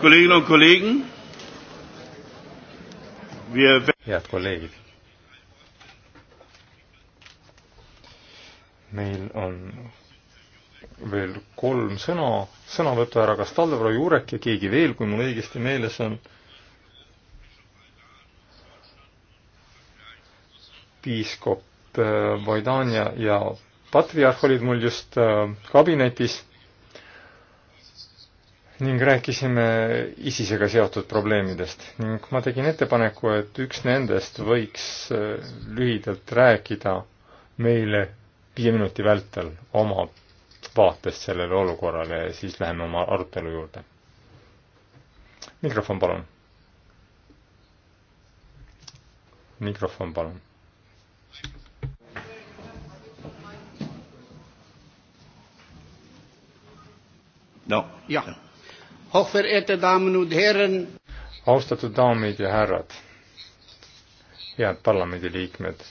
Kolleginnen und Kollegen, wir head kolleegid, meil on veel kolm sõna, sõnavõttu ära, kas Talvro Jurek ja keegi veel, kui mul õigesti meeles on. piiskop äh, Vaidania ja patriarh olid mul just äh, kabinetis ning rääkisime ISISega seotud probleemidest ning ma tegin ettepaneku, et üks nendest võiks äh, lühidalt rääkida meile viie minuti vältel oma vaatest sellele olukorrale ja siis läheme oma arutelu juurde. mikrofon palun. mikrofon palun. no jah no austatud daamid ja härrad, head parlamendiliikmed,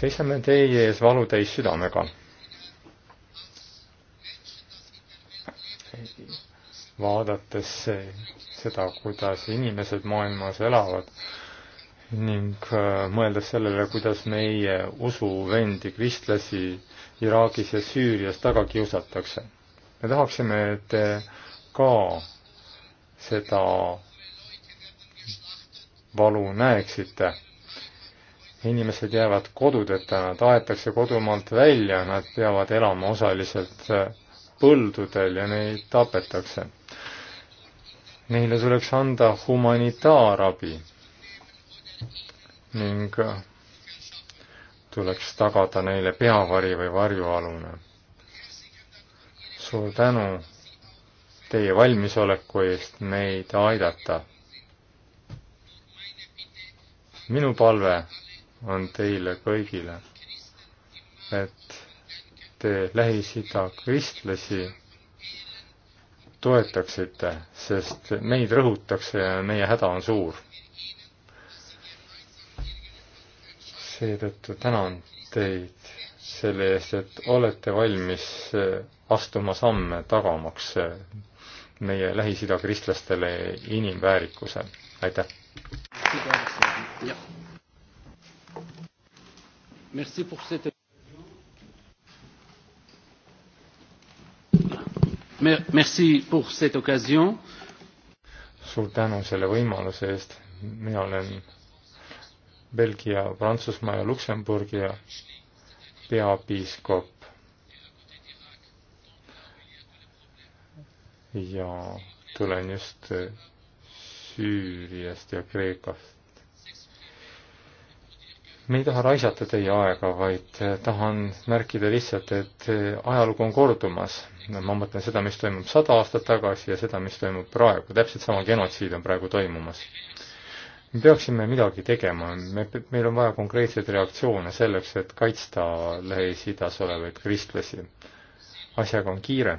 seisame teie ees valutäis südamega. vaadates seda, kuidas inimesed maailmas elavad ning äh, mõeldes sellele, kuidas meie usuvendi, kristlasi Iraagis ja Süürias taga kiusatakse me tahaksime, et te ka seda valu näeksite. inimesed jäävad kodudeta, nad aetakse kodumaalt välja, nad peavad elama osaliselt põldudel ja neid tapetakse. Neile tuleks anda humanitaarabi ning tuleks tagada neile peavari või varjualune suur tänu teie valmisoleku eest meid aidata. minu palve on teile kõigile, et te Lähis-Ida kristlasi toetaksite, sest meid rõhutakse ja meie häda on suur. seetõttu tänan teid selle eest, et olete valmis astuma samme tagamaks meie Lähis-Ida kristlastele inimväärikuse. aitäh! suur tänu selle võimaluse eest, mina olen Belgia, Prantsusmaa ja Luksemburgi peapiiskop ja tulen just eh, Süüriast ja Kreekast. me ei taha raisata teie aega, vaid eh, tahan märkida lihtsalt, et eh, ajalugu on kordumas. ma mõtlen seda, mis toimub sada aastat tagasi ja seda, mis toimub praegu, täpselt sama genotsiid on praegu toimumas. me peaksime midagi tegema, me, meil on vaja konkreetseid reaktsioone selleks, et kaitsta Lähis-Idas olevaid kristlasi. asjaga on kiire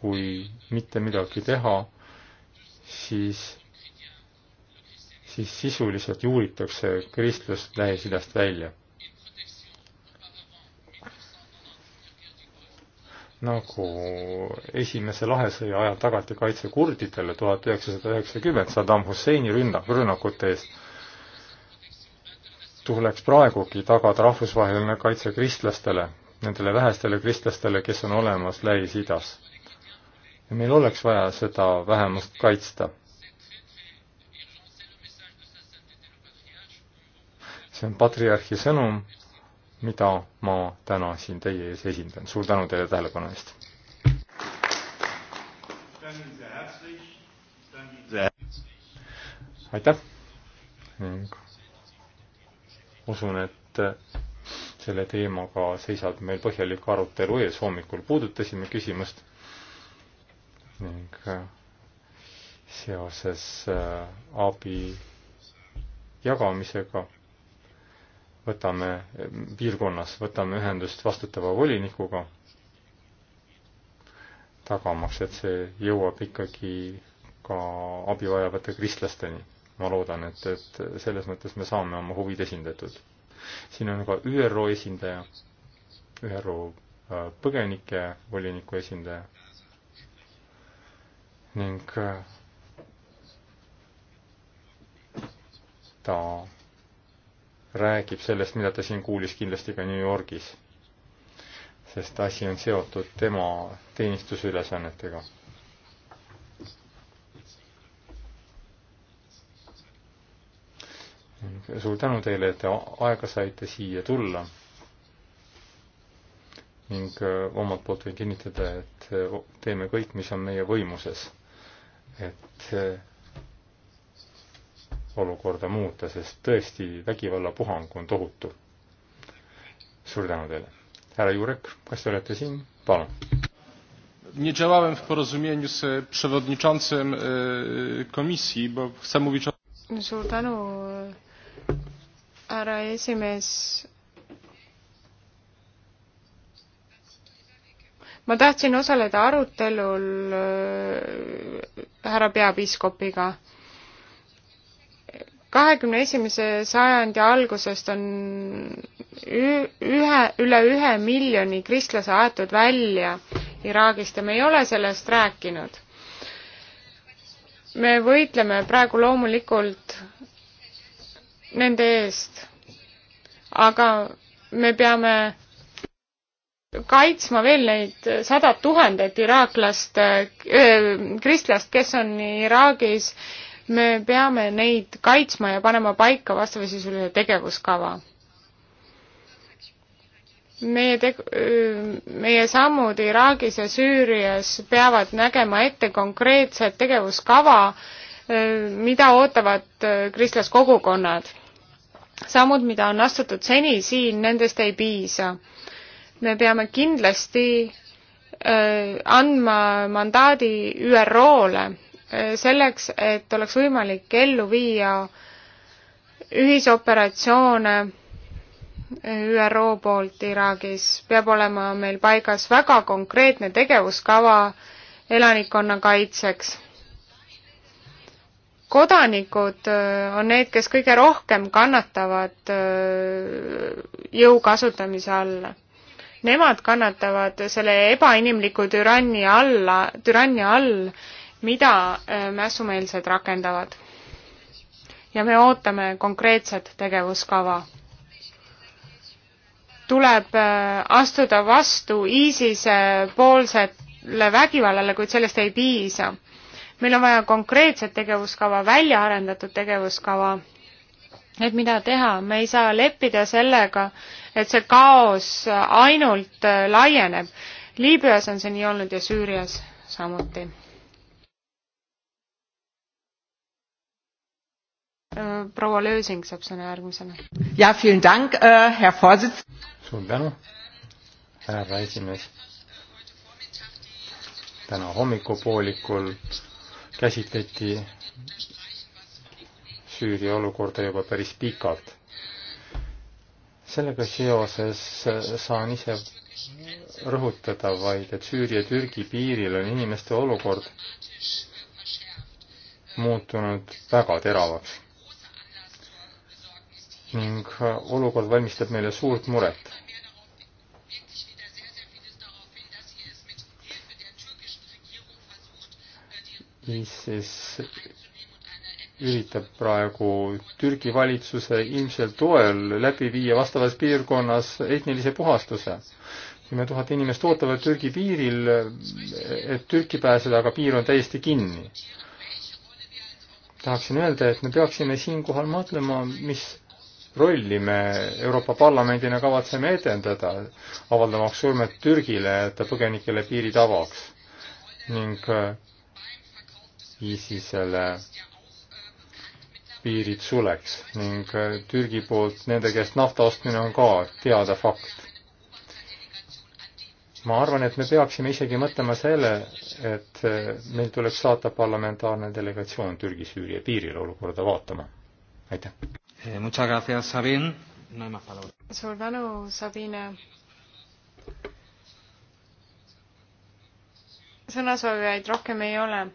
kui mitte midagi teha, siis, siis sisuliselt juuritakse kristlus Lähis-Idast välja. nagu esimese lahesõja ajal tagati kaitse kurdidele tuhat üheksasada üheksakümmend Saddam Husseini rünnak, rünnakute eest, tuleks praegugi tagada rahvusvaheline kaitse kristlastele, nendele vähestele kristlastele, kes on olemas Lähis-Idas ja meil oleks vaja seda vähemust kaitsta. see on patriarhi sõnum, mida ma täna siin teie ees esindan. suur tänu teile tähelepanu eest! aitäh ning usun, et selle teemaga seisab meil põhjalik arutelu ees. hommikul puudutasime küsimust ning äh, seoses äh, abi jagamisega võtame piirkonnas, võtame ühendust vastutava volinikuga, tagamaks, et see jõuab ikkagi ka abi vajavate kristlasteni. ma loodan, et, et selles mõttes me saame oma huvid esindatud. siin on ka ÜRO esindaja, ÜRO äh, põgenike voliniku esindaja ning äh, ta räägib sellest, mida ta siin kuulis kindlasti ka New Yorgis, sest asi on seotud tema teenistusülesannetega. suur tänu teile, et te aega saite siia tulla ning äh, omalt poolt võin kinnitada, et äh, teeme kõik, mis on meie võimuses et äh, olukorda muuta, sest tõesti vägivallapuhang on tohutu. suur tänu teile. härra Jurek, kas te olete siin? palun. Nie działałem w porozumieniu z przewodniczącym e, komisji, bo chcę mówić o... Suur tänu, e, härra esimees ma tahtsin osaleda arutelul äh, härra peapiiskopiga. kahekümne esimese sajandi algusest on ühe, üle ühe miljoni kristlase aetud välja Iraagist ja me ei ole sellest rääkinud. me võitleme praegu loomulikult nende eest, aga me peame kaitsma veel neid sadat tuhandet iraaklast, äh, kristlast, kes on Iraagis, me peame neid kaitsma ja panema paika vastavasisulise tegevuskava. meie teg-, meie sammud Iraagis ja Süürias peavad nägema ette konkreetset tegevuskava, äh, mida ootavad äh, kristlaskogukonnad. sammud, mida on astutud seni siin, nendest ei piisa me peame kindlasti äh, andma mandaadi ÜRO-le äh, selleks, et oleks võimalik ellu viia ühisoperatsioone äh, ÜRO poolt Iraagis. peab olema meil paigas väga konkreetne tegevuskava elanikkonna kaitseks. kodanikud on need, kes kõige rohkem kannatavad jõu kasutamise all nemad kannatavad selle ebainimliku türanni alla, türannia all, mida äh, mässumeelsed rakendavad. ja me ootame konkreetset tegevuskava. tuleb äh, astuda vastu ISISe poolsele vägivallale, kuid sellest ei piisa. meil on vaja konkreetset tegevuskava, välja arendatud tegevuskava, et mida teha, me ei saa leppida sellega, et see kaos ainult äh, laieneb. Liibüas on see nii olnud ja Süürias samuti. Äh, proua Lösing saab sõna järgmisena. jah, vielen Dank äh,, Herr Vorsitz. suur tänu, härra esimees. täna hommikupoolikul käsitleti Süüria olukorda juba päris pikalt sellega seoses äh, saan ise rõhutada vaid, et Süüria-Türgi piiril on inimeste olukord muutunud väga teravaks ning äh, olukord valmistab meile suurt muret. ISIS üritab praegu Türgi valitsuse ilmselt toel läbi viia vastavas piirkonnas etnilise puhastuse. kümme tuhat inimest ootavad Türgi piiril, et Türki pääseda, aga piir on täiesti kinni. tahaksin öelda, et me peaksime siinkohal mõtlema, mis rolli me Euroopa Parlamendina kavatseme edendada, avaldamaks surmet Türgile, et ta põgenikele piirid avaks ning äh, ISISele piirid suleks ning äh, Türgi poolt nende käest nafta ostmine on ka teada fakt. ma arvan, et me peaksime isegi mõtlema selle, et äh, meil tuleks saata parlamentaarne delegatsioon Türgi-Süüria piiril olukorda vaatama. aitäh. Eh, suur tänu, Sabine. sõnasoovijaid rohkem ei ole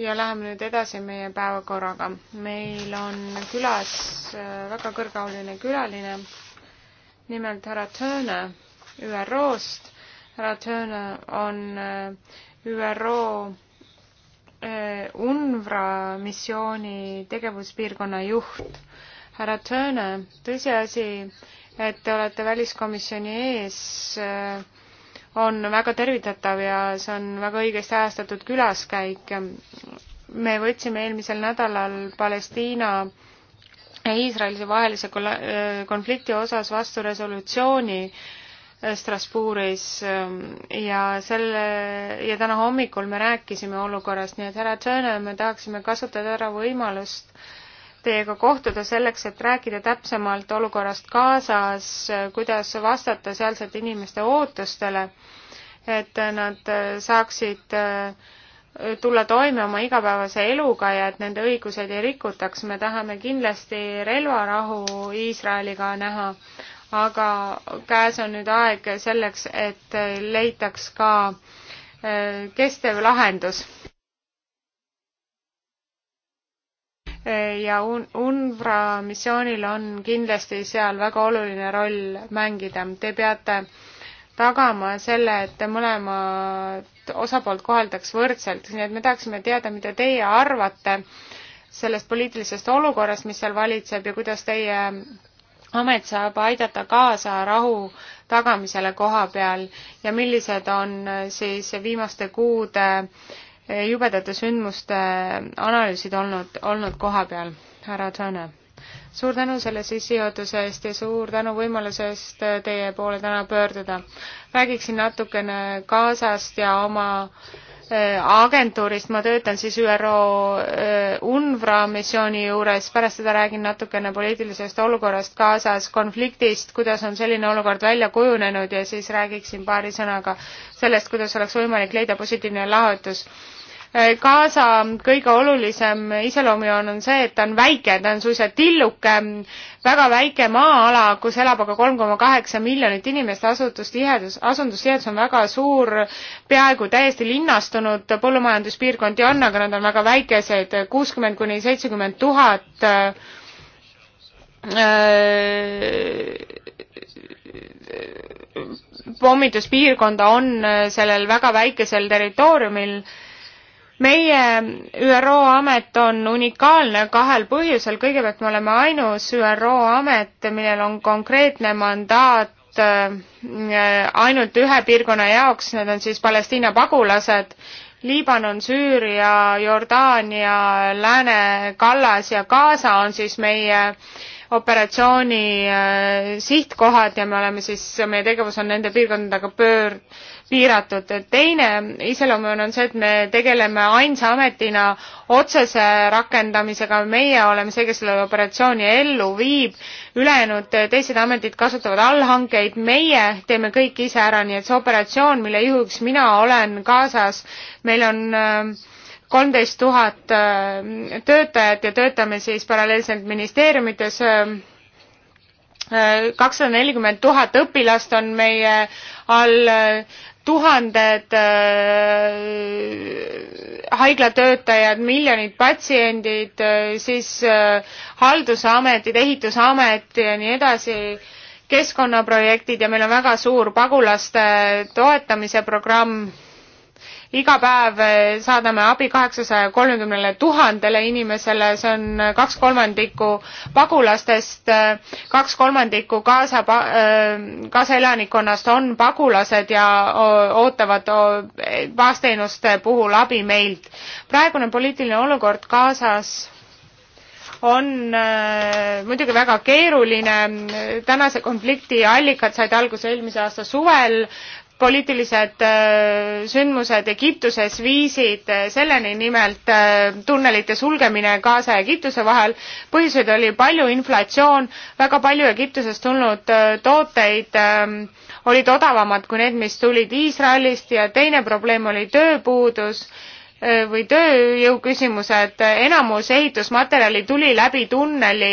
ja läheme nüüd edasi meie päevakorraga. meil on külas äh, väga kõrgeauline külaline, nimelt härra Töne ÜRO-st. härra Töne on äh, ÜRO äh, UNRWA missiooni tegevuspiirkonna juht. härra Töne, tõsiasi, et te olete väliskomisjoni ees äh, on väga tervitatav ja see on väga õigesti ajastatud külaskäik. me võtsime eelmisel nädalal Palestiina ja Iisraeli vahelise äh, konflikti osas vastu resolutsiooni äh, Strasbourgis ja selle ja täna hommikul me rääkisime olukorrast, nii et härra Turner, me tahaksime kasutada ära võimalust äh, teiega kohtuda selleks, et rääkida täpsemalt olukorrast Gazas, kuidas vastata sealsete inimeste ootustele, et nad saaksid äh, tulla toime oma igapäevase eluga ja et nende õiguseid ei rikutaks. me tahame kindlasti relvarahu Iisraeliga näha, aga käes on nüüd aeg selleks, et leitaks ka äh, kestev lahendus. ja UNRWA missioonil on kindlasti seal väga oluline roll mängida. Te peate tagama selle, et mõlemad osapoolt koheldaks võrdselt, nii et me tahaksime teada, mida teie arvate sellest poliitilisest olukorrast, mis seal valitseb ja kuidas teie amet saab aidata kaasa rahu tagamisele koha peal ja millised on siis viimaste kuude äh, jubedate sündmuste analüüsid olnud, olnud koha peal, härra Tõne. suur tänu selle sissejuhatuse eest ja suur tänu võimaluse eest teie poole täna pöörduda. räägiksin natukene Gazast ja oma äh, agentuurist, ma töötan siis ÜRO äh, UNRWA missiooni juures, pärast seda räägin natukene poliitilisest olukorrast Gazas, konfliktist, kuidas on selline olukord välja kujunenud ja siis räägiksin paari sõnaga sellest, kuidas oleks võimalik leida positiivne lahendus Gaza äh, kõige olulisem iseloomujoon on see, et ta on väike, ta on suisa tilluke, väga väike maa-ala, kus elab aga kolm koma kaheksa miljonit inimest, asutustihedus, asundustihedus on väga suur, peaaegu täiesti linnastunud põllumajanduspiirkondi on, aga nad on väga väikesed, kuuskümmend kuni seitsekümmend tuhat äh, äh, pommituspiirkonda on sellel väga väikesel territooriumil meie ÜRO amet on unikaalne kahel põhjusel, kõigepealt me oleme ainus ÜRO amet, millel on konkreetne mandaat äh, ainult ühe piirkonna jaoks, need on siis Palestiina pagulased, Liibanon, Süüria, Jordaania, Lääne-Kallas ja Gaza on siis meie operatsiooni äh, sihtkohad ja me oleme siis, meie tegevus on nende piirkondadega pöör-, piiratud. teine iseloomujoon on see, et me tegeleme ainsa ametina otsese rakendamisega, meie oleme see, kes selle operatsiooni ellu viib, ülejäänud teised ametid kasutavad allhankeid, meie teeme kõik ise ära, nii et see operatsioon, mille juhiks mina olen kaasas, meil on äh, kolmteist tuhat äh, töötajat ja töötame siis paralleelselt ministeeriumites äh, kakssada nelikümmend tuhat õpilast on meie all tuhanded äh, haiglatöötajad, miljonid patsiendid äh,, siis äh, haldusametid, ehitusamet ja nii edasi, keskkonnaprojektid ja meil on väga suur pagulaste toetamise programm iga päev eh, saadame abi kaheksasaja kolmekümnele tuhandele inimesele, see on eh, kaks kolmandikku pagulastest, eh, kaks kolmandikku Gaza, Gaza elanikkonnast on pagulased ja ootavad baasteenuste puhul abi meilt. praegune poliitiline olukord Gazas on äh, muidugi väga keeruline. tänase konflikti allikad said alguse eelmise aasta suvel poliitilised äh, sündmused Egiptuses viisid äh, selleni nimelt äh, tunnelite sulgemine Gaza ja Egiptuse vahel. põhjuseid oli palju, inflatsioon, väga palju Egiptusest tulnud tooteid ähm, olid odavamad kui need, mis tulid Iisraelist ja teine probleem oli tööpuudus või tööjõu küsimused. enamus ehitusmaterjali tuli läbi tunneli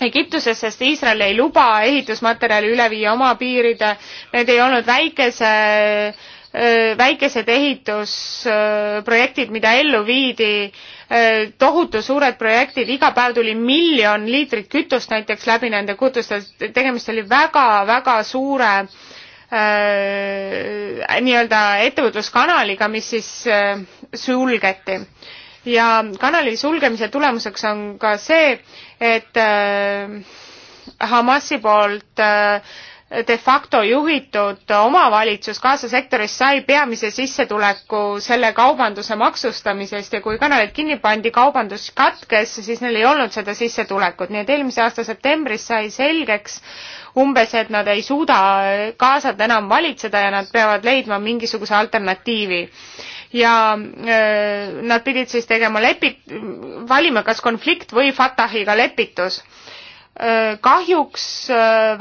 Egiptuses, sest Iisrael ei luba ehitusmaterjali üle viia oma piiride, need ei olnud väikese äh, väikesed ehitusprojektid, mida ellu viidi, äh, tohutu suured projektid, iga päev tuli miljon liitrit kütust näiteks läbi nende kutuste, tegemist oli väga-väga suure äh, nii-öelda ettevõtluskanaliga, mis siis äh, sulgeti ja kanali sulgemise tulemuseks on ka see, et äh, Hamasi poolt äh, de facto juhitud omavalitsus Gaza sektoris sai peamise sissetuleku selle kaubanduse maksustamisest ja kui kanalid kinni pandi, kaubandus katkes, siis neil ei olnud seda sissetulekut, nii et eelmise aasta septembris sai selgeks umbes, et nad ei suuda Gazat enam valitseda ja nad peavad leidma mingisuguse alternatiivi. ja öö, nad pidid siis tegema lepi-, valima kas konflikt või Fatahiga lepitus kahjuks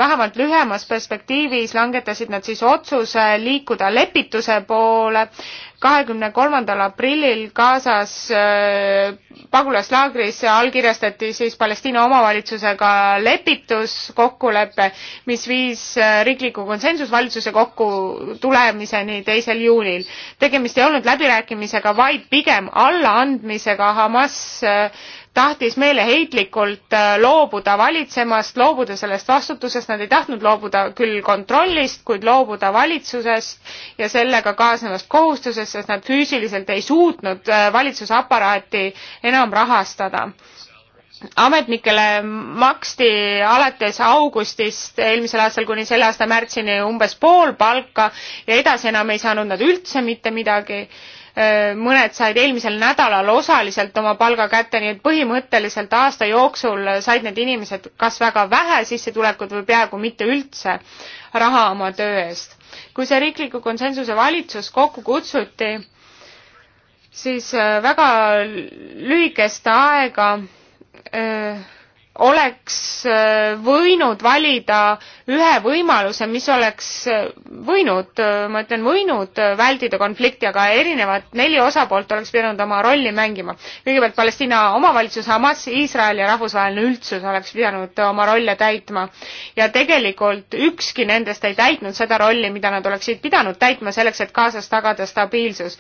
vähemalt lühemas perspektiivis langetasid nad siis otsuse liikuda lepituse poole kahekümne kolmandal aprillil Gazas äh, pagulaslaagris allkirjastati siis Palestiina omavalitsusega lepituskokkulepe, mis viis äh, riikliku konsensusvalitsuse kokkutulemiseni teisel juulil. tegemist ei olnud läbirääkimisega, vaid pigem allaandmisega Hamas äh, tahtis meeleheitlikult loobuda valitsemast, loobuda sellest vastutusest, nad ei tahtnud loobuda küll kontrollist, kuid loobuda valitsusest ja sellega kaasnevast kohustusest selleks, sest nad füüsiliselt ei suutnud äh, valitsusaparaati enam rahastada ametnikele maksti alates augustist eelmisel aastal kuni selle aasta märtsini umbes pool palka ja edasi enam ei saanud nad üldse mitte midagi. Äh, mõned said eelmisel nädalal osaliselt oma palga kätte, nii et põhimõtteliselt aasta jooksul said need inimesed kas väga vähe sissetulekut või peaaegu mitte üldse raha oma töö eest kui see riikliku konsensuse valitsus kokku kutsuti, siis äh, väga lühikest aega öö, äh, oleks äh, võinud valida ühe võimaluse, mis oleks äh, võinud, äh, ma ütlen võinud vältida konflikti, aga erinevad neli osapoolt oleks pidanud oma rolli mängima. kõigepealt Palestiina omavalitsus, Hamas, Iisrael ja rahvusvaheline üldsus oleks pidanud oma rolle täitma. ja tegelikult ükski nendest ei täitnud seda rolli, mida nad oleksid pidanud täitma selleks, et Gazas tagada stabiilsus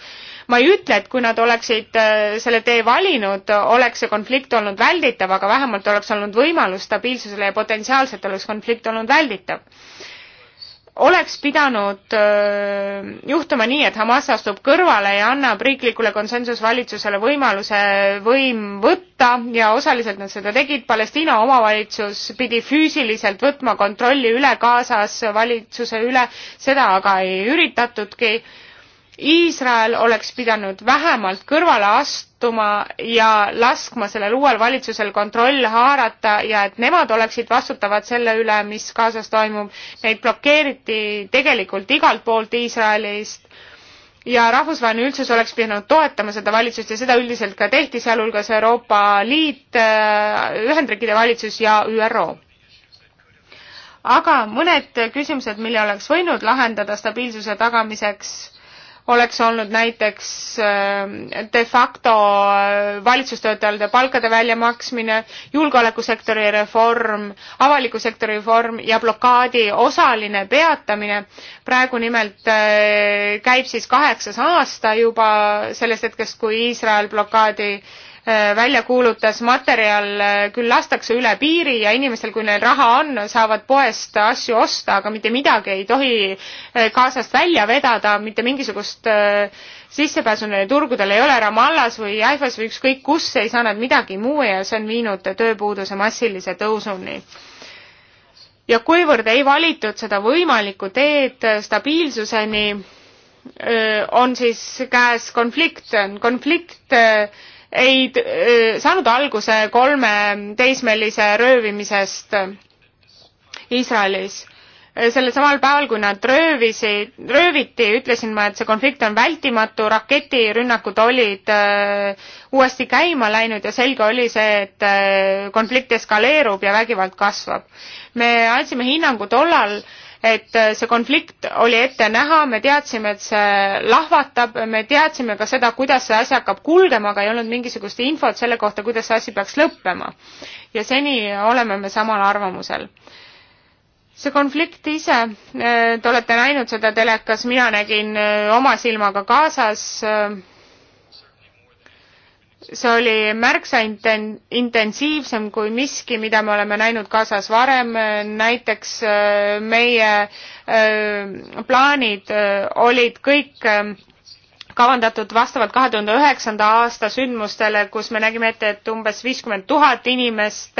ma ei ütle, et kui nad oleksid äh, selle tee valinud, oleks see konflikt olnud välditav, aga vähemalt oleks olnud võimalus stabiilsusele ja potentsiaalselt oleks konflikt olnud välditav. oleks pidanud äh, juhtuma nii, et Hamas astub kõrvale ja annab riiklikule konsensusvalitsusele võimaluse võim võtta ja osaliselt nad seda tegid, Palestiina omavalitsus pidi füüsiliselt võtma kontrolli üle Gazas valitsuse üle, seda aga ei üritatudki Iisrael oleks pidanud vähemalt kõrvale astuma ja laskma sellel uuel valitsusel kontroll haarata ja et nemad oleksid vastutavad selle üle, mis Gazas toimub. Neid blokeeriti tegelikult igalt poolt Iisraelist ja rahvusvaheline üldsus oleks pidanud toetama seda valitsust ja seda üldiselt ka tehti, sealhulgas Euroopa Liit, äh, Ühendriikide valitsus ja ÜRO aga mõned küsimused, mille oleks võinud lahendada stabiilsuse tagamiseks oleks olnud näiteks äh, de facto äh, valitsustöötajate palkade väljamaksmine, julgeolekusektori reform, avaliku sektori reform ja blokaadi osaline peatamine. praegu nimelt äh, käib siis kaheksas aasta juba sellest hetkest, kui Iisrael blokaadi Äh, välja kuulutas, materjal äh, küll lastakse üle piiri ja inimestel, kui neil raha on, saavad poest asju osta, aga mitte midagi ei tohi Gazast äh, välja vedada, mitte mingisugust sissepääsu neile turgudele ei ole, Ramallas või Haifas või ükskõik kus ei saa nad midagi muu ja see on viinud tööpuuduse massilise tõusuni ja kuivõrd ei valitud seda võimalikku teed stabiilsuseni, on siis käes konflikt, konflikt ei saanud alguse kolme teismelise röövimisest Iisraelis. sellel samal päeval, kui nad röövisid, rööviti, ütlesin ma, et see konflikt on vältimatu, raketirünnakud olid öö, uuesti käima läinud ja selge oli see, et öö, konflikt eskaleerub ja vägivald kasvab. me andsime hinnangu tollal öö, et äh, see konflikt oli ette näha, me teadsime, et see lahvatab, me teadsime ka seda, kuidas see asi hakkab kulgema, aga ei olnud mingisugust infot selle kohta, kuidas see asi peaks lõppema. ja seni oleme me samal arvamusel see konflikt ise, äh, te olete näinud seda telekas, mina nägin äh, oma silmaga Gazas see oli märksa inten-, intensiivsem kui miski, mida me oleme näinud Gazas varem, näiteks äh, meie äh, plaanid äh, olid kõik ähm, kavandatud vastavalt kahe tuhande üheksanda aasta sündmustele, kus me nägime ette, et umbes viiskümmend tuhat inimest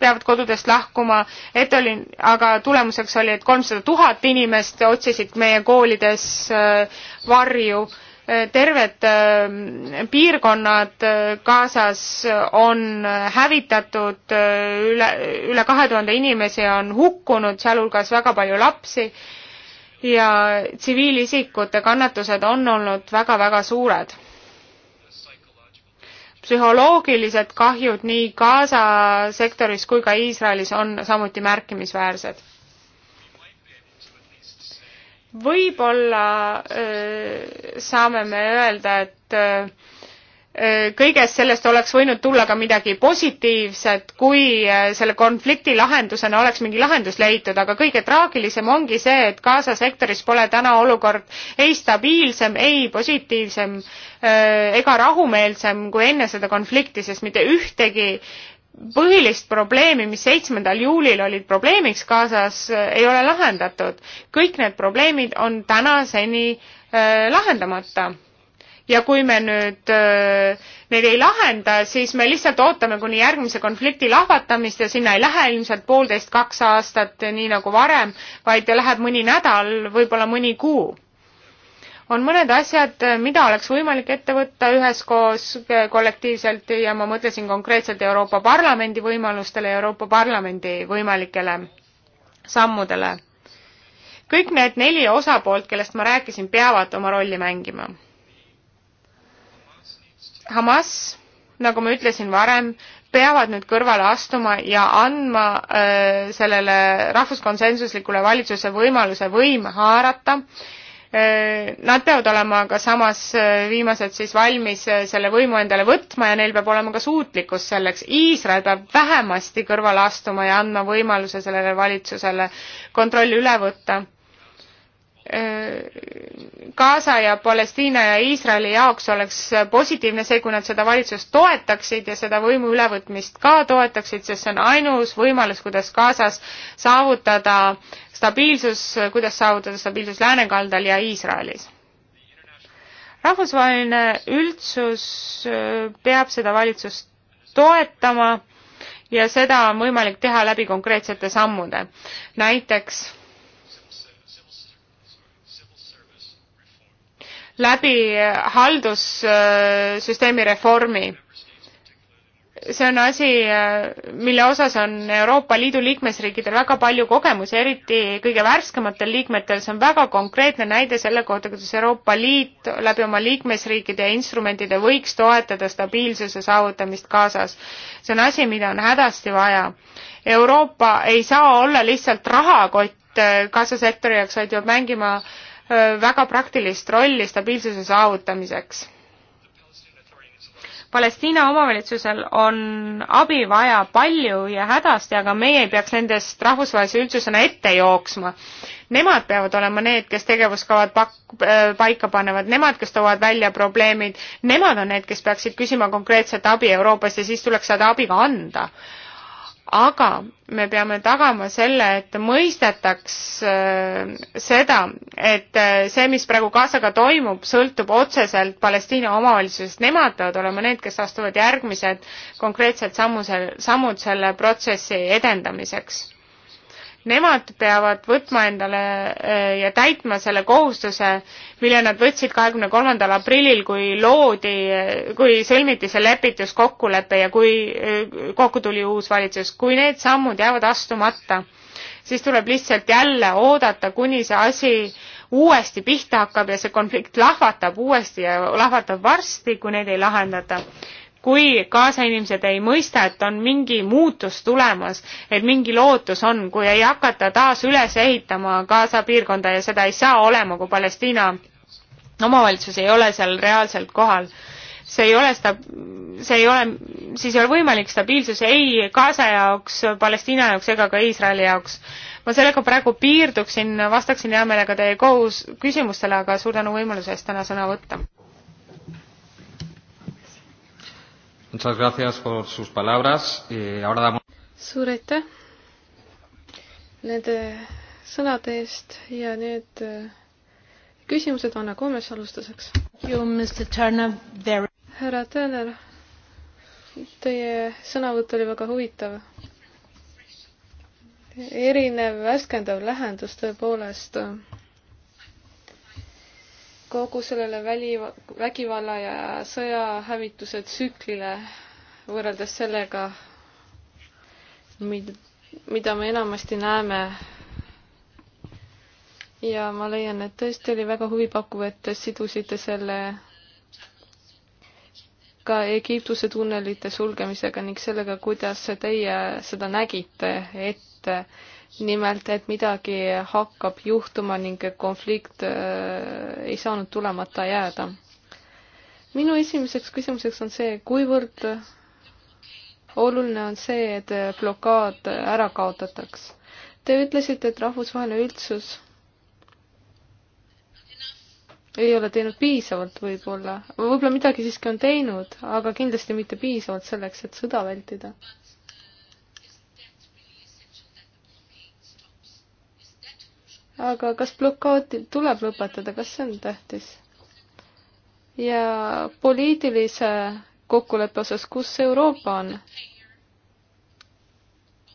peavad kodudest lahkuma, et oli, aga tulemuseks oli, et kolmsada tuhat inimest otsisid meie koolides varju terved ähm, piirkonnad äh, Gazas on hävitatud, äh, üle, üle kahe tuhande inimese on hukkunud, sealhulgas väga palju lapsi ja tsiviilisikute kannatused on olnud väga-väga suured psühholoogilised kahjud nii Gaza sektoris kui ka Iisraelis on samuti märkimisväärsed võib-olla saame me öelda, et kõigest sellest oleks võinud tulla ka midagi positiivset, kui selle konflikti lahendusena oleks mingi lahendus leitud, aga kõige traagilisem ongi see, et Gaza sektoris pole täna olukord ei stabiilsem, ei positiivsem ega rahumeelsem kui enne seda konflikti, sest mitte ühtegi põhilist probleemi, mis seitsmendal juulil olid probleemiks kaasas, ei ole lahendatud. kõik need probleemid on tänaseni äh, lahendamata. ja kui me nüüd äh, neid ei lahenda, siis me lihtsalt ootame kuni järgmise konflikti lahvatamist ja sinna ei lähe ilmselt poolteist, kaks aastat, nii nagu varem, vaid läheb mõni nädal, võib-olla mõni kuu on mõned asjad, mida oleks võimalik ette võtta üheskoos kollektiivselt ja ma mõtlesin konkreetselt Euroopa Parlamendi võimalustele, Euroopa Parlamendi võimalikele sammudele. kõik need neli osapoolt, kellest ma rääkisin, peavad oma rolli mängima. Hamas, nagu ma ütlesin varem, peavad nüüd kõrvale astuma ja andma öö, äh, sellele rahvuskonsensuslikule valitsuse võimaluse võim haarata Äh, nad peavad olema aga samas äh, viimased siis valmis äh, selle võimu endale võtma ja neil peab olema ka suutlikkus selleks. Iisrael peab vähemasti kõrvale astuma ja andma võimaluse sellele valitsusele kontrolli üle võtta Äh, Gaza ja Palestiina ja Iisraeli jaoks oleks positiivne see, kui nad seda valitsust toetaksid ja seda võimu ülevõtmist ka toetaksid, sest see on ainus võimalus, kuidas Gazas saavutada stabiilsus, kuidas saavutada stabiilsus läänekaldal ja Iisraelis. rahvusvaheline üldsus äh, peab seda valitsust toetama ja seda on võimalik teha läbi konkreetsete sammude. näiteks läbi haldussüsteemi reformi. see on asi, mille osas on Euroopa Liidu liikmesriikidel väga palju kogemusi, eriti kõige värskematel liikmetel, see on väga konkreetne näide selle kohta, kuidas Euroopa Liit läbi oma liikmesriikide instrumentide võiks toetada stabiilsuse saavutamist kaasas. see on asi, mida on hädasti vaja. Euroopa ei saa olla lihtsalt rahakott eh, kaasasektori jaoks, vaid peab mängima äh, väga praktilist rolli stabiilsuse saavutamiseks. Palestiina omavalitsusel on abi vaja palju ja hädasti, aga meie ei peaks nendest rahvusvahelise üldsusena ette jooksma. Nemad peavad olema need, kes tegevuskavad pak-, paika panevad, nemad, kes toovad välja probleemid, nemad on need, kes peaksid küsima konkreetset abi Euroopast ja siis tuleks seda abi ka anda aga me peame tagama selle, et mõistetaks äh, seda, et äh, see, mis praegu Gazaga toimub, sõltub otseselt Palestiina omavalitsusest. Nemad peavad olema need, kes astuvad järgmised konkreetsed sammuse, sammud selle protsessi edendamiseks nemad peavad võtma endale eh, ja täitma selle kohustuse, mille nad võtsid kahekümne kolmandal aprillil, kui loodi, kui sõlmiti see lepituskokkulepe ja kui eh, kokku tuli uus valitsus. kui need sammud jäävad astumata, siis tuleb lihtsalt jälle oodata, kuni see asi uuesti pihta hakkab ja see konflikt lahvatab uuesti ja lahvatab varsti, kui neid ei lahendata kui kaasainimesed ei mõista, et on mingi muutus tulemas, et mingi lootus on, kui ei hakata taas üles ehitama Gaza piirkonda ja seda ei saa olema, kui Palestiina omavalitsus ei ole seal reaalselt kohal, see ei ole sta-, see ei ole, siis ei ole võimalik stabiilsus ei Gaza jaoks, Palestiina jaoks ega ka Iisraeli jaoks. ma sellega praegu piirduksin, vastaksin hea meelega teie kohus-, küsimustele, aga suur tänu võimaluse eest täna sõna võtta Muchas gracias por sus palabras. Eh, ahora damos... suur aitäh nende sõnade eest ja need eh, küsimused Anna Koomes alustuseks. härra Turner, teie sõnavõtt oli väga huvitav. erinev värskendav lähendus tõepoolest kogu sellele väli, vägivalla ja sõjahävituse tsüklile võrreldes sellega, mid-, mida me enamasti näeme. ja ma leian, et tõesti oli väga huvipakkuv, et te sidusite selle ka Egiptuse tunnelite sulgemisega ning sellega, kuidas teie seda nägite ette nimelt, et midagi hakkab juhtuma ning konflikt äh, ei saanud tulemata jääda. minu esimeseks küsimuseks on see, kuivõrd oluline on see, et blokaad ära kaotataks. Te ütlesite, et rahvusvaheline üldsus ei ole teinud piisavalt võib-olla, võib-olla midagi siiski on teinud, aga kindlasti mitte piisavalt selleks, et sõda vältida. aga kas blokaad tuleb lõpetada, kas see on tähtis? ja poliitilise kokkuleppe osas, kus Euroopa on?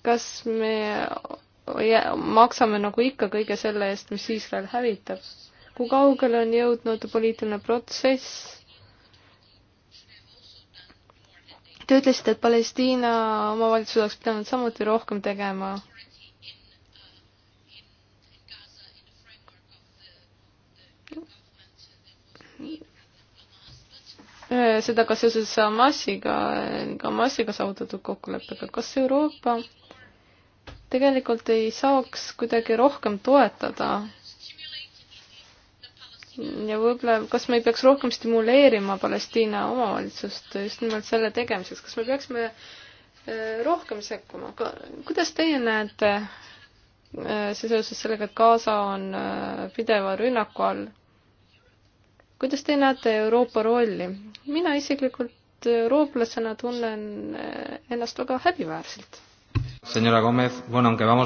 kas me maksame nagu ikka kõige selle eest, mis Iisrael hävitab? kui kaugele on jõudnud poliitiline protsess? Te ütlesite, et Palestiina omavalitsus oleks pidanud samuti rohkem tegema Äh, seda ka seoses Hamasiga, ka Hamasiga saavutatud kokkuleppega, kas Euroopa tegelikult ei saaks kuidagi rohkem toetada ja võib-olla, kas me ei peaks rohkem stimuleerima Palestiina omavalitsust just nimelt selle tegemiseks, kas me peaksime äh, rohkem sekkuma, kuidas teie näete äh, see seoses sellega, et Gaza on pideva rünnaku all? kuidas te näete Euroopa rolli? mina isiklikult eurooplasena tunnen eh, ennast väga häbiväärselt. Bueno,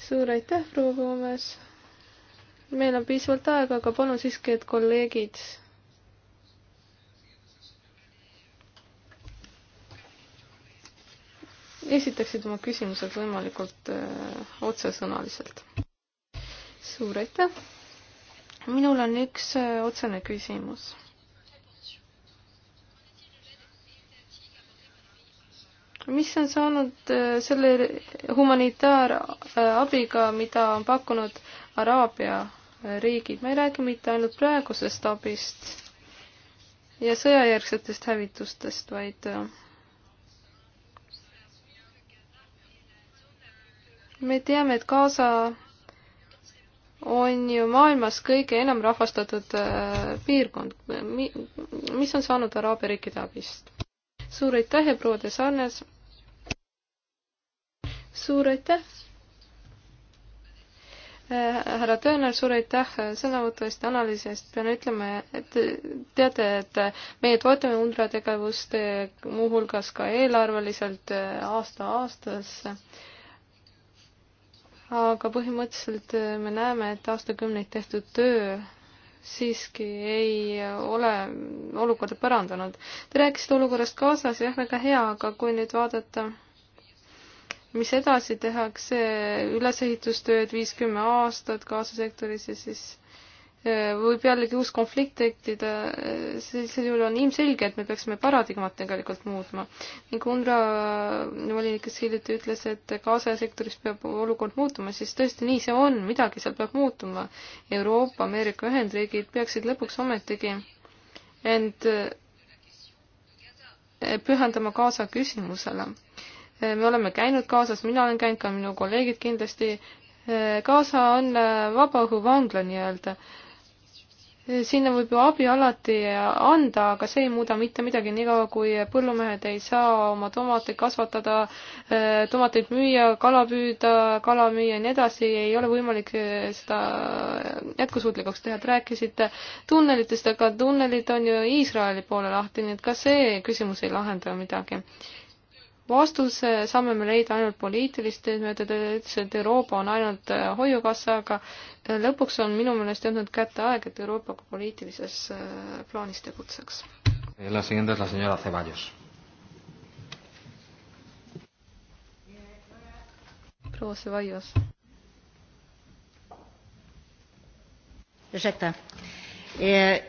suur aitäh, proua Gomes. meil on piisavalt aega, aga palun siiski, et kolleegid esitaksid oma küsimused võimalikult öö, eh, otsesõnaliselt. suur aitäh! minul on üks äh, otsene küsimus. mis on saanud äh, selle humanitaarabiga, äh, mida on pakkunud Araabia riigid, ma ei räägi mitte ainult praegusest abist ja sõjajärgsetest hävitustest, vaid me teame, et Gaza on ju maailmas kõige enam rahvastatud äh, piirkond. mis on saanud Araabia riikide abist? suur aitäh ja proua de Sarnes! suur aitäh! Äh, härra Tööner, suur aitäh sõnavõtu eest ja analüüsi eest. pean ütlema, et teate, et meie toetame UNRWA tegevust muuhulgas ka eelarveliselt äh, aasta aastasse aga põhimõtteliselt äh, me näeme, et aastakümneid tehtud töö siiski ei äh, ole olukorda parandanud. Te rääkisite olukorrast kaasas, jah, väga hea, aga kui nüüd vaadata, mis edasi tehakse, ülesehitustööd viis-kümme aastat kaasasektoris ja siis Äh, võib jällegi uus konflikt tekkida, äh, sellisel juhul on ilmselge, et me peaksime paradigmat tegelikult muutma. ning UNRWA volinik, kes hiljuti ütles, et Gaza sektoris peab olukord muutuma, siis tõesti nii see on, midagi seal peab muutuma. Euroopa, Ameerika Ühendriigid peaksid lõpuks ometigi end äh, pühendama Gaza küsimusele. me oleme käinud Gazas, mina olen käinud, ka minu kolleegid kindlasti, Gaza on vabaõhuvangla nii-öelda äh, sinna võib ju abi alati anda, aga see ei muuda mitte midagi, niikaua kui põllumehed ei saa oma tomateid kasvatada, eh, tomateid müüa, kala püüda, kala müüa ja nii edasi, ei ole võimalik eh, seda jätkusuutlikuks teha. Te rääkisite tunnelitest, aga tunnelid on ju Iisraeli poole lahti, nii et ka see küsimus ei lahenda midagi vastuse saame me leida ainult poliitiliste meetodite, ta ütles, et Euroopa on ainult äh, hoiukassa, aga äh, lõpuks on minu meelest jõudnud kätte aeg, et Euroopa ka poliitilises äh, plaanis tegutseks. Eh, la siguiente es la señora Ceballos. Proua Ceballos. Ursäkta. Eh,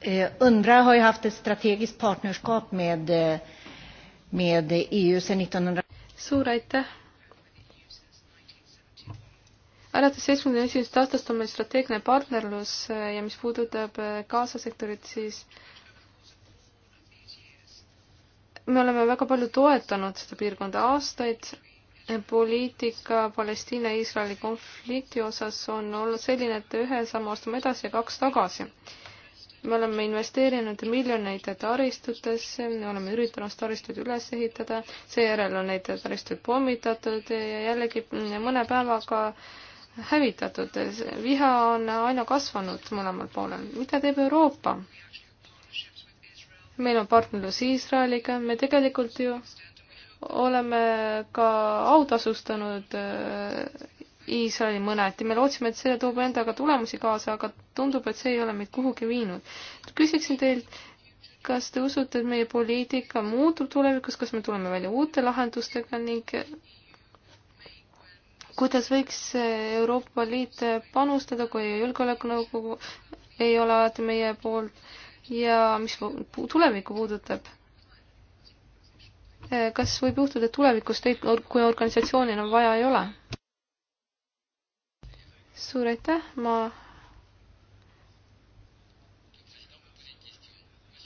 eh, Undra har ju haft ett strategiskt partnerskap med eh, med EU sedan 1900. suur aitäh! alates seitsmekümne esimesest aastast on meil strateegiline partnerlus eh, ja mis puudutab kaasasektorit, eh, siis me oleme väga palju toetanud seda piirkonda aastaid. poliitika Palestiina-Iisraeli konflikti osas on olnud selline, et ühe sammu astume edasi ja kaks tagasi me oleme investeerinud miljoneid taristutesse, me oleme üritanud taristuid üles ehitada, seejärel on neid taristuid pommitatud ja jällegi mõne päevaga hävitatud. viha on aina kasvanud mõlemal poolel. mida teeb Euroopa? meil on partnerlus Iisraeliga, me tegelikult ju oleme ka autasustanud Iisraeli mõneti, me lootsime, et see toob endaga tulemusi kaasa, aga tundub, et see ei ole meid kuhugi viinud. küsiksin teilt, kas te usute, et meie poliitika muutub tulevikus, kas me tuleme välja uute lahendustega ning kuidas võiks Euroopa Liit panustada, kui Julgeolekunõukogu ei ole alati meie poolt ja mis tulevikku puudutab? kas võib juhtuda, et tulevikus teid kui organisatsioonil on vaja ei ole? suur aitäh, ma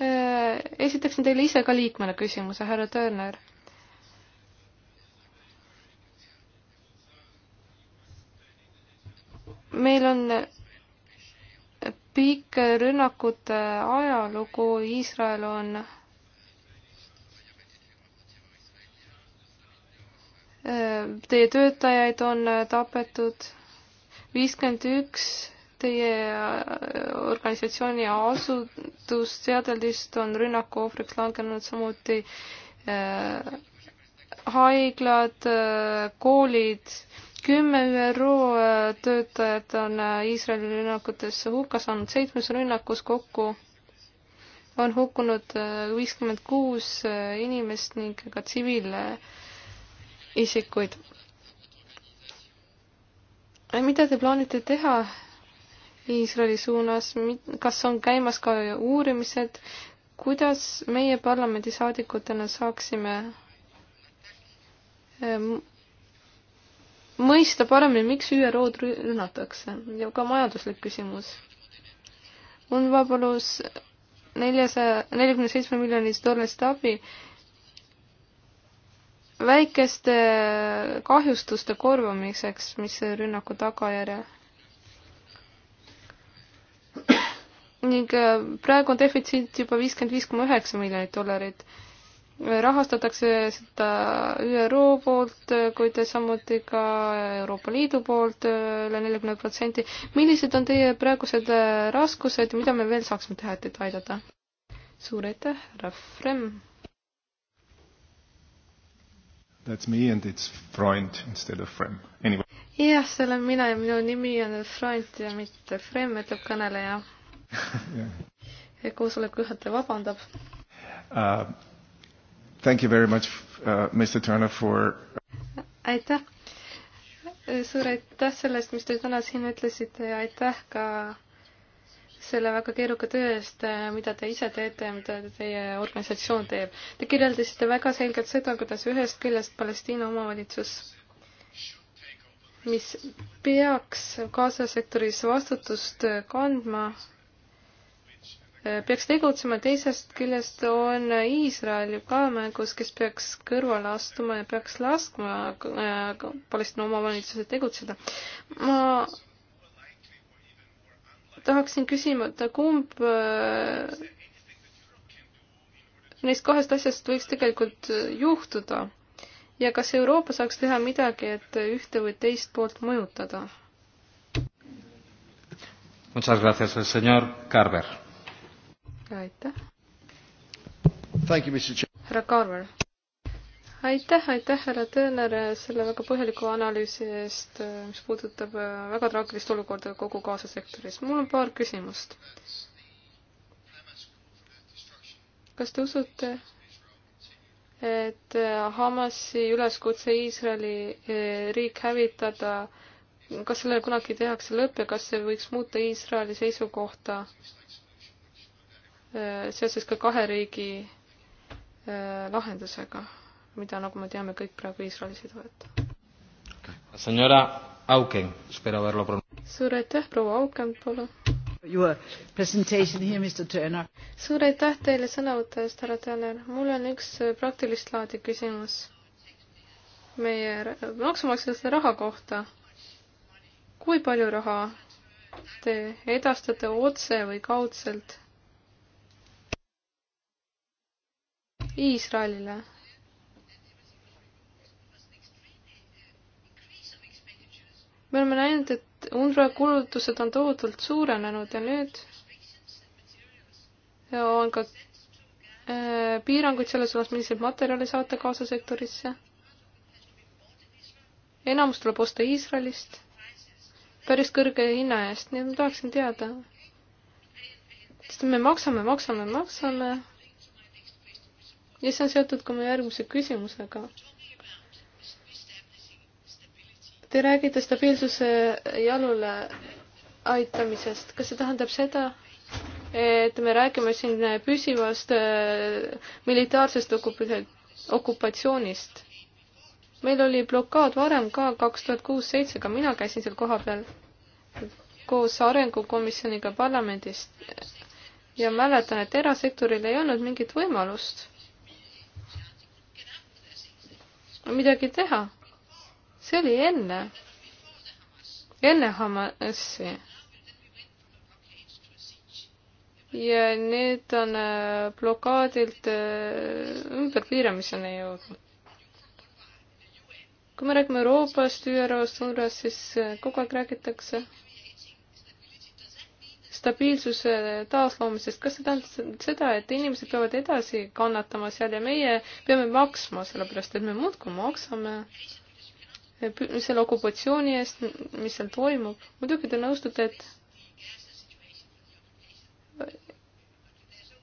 äh, esitaksin teile ise ka liikmena küsimuse, härra Turner. meil on pikk rünnakute ajalugu, Iisrael on äh, Teie töötajaid on tapetud viiskümmend üks teie äh, organisatsiooni asutusteadeldist on rünnaku ohvriks langenud samuti äh, haiglad äh,, koolid, kümme ÜRO äh, töötajat on äh, Iisraeli rünnakutesse hukka saanud, seitsmes rünnakus kokku on hukkunud viiskümmend kuus inimest ning ka tsiviilisikuid Äh, mida te plaanite teha Iisraeli suunas, kas on käimas ka uurimised, kuidas meie parlamendisaadikutena saaksime ähm, mõista paremini, miks ÜRO-d rünnatakse ja ka majanduslik küsimus. UNRWA palus neljasaja, neljakümne seitsme miljonist dollarist abi väikeste kahjustuste korvamiseks, mis rünnaku tagajärjel. ning äh, praegu on defitsiit juba viiskümmend viis koma üheksa miljonit dollarit. rahastatakse seda ÜRO poolt, äh, kuid samuti ka Euroopa Liidu poolt äh, üle neljakümne protsendi. millised on teie praegused raskused ja mida me veel saaksime teha, et teid aidata? suur aitäh, härra Fremm! That's me and it's Freund instead of Frem. Anyway. jah, see olen mina ja minu nimi on Freund ja mitte Frem, ütleb kõneleja yeah.. koosoleku juhataja vabandab uh,. Thank you very much uh,, Mr Turner for. aitäh, suur aitäh selle eest, mis te täna siin ütlesite ja aitäh ka selle väga keeruka töö eest, äh, mida te ise teete ja mida teie organisatsioon teeb. Te kirjeldasite väga selgelt seda, kuidas ühest küljest Palestiina omavalitsus, mis peaks kaasasektoris vastutust äh, kandma, äh, peaks tegutsema, teisest küljest on Iisrael ju ka mängus, kes peaks kõrvale astuma ja peaks laskma Palestiina omavalitsuse tegutseda. ma tahaksin küsimata, kumb äh, neist kahest asjast võiks tegelikult äh, juhtuda ja kas Euroopa saaks teha midagi, et ühte või teist poolt mõjutada? Muchas gracias, el señor Carver. aitäh. härra Carver aitäh, aitäh, härra Tööner, selle väga põhjaliku analüüsi eest, mis puudutab äh, väga traagilist olukorda kogu Gaza sektoris. mul on paar küsimust. kas te usute, et äh, Hamasi üleskutse Iisraeli äh, riik hävitada, kas sellele kunagi tehakse lõpp ja kas see võiks muuta Iisraeli seisukohta seoses ka kahe riigi lahendusega? mida, nagu me teame, kõik praegu Iisraelis ei toeta. Senora Auken, espero verlo pron-. suur aitäh, proua Auken, palun. Your presentation here, Mr Turner. suur aitäh teile sõnavõtu eest, härra Turner. mul on üks äh, praktilist laadi küsimus meie maksumaksjate raha kohta. kui palju raha te edastate otse või kaudselt Iisraelile me oleme näinud, et UNRWA kulutused on tohutult suurenenud ja nüüd ja on ka äh, piiranguid selles osas, milliseid materjale saata Gaza sektorisse. enamus tuleb osta Iisraelist päris kõrge hinna eest, nii et ma tahaksin teada. sest me maksame, maksame, maksame. ja see on seotud ka mu järgmise küsimusega. Te räägite stabiilsuse jalule aitamisest, kas see tähendab seda, et me räägime siin püsivast äh, militaarsest okupatsioonist? meil oli blokaad varem ka, kaks tuhat kuus-seitse, ka mina käisin seal kohapeal koos arengukomisjoniga parlamendist ja mäletan, et erasektoril ei olnud mingit võimalust midagi teha see oli enne, enne Hamasi. ja nüüd on äh, blokaadilt äh, ümberpiiramiseni jõudnud. kui me räägime Euroopast, ÜRO-st, UNRWA-st, siis äh, kogu aeg räägitakse stabiilsuse taasloomisest, kas see tähendab seda, et inimesed peavad edasi kannatama seal ja meie peame maksma, sellepärast et me muudkui maksame? selle okupatsiooni eest, mis seal toimub. muidugi te nõustute, et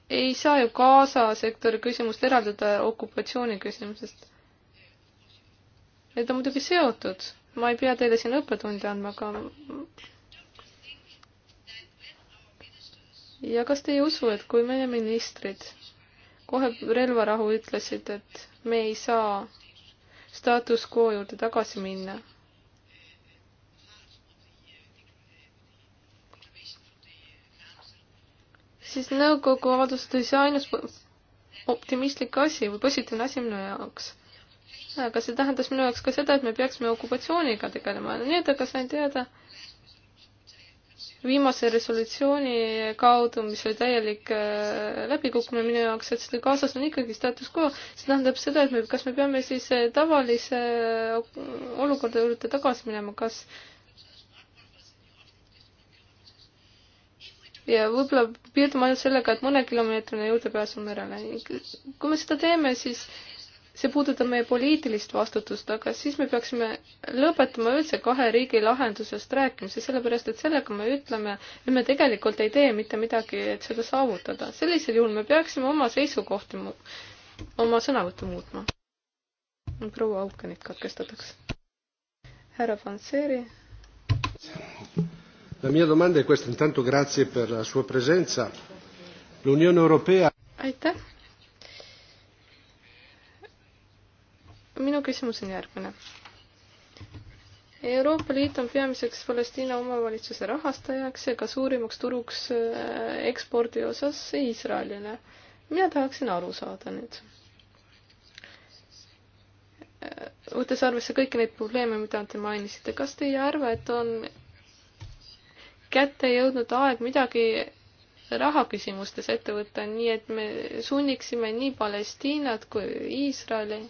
ei saa ju Gaza sektori küsimust eraldada okupatsiooni küsimusest. Need on muidugi seotud, ma ei pea teile siin õppetunde andma, aga ja kas te ei usu, et kui meie ministrid kohe relvarahu ütlesid, et me ei saa status quo juurde tagasi minna. siis nõukogu avaldusest oli see ainus optimistlik asi või positiivne asi minu jaoks. aga see tähendas minu jaoks ka seda, et me peaksime okupatsiooniga tegelema, nii et aga sain teada, viimase resolutsiooni kaudu, mis oli täielik äh, läbikukkumine minu jaoks, et seda kaasas on ikkagi status quo, see tähendab seda, et me, kas me peame siis äh, tavalise äh, olukorda juurde tagasi minema, kas ja võib-olla piirdume ainult sellega, et mõnekilomeetrine juurdepääs on merele. kui me seda teeme, siis see puudutab meie poliitilist vastutust, aga siis me peaksime lõpetama üldse kahe riigi lahendusest rääkimise, sellepärast et sellega me ütleme, et me tegelikult ei tee mitte midagi, et seda saavutada. sellisel juhul me peaksime oma seisukohti, oma sõnavõttu muutma. proua Aukenit katkestatakse. härra Panseri. La mia domanda è questa, intanto grazie per la sua presenza. L'Unione Europea. Aitäh minu küsimus on järgmine. Euroopa Liit on peamiseks Palestiina omavalitsuse rahastajaks ja ka suurimaks turuks äh, ekspordi osas Iisraelile. mina tahaksin aru saada nüüd. Äh, võttes arvesse kõiki neid probleeme, mida te mainisite, kas te ei arva, et on kätte jõudnud aeg midagi rahaküsimustes ette võtta, nii et me sunniksime nii Palestiinat kui Iisraeli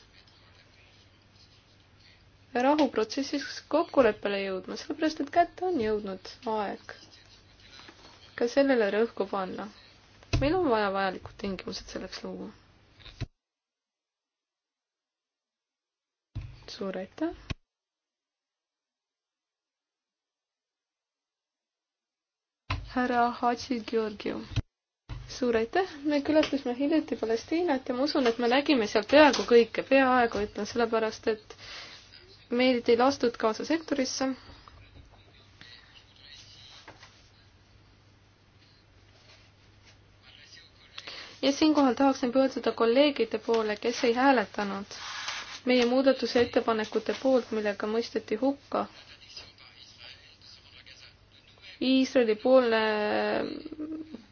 rahuprotsessis kokkuleppele jõudma, sellepärast et kätte on jõudnud aeg ka sellele rõhku panna. meil on vaja vajalikud tingimused selleks luua. suur aitäh! härra Hadži Georgiev. suur aitäh, me külastasime hiljuti Palestiinat ja ma usun, et me nägime seal peaaegu kõike, peaaegu ütlen, sellepärast et meid ei lastud kaasa sektorisse. ja siinkohal tahaksin pöörduda kolleegide poole, kes ei hääletanud meie muudatusettepanekute poolt, millega mõisteti hukka Iisraeli poolne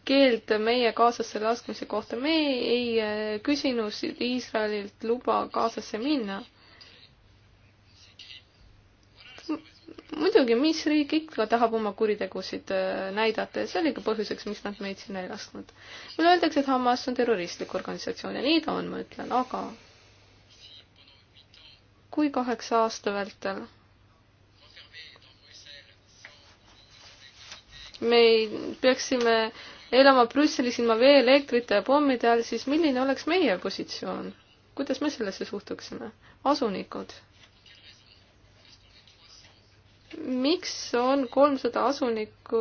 keeld meie Gazasse laskmise kohta. me ei küsinud Iisraelilt luba Gazasse minna muidugi, mis riik ikka tahab oma kuritegusid äh, näidata ja see oli ka põhjuseks, miks nad meid sinna ei lasknud. mulle öeldakse, et Hamas on terroristlik organisatsioon ja nii ta on, ma ütlen, aga kui kaheksa aasta vältel me peaksime elama Brüsselis ilma vee, elektrita ja pommide all, siis milline oleks meie positsioon? kuidas me sellesse suhtuksime? asunikud miks on kolmsada asunikku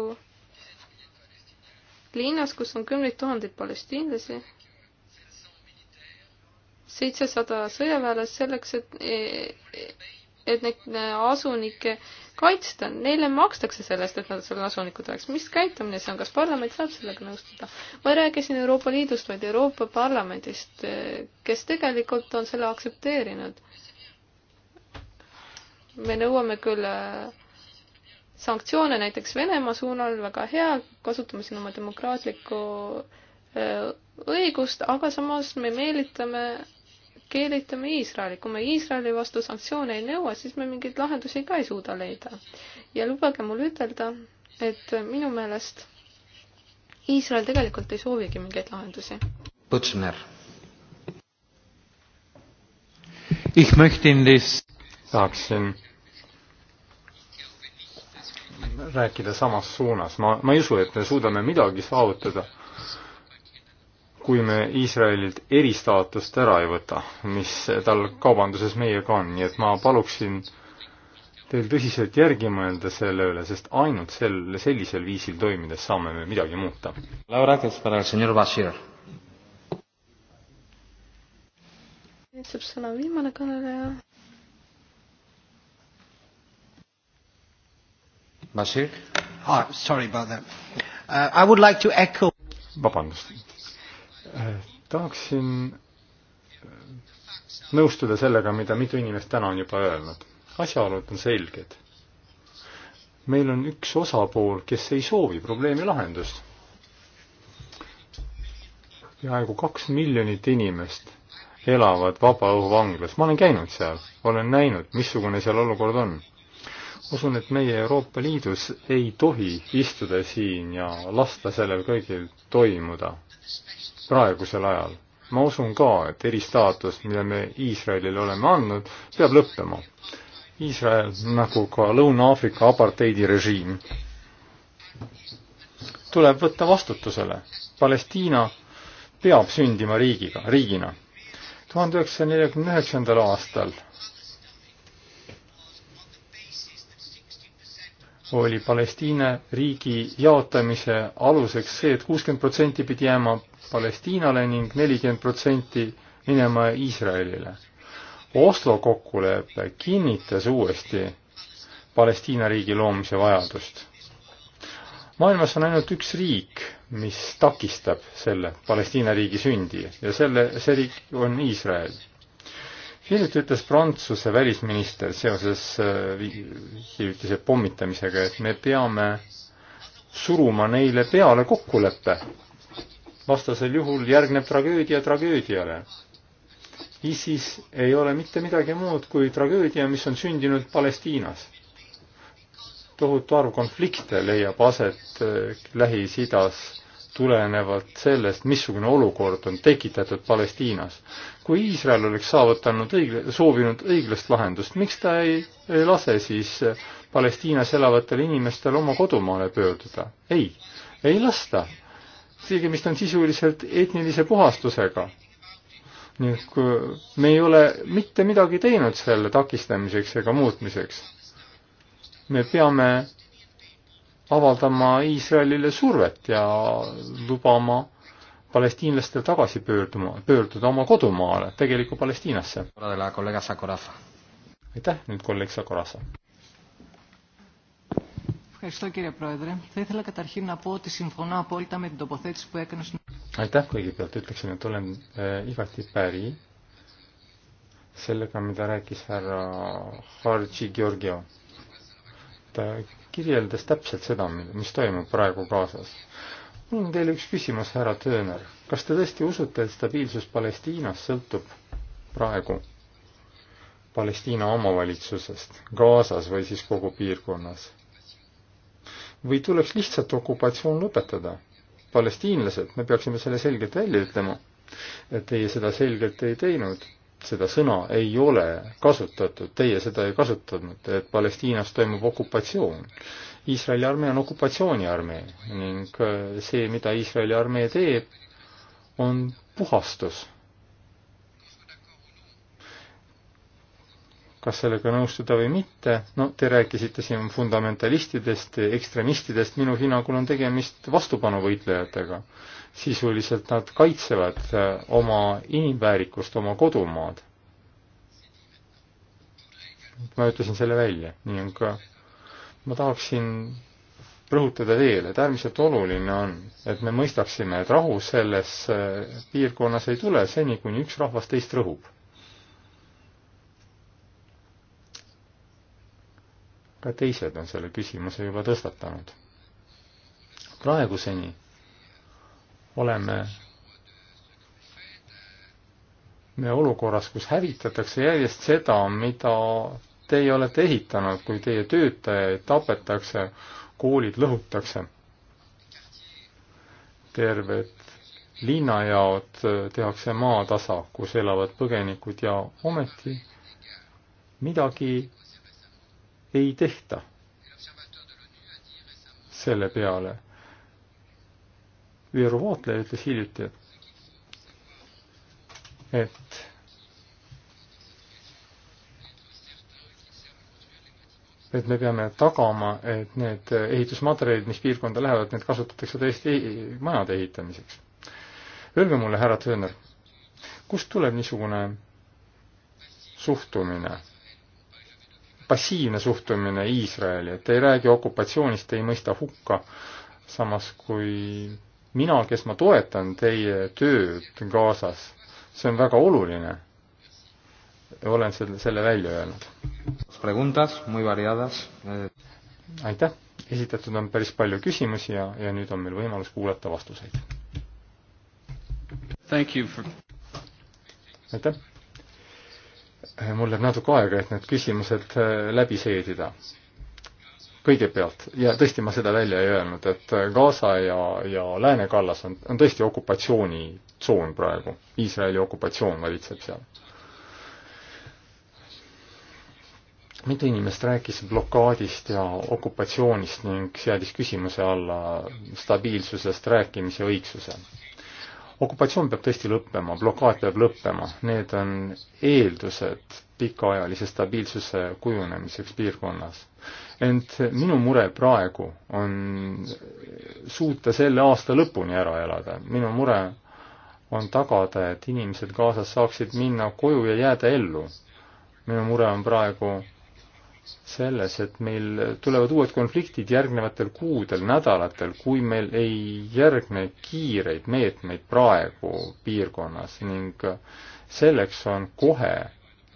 linnas, kus on kümneid tuhandeid palestiinlasi, seitsesada sõjaväelast selleks, et, et neid asunikke kaitsta, neile makstakse sellest, et nad selle asunikud oleks. mis käitumine see on, kas parlament saab sellega nõustuda? ma ei räägi siin Euroopa Liidust, vaid Euroopa Parlamendist, kes tegelikult on selle aktsepteerinud me nõuame küll äh, sanktsioone näiteks Venemaa suunal, väga hea, kasutame siin oma demokraatlikku äh, õigust, aga samas me meelitame, keelitame Iisraeli. kui me Iisraeli vastu sanktsioone ei nõua, siis me mingeid lahendusi ka ei suuda leida. ja lubage mul ütelda, et minu meelest Iisrael tegelikult ei soovigi mingeid lahendusi. Putsner. tahaksin rääkida samas suunas. ma, ma ei usu, et me suudame midagi saavutada, kui me Iisraelilt eristaatust ära ei võta, mis tal kaubanduses meiega on, nii et ma paluksin teil tõsiselt järgi mõelda selle üle, sest ainult sel, sellisel viisil toimides saame me midagi muuta. Laura, kes pärast, senor Bashir. nüüd saab sõna viimane kõneleja. Basir oh,? Ah, sorry about that uh,. I would like to echo. vabandust. Äh, tahaksin äh, nõustuda sellega, mida mitu inimest täna on juba öelnud. asjaolud on selged. meil on üks osapool, kes ei soovi probleemi lahendust. peaaegu kaks miljonit inimest elavad vabaõhuvanglas, ma olen käinud seal, olen näinud, missugune seal olukord on usun, et meie Euroopa Liidus ei tohi istuda siin ja lasta sellel kõigil toimuda praegusel ajal. ma usun ka, et eristaatus, mille me Iisraelile oleme andnud, peab lõppema. Iisrael, nagu ka Lõuna-Aafrika apartheidirežiim, tuleb võtta vastutusele. Palestiina peab sündima riigiga, riigina. tuhande üheksasaja neljakümne üheksandal aastal oli Palestiina riigi jaotamise aluseks see et, et kuuskümmend protsenti pidi jääma Palestiinale ning nelikümmend protsenti minema Iisraelile. Oslo kokkulepe kinnitas uuesti Palestiina riigi loomise vajadust. maailmas on ainult üks riik, mis takistab selle Palestiina riigi sündi ja selle, see riik on Iisrael hiljuti ütles Prantsuse välisminister seoses äh, hiljutise pommitamisega, et me peame suruma neile peale kokkuleppe. vastasel juhul järgneb tragöödia tragöödiale. ISIS ei ole mitte midagi muud kui tragöödia, mis on sündinud Palestiinas tohutu arv konflikte leiab aset äh, Lähis-Idas tulenevalt sellest, missugune olukord on tekitatud Palestiinas. kui Iisrael oleks saavutanud õigl-, soovinud õiglast lahendust, miks ta ei, ei lase siis Palestiinas elavatel inimestel oma kodumaale pöörduda? ei, ei lasta. tegemist on sisuliselt etnilise puhastusega. nii et kui me ei ole mitte midagi teinud selle takistamiseks ega muutmiseks, me peame avaldama Iisraelile survet ja lubama palestiinlastel tagasi pöörduma, pöörduda oma kodumaale, tegelikku Palestiinasse. aitäh, nüüd kolleeg Sakorasa. Ευχαριστώ κύριε Πρόεδρε. Θα ήθελα καταρχήν να πω ότι συμφωνώ απόλυτα με την τοποθέτηση που έκανε στην... Aitäh kõigepealt, ütleksin, et olen äh, igati päri sellega, mida rääkis härra Harji Georgiev. ta kirjeldas täpselt seda, mis toimub praegu Gazas. mul on teile üks küsimus, härra Tööner. kas te tõesti usute, et stabiilsus Palestiinas sõltub praegu Palestiina omavalitsusest Gazas või siis kogu piirkonnas? või tuleks lihtsalt okupatsioon lõpetada? palestiinlased, me peaksime selle selgelt välja ütlema. Teie seda selgelt ei teinud seda sõna ei ole kasutatud, teie seda ei kasutanud, et Palestiinas toimub okupatsioon. Iisraeli armee on okupatsiooniarmee ning äh, see, mida Iisraeli armee teeb, on puhastus. kas sellega nõustuda või mitte, no te rääkisite siin fundamentalistidest, ekstremistidest, minu hinnangul on tegemist vastupanuvõitlejatega sisuliselt nad kaitsevad äh, oma inimväärikust, oma kodumaad. ma ütlesin selle välja ning äh, ma tahaksin rõhutada veel, et äärmiselt oluline on, et me mõistaksime, et rahu selles äh, piirkonnas ei tule seni, kuni üks rahvas teist rõhub. ka teised on selle küsimuse juba tõstatanud. praeguseni oleme me olukorras, kus hävitatakse järjest seda, mida teie olete ehitanud, kui teie töötajaid tapetakse, koolid lõhutakse, terved linnajaod tehakse maatasa, kus elavad põgenikud ja ometi midagi ei tehta selle peale ÜRO vaatleja ütles hiljuti, et et me peame tagama, et need ehitusmaterjalid, mis piirkonda lähevad, need kasutatakse tõesti e-, majade ehitamiseks. Öelge mulle, härra Tööner, kust tuleb niisugune suhtumine, passiivne suhtumine Iisraeli, et ei räägi okupatsioonist, ei mõista hukka, samas kui mina, kes ma toetan teie tööd Gazas, see on väga oluline. olen selle, selle välja öelnud. Eh. aitäh, esitatud on päris palju küsimusi ja, ja nüüd on meil võimalus kuulata vastuseid. For... aitäh. mul läheb natuke aega, et need küsimused eh, läbi seedida kõigepealt, ja tõesti, ma seda välja ei öelnud, et Gaza ja, ja Lääne-Kallas on, on tõesti okupatsioonitsoon praegu. Iisraeli okupatsioon valitseb seal. mitu inimest rääkis blokaadist ja okupatsioonist ning seadis küsimuse alla stabiilsusest rääkimise õigsuse okupatsioon peab tõesti lõppema, blokaad peab lõppema, need on eeldused pikaajalise stabiilsuse kujunemiseks piirkonnas ent minu mure praegu on suuta selle aasta lõpuni ära elada. minu mure on tagada, et inimesed Gazas saaksid minna koju ja jääda ellu. minu mure on praegu selles, et meil tulevad uued konfliktid järgnevatel kuudel, nädalatel, kui meil ei järgne kiireid meetmeid praegu piirkonnas ning selleks on kohe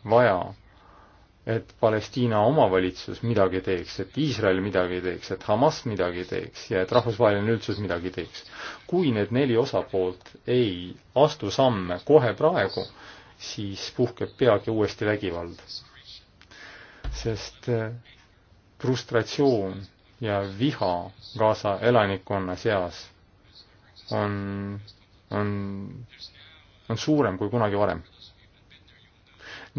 vaja et Palestiina omavalitsus midagi teeks, et Iisrael midagi teeks, et Hamas midagi teeks ja et rahvusvaheline üldsus midagi teeks. kui need neli osapoolt ei astu samme kohe praegu, siis puhkeb peagi uuesti vägivald. sest eh, frustratsioon ja viha Gaza elanikkonna seas on, on, on suurem kui kunagi varem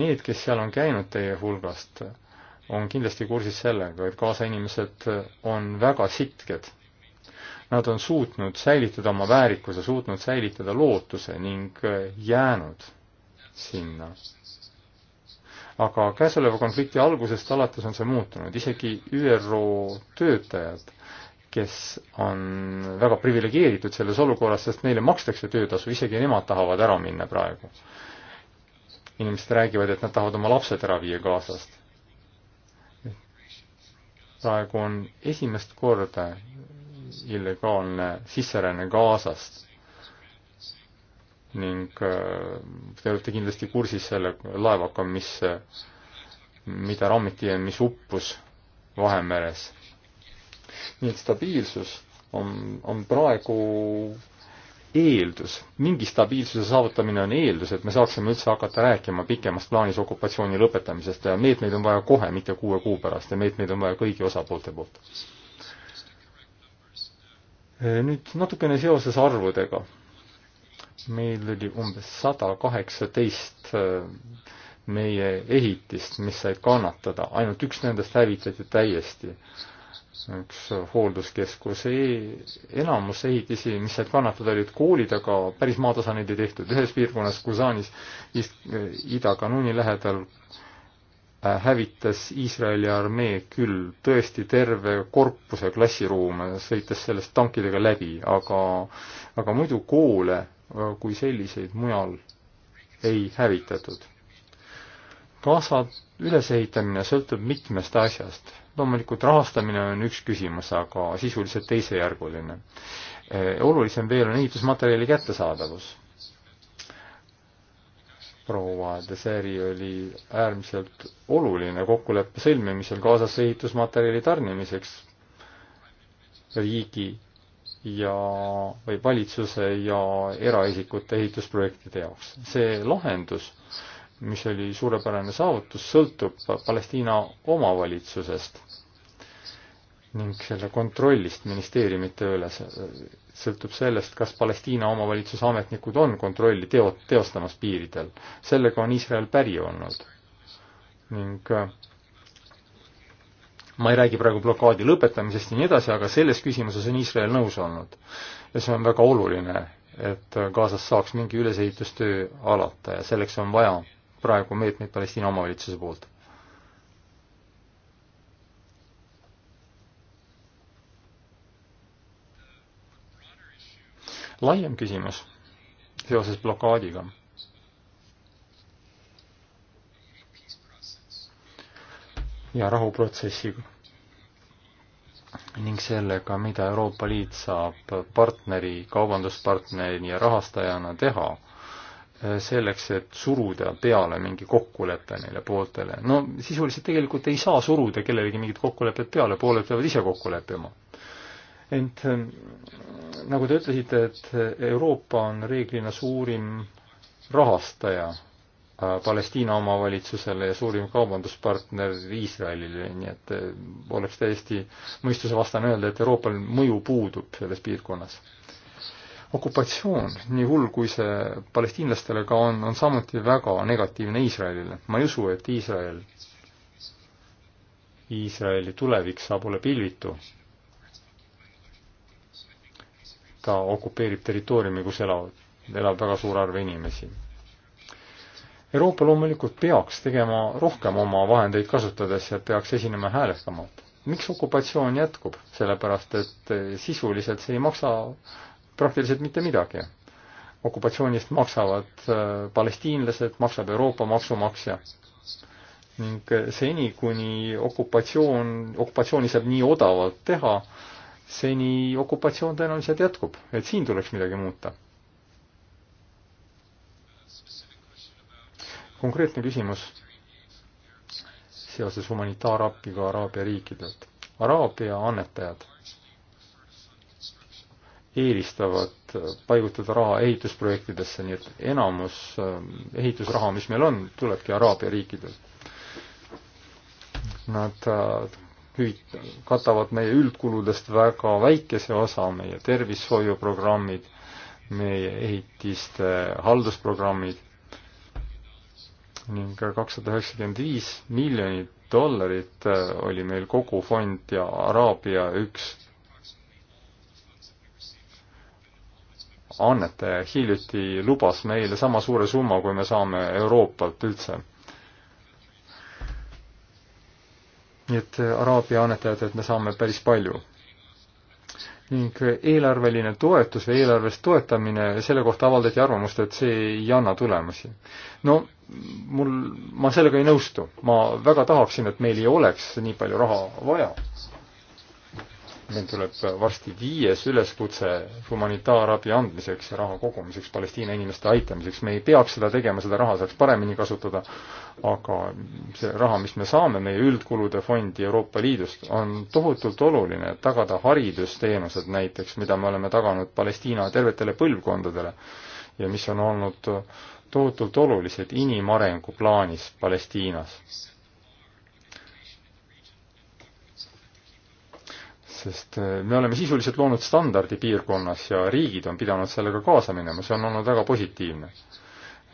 Need, kes seal on käinud teie hulgast, on kindlasti kursis sellega, et Gaza inimesed on väga sitked. Nad on suutnud säilitada oma väärikuse, suutnud säilitada lootuse ning jäänud sinna. aga käesoleva konflikti algusest alates on see muutunud, isegi ÜRO töötajad kes on väga priviligeeritud selles olukorras, sest neile makstakse töötasu, isegi nemad tahavad ära minna praegu inimesed räägivad, et nad tahavad oma lapsed ära viia Gazast. praegu on esimest korda illegaalne sisseränne Gazast ning äh, te olete kindlasti kursis selle laevaga, mis, mida rammiti ja mis uppus Vahemeres. nii et stabiilsus on, on praegu eeldus, mingi stabiilsuse saavutamine on eeldus, et me saaksime üldse hakata rääkima pikemas plaanis okupatsiooni lõpetamisest ja meetmeid on vaja kohe, mitte kuue kuu pärast ja meetmeid on vaja kõigi osapoolte poolt. nüüd natukene seoses arvudega. meil oli umbes sada kaheksateist äh, meie ehitist, mis said kannatada, ainult üks nendest hävitati täiesti see on üks hoolduskeskus, ei, enamus ehitisi, mis seal kannatada olid, koolid, aga päris maatasa neid ei tehtud. ühes piirkonnas, Kusanis, Ida-Kanuni lähedal äh, hävitas Iisraeli armee küll tõesti terve korpuse klassiruume, sõites sellest tankidega läbi, aga, aga muidu koole äh, kui selliseid mujal ei hävitatud. Gaza ülesehitamine sõltub mitmest asjast loomulikult rahastamine on üks küsimus, aga sisuliselt teisejärguline. Äh, olulisem veel on ehitusmaterjali kättesaadavus. proua Deseri oli äärmiselt oluline kokkuleppe sõlmimisel kaasas ehitusmaterjali tarnimiseks riigi ja, või valitsuse ja eraisikute ehitusprojektide jaoks. see lahendus mis oli suurepärane saavutus, sõltub Palestiina omavalitsusest ning selle kontrollist ministeeriumite üle sõltub sellest, kas Palestiina omavalitsuse ametnikud on kontrolli teo-, teostamas piiridel. sellega on Iisrael päri olnud. ning äh, ma ei räägi praegu blokaadi lõpetamisest ja nii edasi, aga selles küsimuses on Iisrael nõus olnud. ja see on väga oluline, et äh, Gazas saaks mingi ülesehitustöö alata ja selleks on vaja praegu meetmeid Palestiina omavalitsuse poolt laiem küsimus seoses blokaadiga. ja rahuprotsessiga ning sellega, mida Euroopa Liit saab partneri, kaubanduspartneri ja rahastajana teha eh, selleks, et suruda peale mingi kokkulepe neile pooltele. no sisuliselt tegelikult ei saa suruda kellelegi mingit kokkulepet peale, pooled peavad ise kokku leppima ent ähm, nagu te ütlesite, et Euroopa on reeglina suurim rahastaja äh, Palestiina omavalitsusele ja suurim kaubanduspartner Iisraelile, nii et äh, oleks täiesti mõistusevastane öelda, et Euroopal mõju puudub selles piirkonnas. okupatsioon, nii hull kui see palestiinlastele ka on, on samuti väga negatiivne Iisraelile. ma ei usu, et Iisrael, Iisraeli tulevik saab olla pilvitu ta okupeerib territooriumi, kus elavad, elab väga suur arv inimesi. Euroopa loomulikult peaks tegema rohkem oma vahendeid kasutades ja peaks esinema häälekamalt. miks okupatsioon jätkub? sellepärast, et sisuliselt see ei maksa praktiliselt mitte midagi. okupatsioonist maksavad äh, palestiinlased, maksab Euroopa maksumaksja ning äh, seni, kuni okupatsioon, okupatsiooni saab nii odavalt teha, seni okupatsioon tõenäoliselt jätkub, et siin tuleks midagi muuta. konkreetne küsimus seoses humanitaarappiga Araabia riikidelt. Araabia annetajad eelistavad paigutada raha ehitusprojektidesse, nii et enamus ähm, ehitusraha, mis meil on, tulebki Araabia riikidelt. Nad äh, hüvit-, katavad meie üldkuludest väga väikese osa, meie tervishoiuprogrammid, meie ehitiste haldusprogrammid ning kakssada üheksakümmend viis miljonit dollarit äh, oli meil kogu fond ja Araabia üks annetaja hiljuti lubas meile sama suure summa, kui me saame Euroopalt üldse. nii et äh, Araabia annetajatelt me saame päris palju. ning äh, eelarveline toetus või eelarvest toetamine, selle kohta avaldati arvamust, et see ei anna tulemusi. no mul, ma sellega ei nõustu, ma väga tahaksin, et meil ei oleks nii palju raha vaja meil tuleb varsti viies üleskutse humanitaarabi andmiseks ja raha kogumiseks Palestiina inimeste aitamiseks. me ei peaks seda tegema, seda raha saaks paremini kasutada, aga see raha, mis me saame meie üldkulude fondi Euroopa Liidust, on tohutult oluline, et tagada haridusteenused näiteks, mida me oleme taganud Palestiina tervetele põlvkondadele ja mis on olnud tohutult olulised inimarengu plaanis Palestiinas sest eh, me oleme sisuliselt loonud standardi piirkonnas ja riigid on pidanud sellega kaasa minema, see on olnud väga positiivne.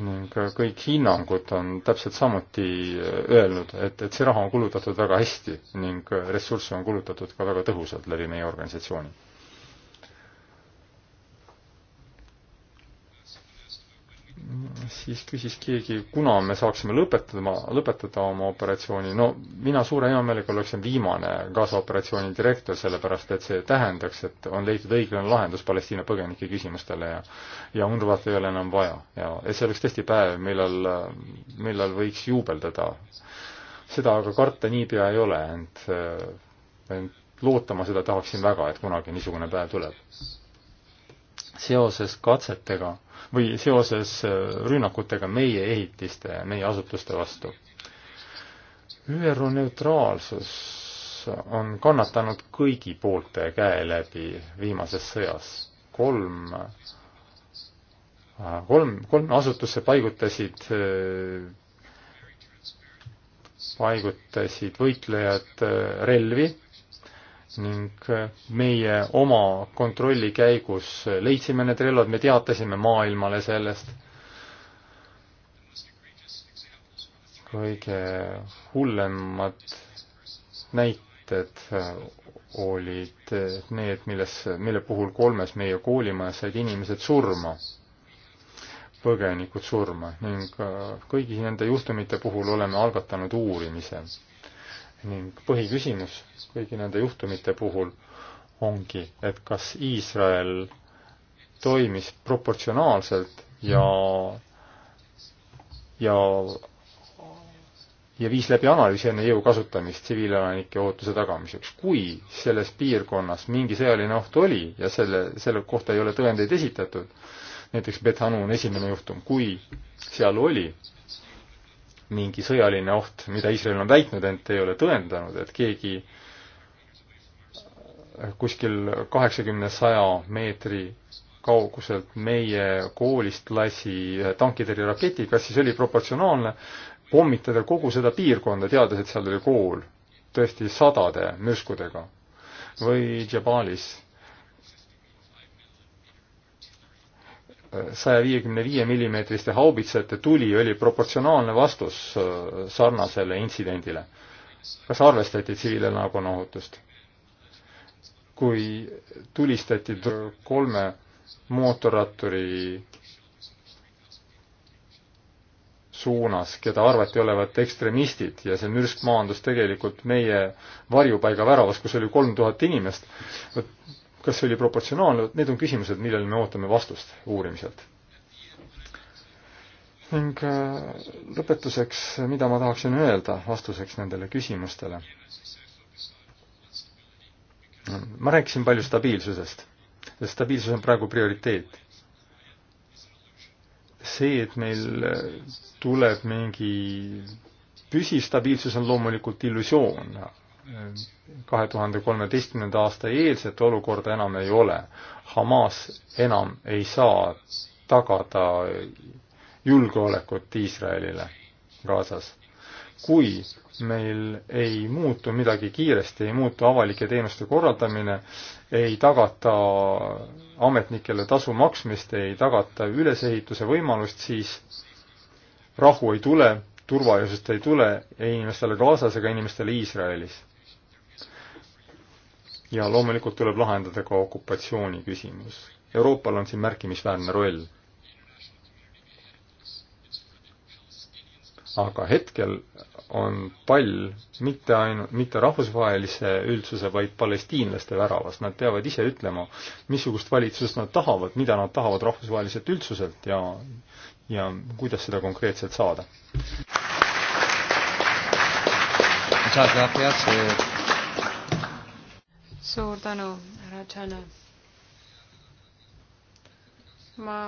ning eh, kõik hinnangud on täpselt samuti eh, öelnud, et, et see raha on kulutatud väga hästi ning ressursse on kulutatud ka väga tõhusalt läbi meie organisatsiooni siis küsis keegi, kuna me saaksime lõpetada, lõpetada oma operatsiooni. no mina suure heameelega oleksin viimane Gaza operatsiooni direktor, sellepärast et see tähendaks, et on leitud õiglane lahendus Palestiina põgenike küsimustele ja ja UNRWA-t ei ole enam vaja ja, ja see oleks tõesti päev, millal, millal võiks juubeldada. seda aga karta niipea ei ole, ent, ent lootama seda tahaksin väga, et kunagi niisugune päev tuleb seoses katsetega või seoses äh, rünnakutega meie ehitiste, meie asutuste vastu. ÜRO neutraalsus on kannatanud kõigi poolte käe läbi viimases sõjas. kolm, äh, kolm, kolm asutusse paigutasid äh, paigutasid võitlejad relvi ning äh, meie oma kontrolli käigus leidsime need relvad, me teatasime maailmale sellest. kõige hullemad näited äh, olid äh, need, milles, mille puhul kolmes meie koolimajas said inimesed surma, põgenikud surma ning kõigi nende juhtumite puhul oleme algatanud uurimise ning põhiküsimus kõigi nende juhtumite puhul ongi, et kas Iisrael toimis proportsionaalselt ja, ja, ja viis läbi analüüsi enne jõu kasutamist tsiviilelanike ootuse tagamiseks. kui selles piirkonnas mingi sõjaline oht oli ja selle, selle kohta ei ole tõendeid esitatud, näiteks Bethanun esimene juhtum, kui seal oli mingi sõjaline oht, mida Iisrael on väitnud, ent ei ole tõendanud, et keegi kuskil kaheksakümne, saja meetri kauguselt meie koolist lasi tankitõrjeraketi, kas siis oli proportsionaalne pommitada kogu seda piirkonda, teades, et seal oli kool tõesti sadade mürskudega või Jabalis saja viiekümne viie millimeetriste haubitsate tuli oli proportsionaalne vastus äh, sarnasele intsidendile? kas arvestati tsiviilelanakonna ohutust? kui tulistati kolme mootorratturi suunas, keda arvati olevat ekstremistid ja see mürsk maandus tegelikult meie varjupaiga väravas, kus oli kolm tuhat inimest, vot kas see oli proportsionaalne, need on küsimused, millele me ootame vastust uurimiselt. ning äh, lõpetuseks, mida ma tahaksin öelda vastuseks nendele küsimustele? ma rääkisin palju stabiilsusest, sest stabiilsus on praegu prioriteet. see, et meil äh, tuleb mingi püsiv stabiilsus, on loomulikult illusioon kahe tuhande kolmeteistkümnenda aasta eelset olukorda enam ei ole. Hamas enam ei saa tagada julgeolekut Iisraelile Gazas. kui meil ei muutu midagi kiiresti, ei muutu avalike teenuste korraldamine, ei tagata ametnikele tasu maksmist, ei tagata ülesehituse võimalust, siis rahu ei tule, turvalisust ei tule ei inimestele Gazas ega inimestele Iisraelis ja loomulikult tuleb lahendada ka okupatsiooni küsimus. Euroopal on siin märkimisväärne roll. aga hetkel on pall mitte ainult, mitte rahvusvahelise üldsuse, vaid palestiinlaste väravas. Nad peavad ise ütlema, missugust valitsust nad tahavad, mida nad tahavad rahvusvaheliselt üldsuselt ja, ja kuidas seda konkreetselt saada. Muchas gracias. Eh, suur tänu, härra Tšana. ma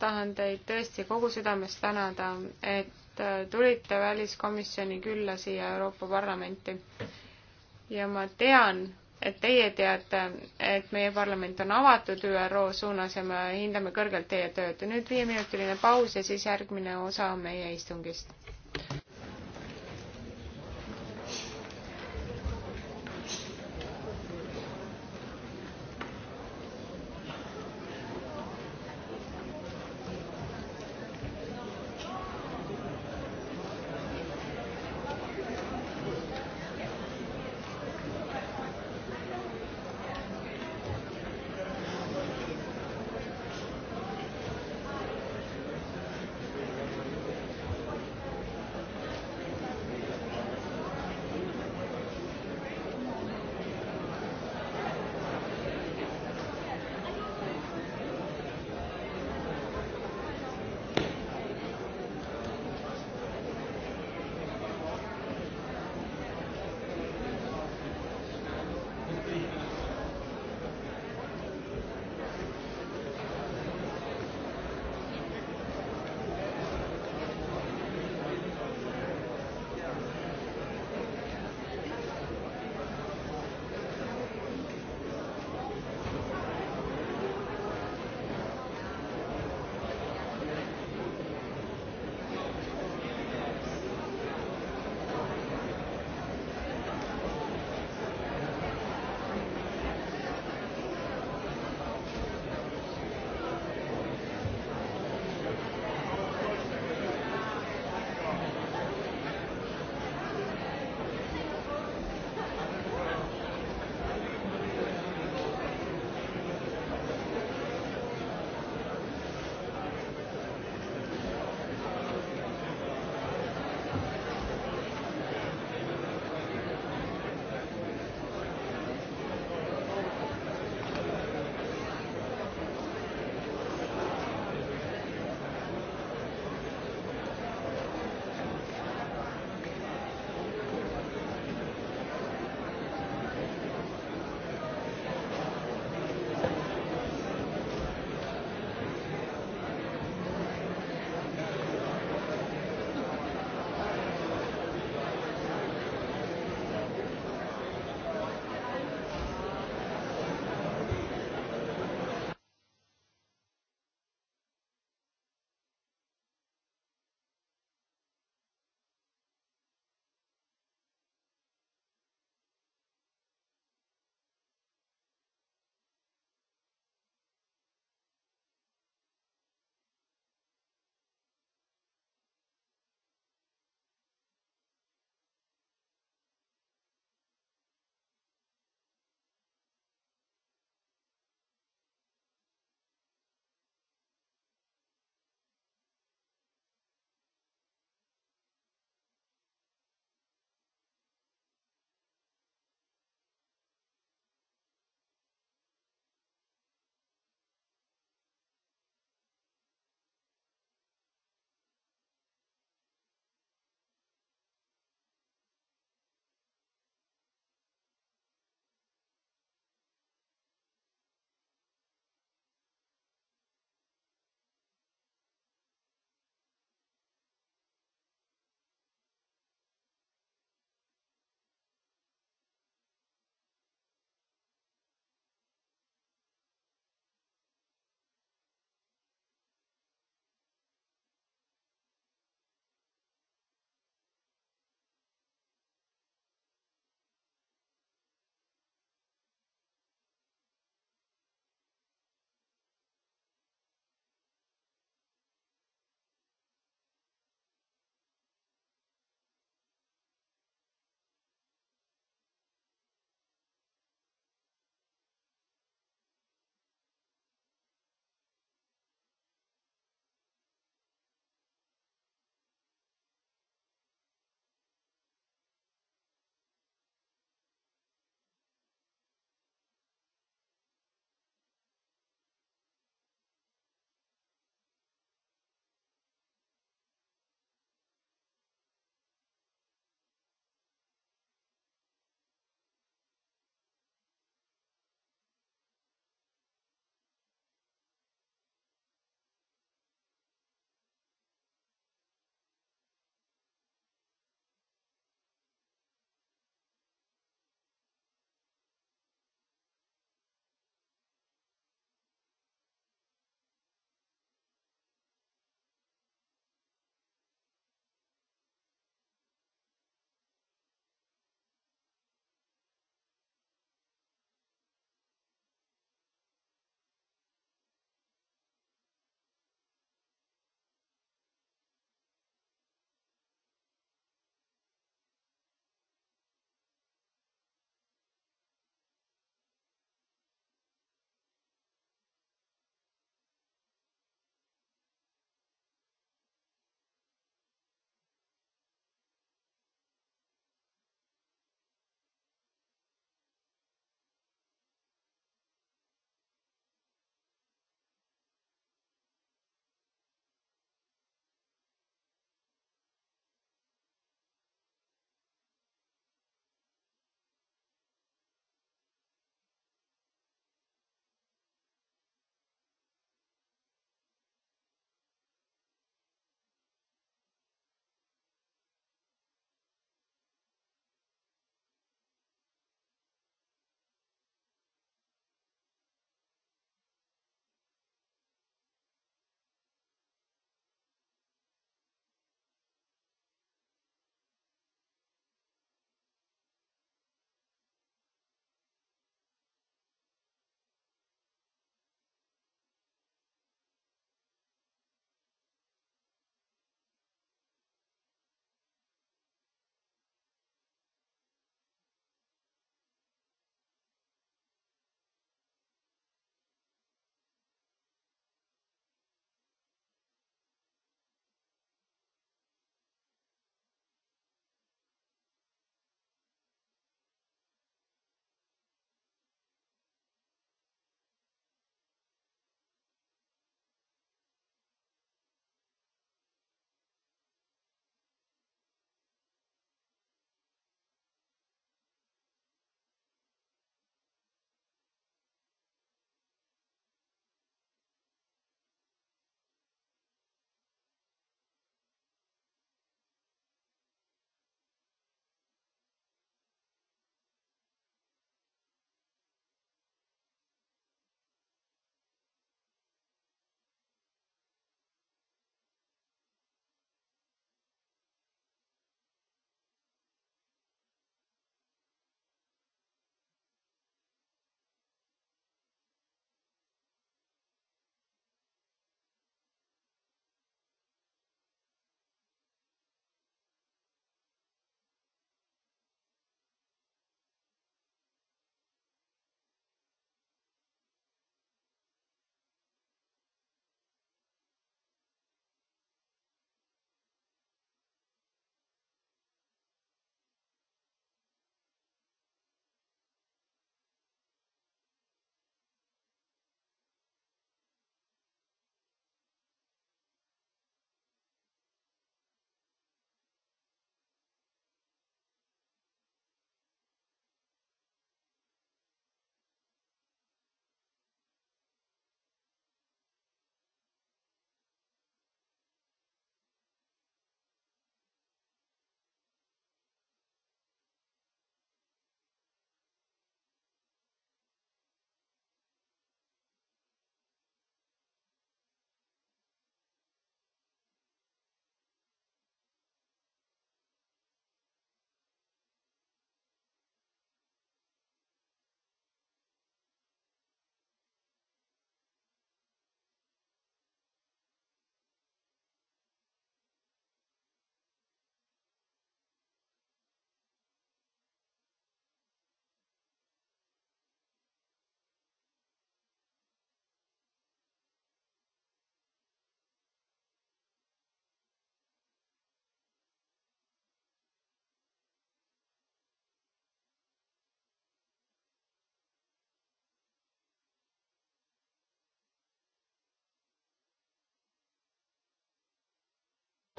tahan teid tõesti kogu südamest tänada, et tulite väliskomisjoni külla siia Euroopa Parlamenti. ja ma tean, et teie teate, et meie parlament on avatud ÜRO suunas ja me hindame kõrgelt teie tööd. nüüd viieminutiline paus ja siis järgmine osa meie istungist.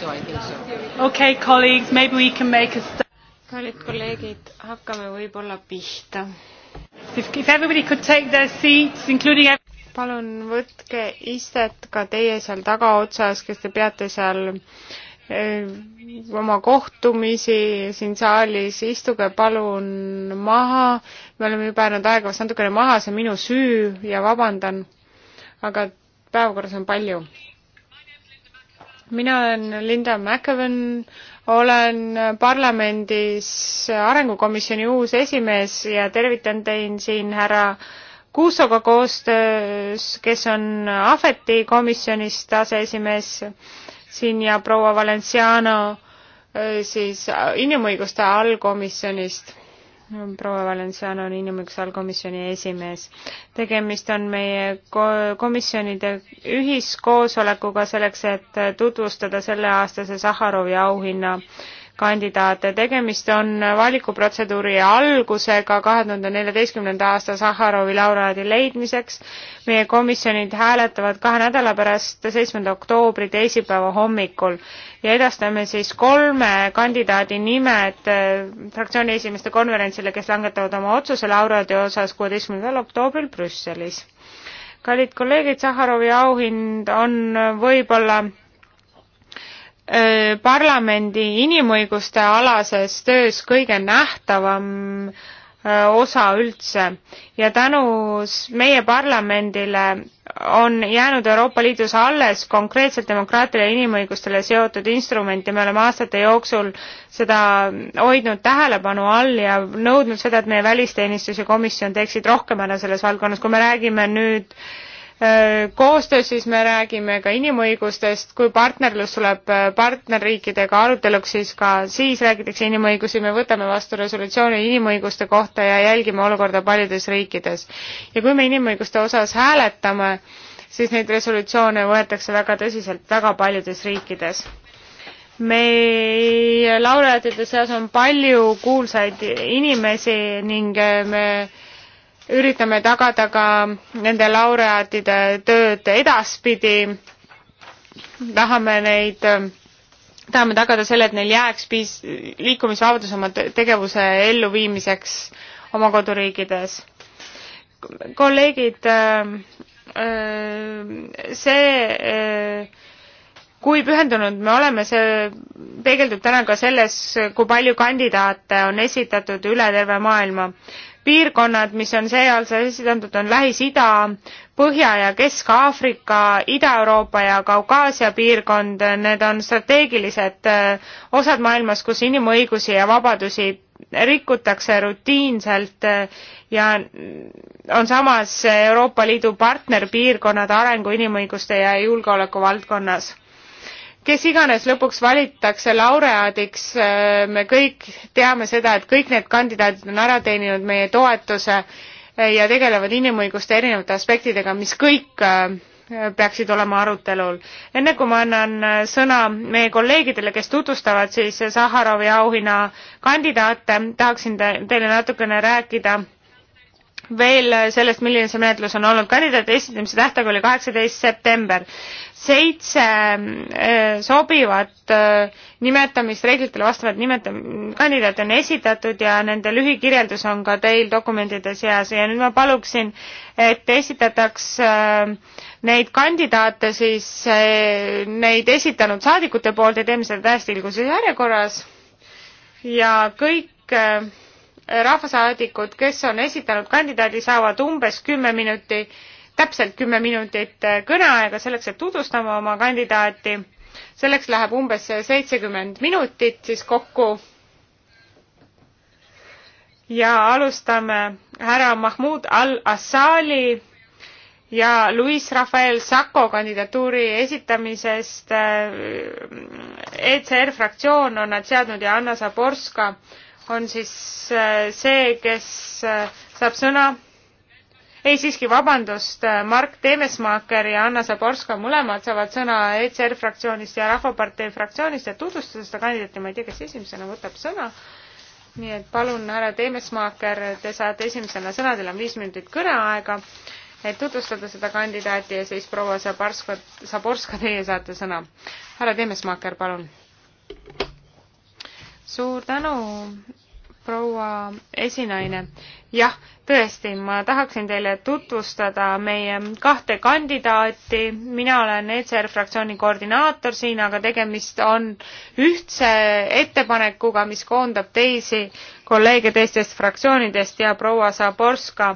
so I think so. Okay, colleagues, maybe we can make a start. kallid kolleegid, hakkame võib-olla pihta. If, if everybody could take their seats, including palun võtke istet ka teie seal tagaotsas, kes te peate seal eh, oma kohtumisi siin saalis, istuge palun maha, me oleme juba jäänud aega vast natukene maha, see on minu süü ja vabandan, aga päevakorras on palju mina olen Linda McEwen, olen parlamendis arengukomisjoni uus esimees ja tervitan teid siin härra Kuusoga koostöös, kes on Ahveti komisjonist aseesimees siin ja proua Valenciano eh, siis äh, inimõiguste allkomisjonist proua Valenciano on inimõiguse allkomisjoni esimees. tegemist on meie komisjonide ühiskoosolekuga selleks, et tutvustada selleaastase Saharovi auhinna kandidaate. tegemist on valikuprotseduuri algusega kahe tuhande neljateistkümnenda aasta Sahharovi laureaadi leidmiseks. meie komisjonid hääletavad kahe nädala pärast, seitsmenda oktoobri teisipäeva hommikul ja edastame siis kolme kandidaadi nimed äh, fraktsiooni esimeeste konverentsile, kes langetavad oma otsuse laureaadi osas kuueteistkümnendal oktoobril Brüsselis kallid kolleegid, Sahharovi auhind on võib-olla Äh, parlamendi inimõiguste alases töös kõige nähtavam äh, osa üldse ja tänu meie parlamendile on jäänud Euroopa Liidus alles konkreetselt demokraatiale ja inimõigustele seotud instrument ja me oleme aastate jooksul seda hoidnud tähelepanu all ja nõudnud seda, et meie välisteenistus ja komisjon teeksid rohkem ära selles valdkonnas. kui me räägime nüüd äh, koostöös siis me räägime ka inimõigustest, kui partnerlus tuleb äh, partnerriikidega aruteluks, siis ka siis räägitakse inimõigusi, me võtame vastu resolutsiooni inimõiguste kohta ja jälgime olukorda paljudes riikides. ja kui me inimõiguste osas hääletame, siis neid resolutsioone võetakse väga tõsiselt väga paljudes riikides meie laureaatide seas on palju kuulsaid inimesi ning äh, me üritame tagada ka nende laureaatide tööd edaspidi. tahame neid, tahame tagada selle, et neil jääks piis-, liikumisvabadus oma tegevuse elluviimiseks oma koduriikides. kolleegid, see kui pühendunud me oleme, see peegeldub täna ka selles, kui palju kandidaate on esitatud üle terve maailma piirkonnad, mis on seealse esindatud, on Lähis-Ida, Põhja- ja Kesk-Aafrika, Ida-Euroopa ja Kaukaasia piirkond, need on strateegilised äh, osad maailmas, kus inimõigusi ja vabadusi rikutakse rutiinselt äh, ja on samas Euroopa Liidu partnerpiirkonnad arengu, inimõiguste ja julgeoleku valdkonnas kes iganes lõpuks valitakse laureaadiks, äh, me kõik teame seda, et kõik need kandidaadid on ära teeninud meie toetuse äh, ja tegelevad inimõiguste erinevate aspektidega, mis kõik äh, peaksid olema arutelul. enne kui ma annan sõna meie kolleegidele, kes tutvustavad siis Saharovi auhinna kandidaate, tahaksin teile natukene rääkida veel sellest, milline see menetlus on olnud. kandidaadi esitamise tähtaeg oli kaheksateist september. seitse äh, sobivat äh, nimetamist, reeglitele vastavat nimetam-, kandidaati on esitatud ja nende lühikirjeldus on ka teil dokumentide seas ja nüüd ma paluksin, et esitataks äh, neid kandidaate siis, neid esitanud saadikute poolt ja teeme seda täiesti ilguses järjekorras ja kõik rahvasaadikud, kes on esitanud kandidaadi, saavad umbes kümme minuti, täpselt kümme minutit kõneaega selleks, et tutvustama oma kandidaati. selleks läheb umbes seitsekümmend minutit siis kokku. ja alustame härra Mahmoud al-Assali ja Luis Rafael Sacco kandidatuuri esitamisest. Äh, ECR fraktsioon on nad seadnud ja Anna Zaborska äh, on siis äh, see, kes äh, saab sõna. ei, siiski, vabandust, äh, Mark Teemesmaaker ja Anna Zaborska mõlemad saavad sõna ECR fraktsioonist ja Rahvapartei fraktsioonist ja tutvustada seda kandidaati, ma ei tea, kes esimesena võtab sõna. nii et palun, härra Teemesmaaker, te saate esimesena sõna, teil on viis minutit kõneaega, et tutvustada seda kandidaati ja siis proua Zaborska, Zaborska, teie saate sõna. härra Teemesmaaker, palun suur tänu, proua esinaine. jah, tõesti, ma tahaksin teile tutvustada meie kahte kandidaati. mina olen ECR fraktsiooni koordinaator siin, aga tegemist on ühtse ettepanekuga, mis koondab teisi kolleege teistest fraktsioonidest ja proua Zaborska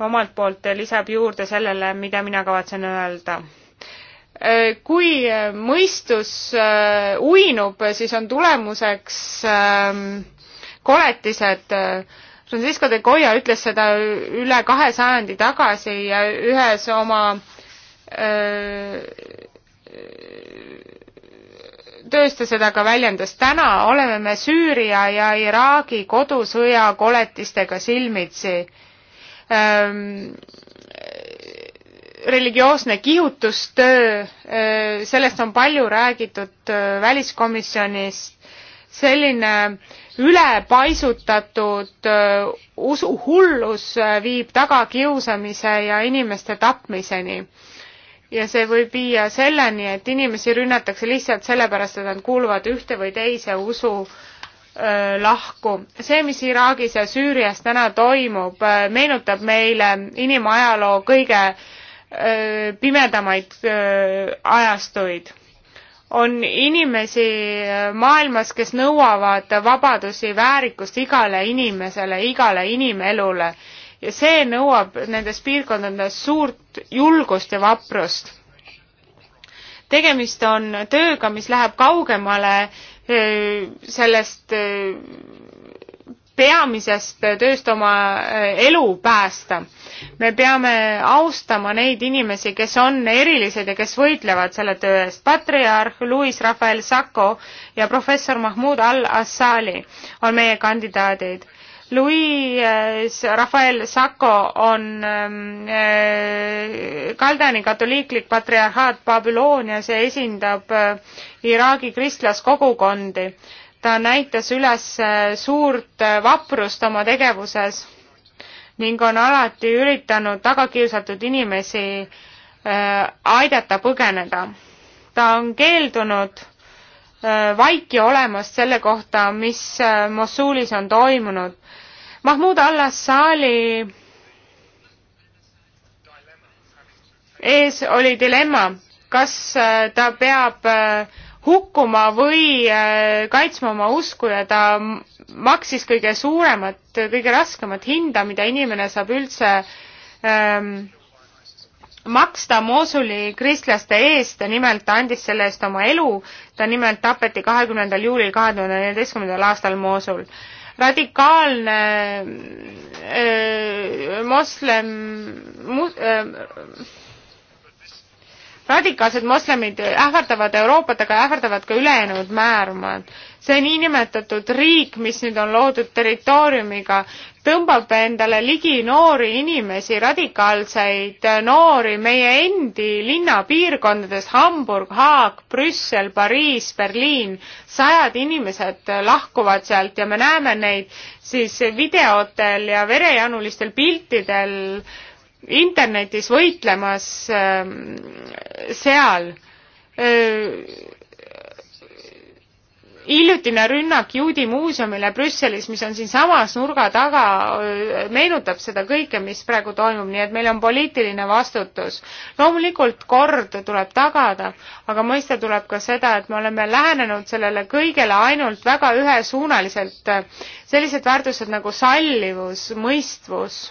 omalt poolt lisab juurde sellele, mida mina kavatsen öelda kui mõistus äh, uinub, siis on tulemuseks ähm, koletised. Äh, Francisco de Goya ütles seda üle kahe sajandi tagasi ja ühes oma öö, äh, töös ta seda ka väljendas. täna oleme me Süüria ja Iraagi kodusõja koletistega silmitsi ähm, religioosne kihutustöö, äh, sellest on palju räägitud väliskomisjonis, selline ülepaisutatud äh, usuhullus äh, viib tagakiusamise ja inimeste tapmiseni. ja see võib viia selleni, et inimesi rünnatakse lihtsalt sellepärast, et nad kuuluvad ühte või teise usu äh, lahku. see, mis Iraagis ja Süürias täna toimub, meenutab meile inimajaloo kõige pimedamaid ajastuid on inimesi äh, maailmas, kes nõuavad vabadusi, väärikust igale inimesele, igale inimelule ja see nõuab nendes piirkondades suurt julgust ja vaprust. tegemist on tööga, mis läheb kaugemale äh, sellest äh, peamisest tööst oma elu päästa me peame austama neid inimesi, kes on erilised ja kes võitlevad selle töö eest. patriarh Luis Rafael Sacco ja professor Mahmoud al-Assali on meie kandidaadid. Luis äh, Rafael Sacco on ähm, äh, Kaldani katoliiklik patriarhaat Babylonias ja esindab äh, Iraagi kristlaskogukondi. ta näitas üles äh, suurt äh, vaprust oma tegevuses ning on alati üritanud tagakiusatud inimesi äh, aidata põgeneda. ta on keeldunud äh, vaiki olemast selle kohta, mis äh, Mosulis on toimunud. Mahmud al-Assali ees oli dilemma, kas ta peab hukkuma või äh, kaitsma oma usku ja ta maksis kõige suuremat, kõige raskemat hinda, mida inimene saab üldse ähm, maksta Mosuli kristlaste eest, nimelt ta andis selle eest oma elu, ta nimelt tapeti kahekümnendal juulil kahe tuhande neljateistkümnendal aastal Mosul. radikaalne öö, äh, moslem mu, öö, äh, radikaalsed moslemid ähvardavad Euroopat, aga ähvardavad ka ülejäänud määrmaad. see niinimetatud riik, mis nüüd on loodud territooriumiga, tõmbab endale ligi noori inimesi, radikaalseid noori meie endi linnapiirkondades Hamburg, Haag, Brüssel, Pariis, Berliin. sajad inimesed lahkuvad sealt ja me näeme neid siis videotel ja verejanulistel piltidel äh, internetis võitlemas ähm, seal äh, hiljutine rünnak juudi muuseumile Brüsselis, mis on siinsamas nurga taga, äh, meenutab seda kõike, mis praegu toimub, nii et meil on poliitiline vastutus. loomulikult kord tuleb tagada, aga mõista tuleb ka seda, et me oleme lähenenud sellele kõigele ainult väga ühesuunaliselt. sellised väärtused nagu sallivus, mõistvus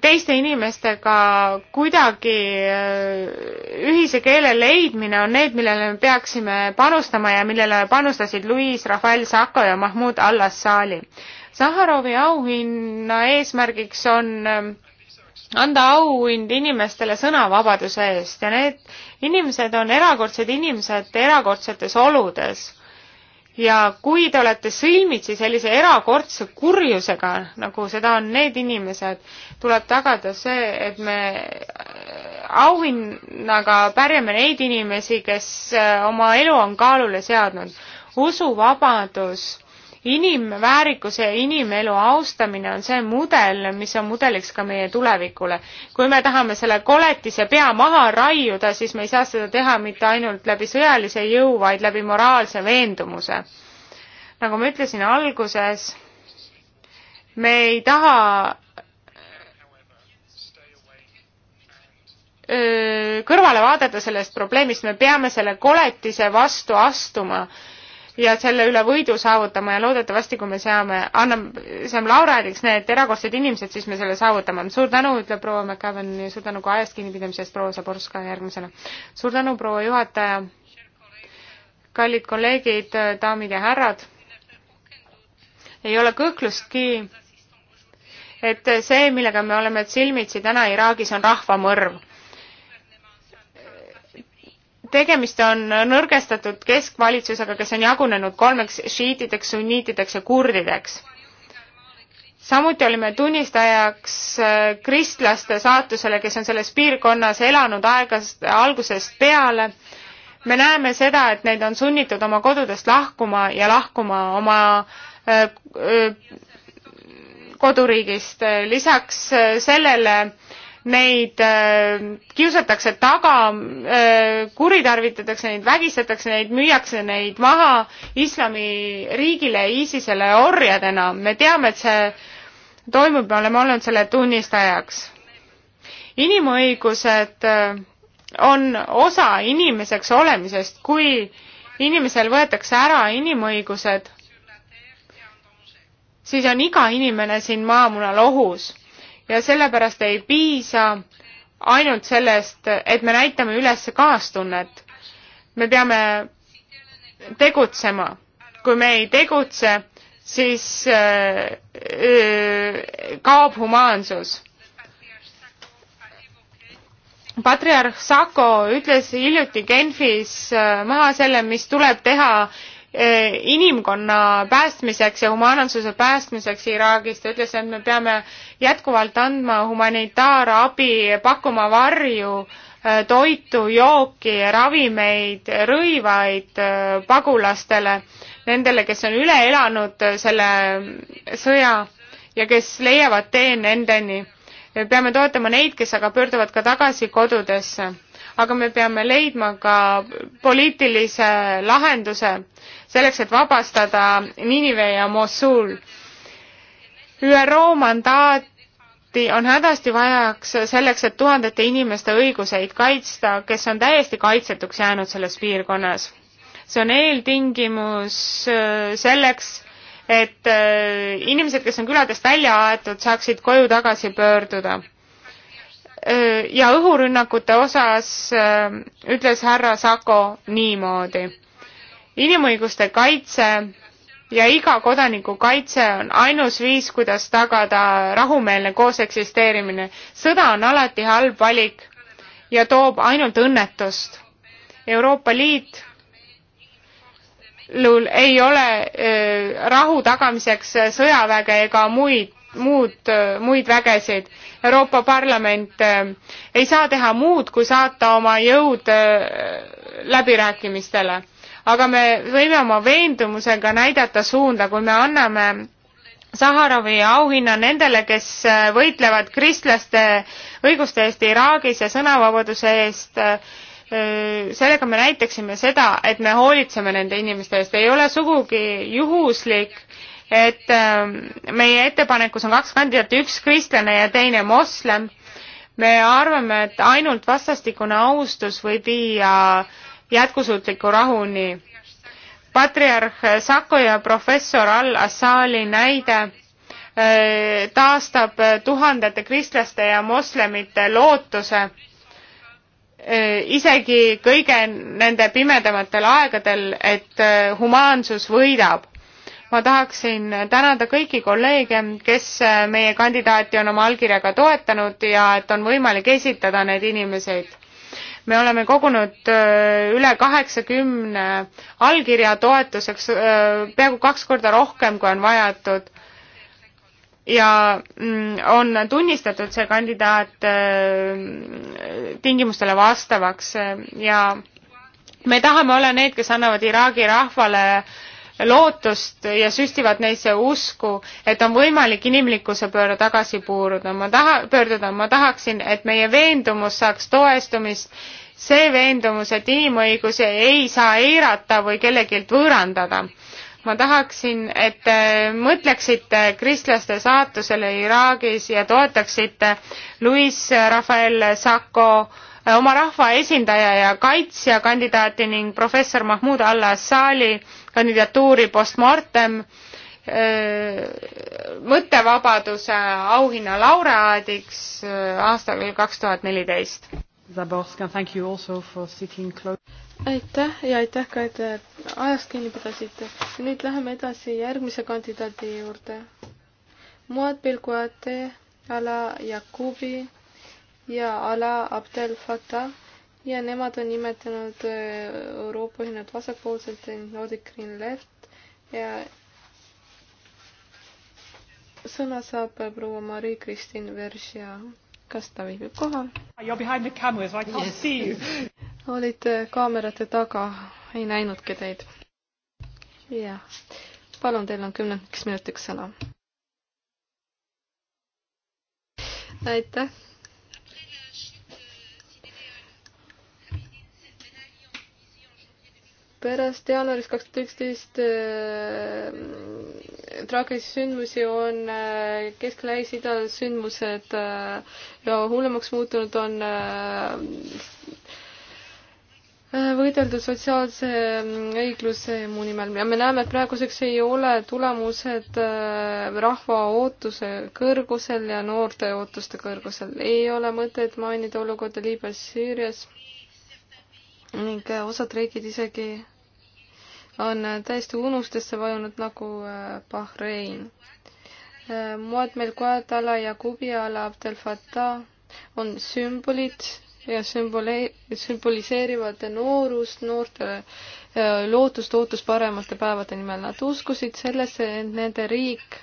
teiste inimestega kuidagi äh, ühise keele leidmine on need, millele me peaksime panustama ja millele panustasid Luis Rafael Sako ja Mahmoud Al-Assali. Saharovi auhinna eesmärgiks on ähm, anda auhind inimestele sõnavabaduse eest ja need inimesed on erakordsed inimesed erakordsetes oludes ja kui te olete silmitsi sellise erakordse kurjusega, nagu seda on need inimesed, tuleb tagada see, et me äh, auhinnaga pärjame neid inimesi, kes äh, oma elu on kaalule seadnud. usuvabadus inimväärikuse ja inimelu austamine on see mudel, mis on mudeliks ka meie tulevikule. kui me tahame selle koletise pea maha raiuda, siis me ei saa seda teha mitte ainult läbi sõjalise jõu, vaid läbi moraalse veendumuse. nagu ma ütlesin alguses, me ei taha kõrvale vaadata sellest probleemist, me peame selle koletise vastu astuma ja selle üle võidu saavutama ja loodetavasti, kui me seame, anname, saame laureaadiks need erakordsed inimesed, siis me selle saavutame. suur tänu, ütleb proua McCaven ja suur tänu ka ajast kinnipidamise eest, proua Zaborska järgmisena. suur tänu, proua juhataja. kallid kolleegid, daamid ja härrad. ei ole kõhklustki, et see, millega me oleme silmitsi täna Iraagis, on rahvamõrv tegemist on nõrgestatud keskvalitsusega, kes on jagunenud kolmeks šiitideks, sunniitideks ja kurdideks. samuti olime tunnistajaks äh, kristlaste saatusele, kes on selles piirkonnas elanud aegast, algusest peale. me näeme seda, et neid on sunnitud oma kodudest lahkuma ja lahkuma oma öö, äh, öö, äh, koduriigist. lisaks sellele neid äh, kiusatakse taga, äh, kuritarvitatakse neid, vägistatakse neid, müüakse neid maha islamiriigile, ISISele orjadena. me teame, et see toimub, me oleme olnud selle tunnistajaks. inimõigused äh, on osa inimeseks olemisest, kui inimesel võetakse ära inimõigused, siis on iga inimene siin maamunal ohus ja sellepärast ei piisa ainult sellest, et me näitame üles kaastunnet. me peame tegutsema. kui me ei tegutse, siis äh, äh, kaob humaansus. patriarh Sako ütles hiljuti Genfis äh, maha selle, mis tuleb teha Eh, inimkonna päästmiseks ja humaanansuse päästmiseks Iraagist ja ütles, et me peame jätkuvalt andma humanitaarabi, pakkuma varju, eh, toitu, jooki, ravimeid, rõivaid eh, pagulastele, nendele, kes on üle elanud selle sõja ja kes leiavad tee nendeni. peame toetama neid, kes aga pöörduvad ka tagasi kodudesse aga me peame leidma ka poliitilise lahenduse selleks, et vabastada Ninive ja Mosul. ÜRO mandaati on hädasti vajaks selleks, et tuhandete inimeste õiguseid kaitsta, kes on täiesti kaitsetuks jäänud selles piirkonnas. see on eeltingimus äh, selleks, et äh, inimesed, kes on küladest välja aetud, saaksid koju tagasi pöörduda Äh, ja õhurünnakute osas äh, ütles härra Sako niimoodi. inimõiguste kaitse ja iga kodaniku kaitse on ainus viis, kuidas tagada rahumeelne kooseksisteerimine. sõda on alati halb valik ja toob ainult õnnetust. Euroopa Liit ei ole äh, rahu tagamiseks sõjaväge ega muid, muud, muid vägesid Euroopa Parlament äh, ei saa teha muud, kui saata oma jõud äh, läbirääkimistele. aga me võime oma veendumusega näidata suunda, kui me anname Saharovi auhinna nendele, kes äh, võitlevad kristlaste õiguste eest Iraagis ja sõnavabaduse eest. sellega me näitaksime seda, et me hoolitseme nende inimeste eest, ei ole sugugi juhuslik, et ähm, meie ettepanekus on kaks kandidaati, üks kristlane ja teine moslem. me arvame, et ainult vastastikune austus võib viia jätkusuutliku rahuni. patriarh Sako ja professor Al-Assali näide äh, taastab tuhandete kristlaste ja moslemite lootuse äh, isegi kõige nende pimedamatel aegadel, et äh, humaansus võidab ma tahaksin tänada kõiki kolleege, kes meie kandidaati on oma allkirjaga toetanud ja et on võimalik esitada need inimesed. me oleme kogunud äh, üle kaheksakümne allkirja toetuseks, äh, peaaegu kaks korda rohkem, kui on vajatud. ja mm, on tunnistatud see kandidaat äh, tingimustele vastavaks ja me tahame olla need, kes annavad Iraagi rahvale äh, lootust ja süstivad neisse usku, et on võimalik inimlikkuse pööre tagasi puuruda. ma taha, pöörduda, ma tahaksin, et meie veendumus saaks toestumist, see veendumus, et inimõigusi ei saa eirata või kellegilt võõrandada. ma tahaksin, et te mõtleksite kristlaste saatusele Iraagis ja toetaksite Luis Rafael Sacco eh, oma rahva esindaja ja kaitsja kandidaati ning professor Mahmoud Allah Sali kandidatuuri postmortem äh, mõttevabaduse auhinna laureaadiks äh, aastal kaks tuhat neliteist. Zaborska, thank you also for sitting close. aitäh ja aitäh ka, et äh, ajast kinni pidasite. nüüd läheme edasi järgmise kandidaadi juurde. Muad Bilguate, Ala Jakubi ja Ala Abdel Fattah ja nemad on nimetanud äh, Euroopa Ühinenud Vasakpoolselt Nordic Green Left ja sõna saab äh, proua Marie-Kristin Veržia. kas ta viibib kohal? Yes. olite äh, kaamerate taga, ei näinudki teid. jah, palun, teil on kümneks minutiks sõna. aitäh pärast jaanuaris kaks tuhat üksteist äh, traagilisi sündmusi on äh, Kesk-Lähis-Ida sündmused äh, ja hullemaks muutunud on võideldud sotsiaalse õigluse mu nimel ja me näeme, et praeguseks ei ole tulemused rahva ootuse kõrgusel ja noorte ootuste kõrgusel. ei ole mõtet mainida olukorda Liibüas, Süürias ning äh, osad riigid isegi on äh, täiesti unustesse vajunud nagu äh, Bahrein. Muad Melguadala ja Kubiala Abdel Fattah on sümbolid ja sümbole-, sümboliseerivad noorust, noorte lootust, ootust paremate päevade nimel. Nad uskusid sellesse, et nende riik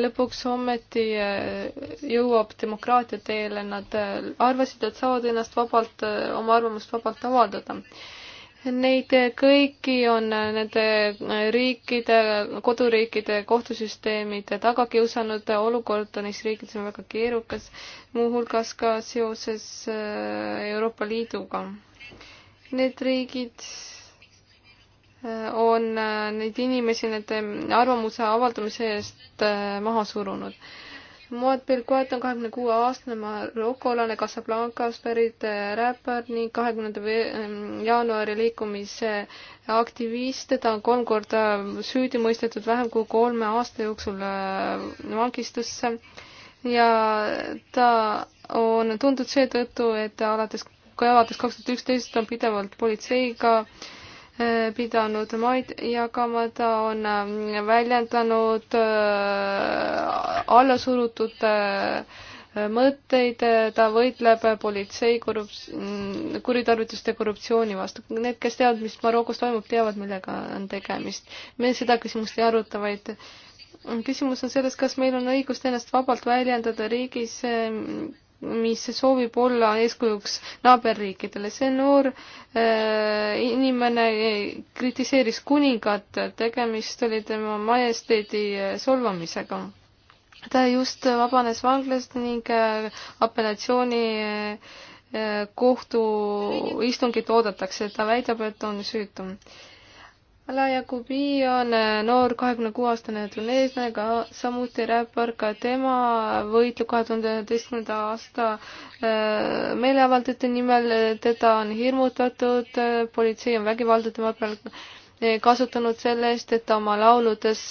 lõpuks ometi eh, jõuab demokraatia teele, nad eh, arvasid, et saavad ennast vabalt, eh, oma arvamust vabalt avaldada. Neid kõiki on nende riikide, koduriikide kohtusüsteemid taga kiusanud, olukord neis riikides on väga keerukas, muuhulgas ka seoses Euroopa Liiduga. Need riigid on äh, neid inimesi nende arvamuse avaldamise eest äh, maha surunud. Moed Belguet on kahekümne kuue aastane marokolane Casablancas pärit äh, räppar ning kahekümnenda ähm, jaanuari liikumise aktivist, ta on kolm korda süüdi mõistetud vähem kui kolme aasta jooksul vangistusse ja ta on tuntud seetõttu, et alates, alates kaks tuhat üksteist on pidevalt politseiga äh, pidanud maid jagama, ta on äh, väljendanud äh, allasurutud äh, mõtteid, ta võitleb politsei korrups-, mm, kuritarvituste korruptsiooni vastu. Need, kes teavad, mis Marokos toimub, teavad, millega on tegemist. me seda küsimust ei aruta, vaid küsimus on selles, kas meil on õigust ennast vabalt väljendada riigis, mis soovib olla eeskujuks naaberriikidele. see noor äh, inimene äh, kritiseeris kuningat, tegemist oli tema majesteedi äh, solvamisega. ta just vabanes vanglast ning äh, apellatsiooni äh, äh kohtuistungit oodatakse, ta väidab, et on süütu äh, Alaja Kubi on äh, noor kahekümne kuue aastane tuneeslane, ka samuti räppar, ka tema võitleb kahe tuhande üheteistkümnenda aasta äh, meeleavaldajate nimel, teda on hirmutatud, äh, politsei on vägivalda tema peal kasutanud selle eest, et ta oma lauludes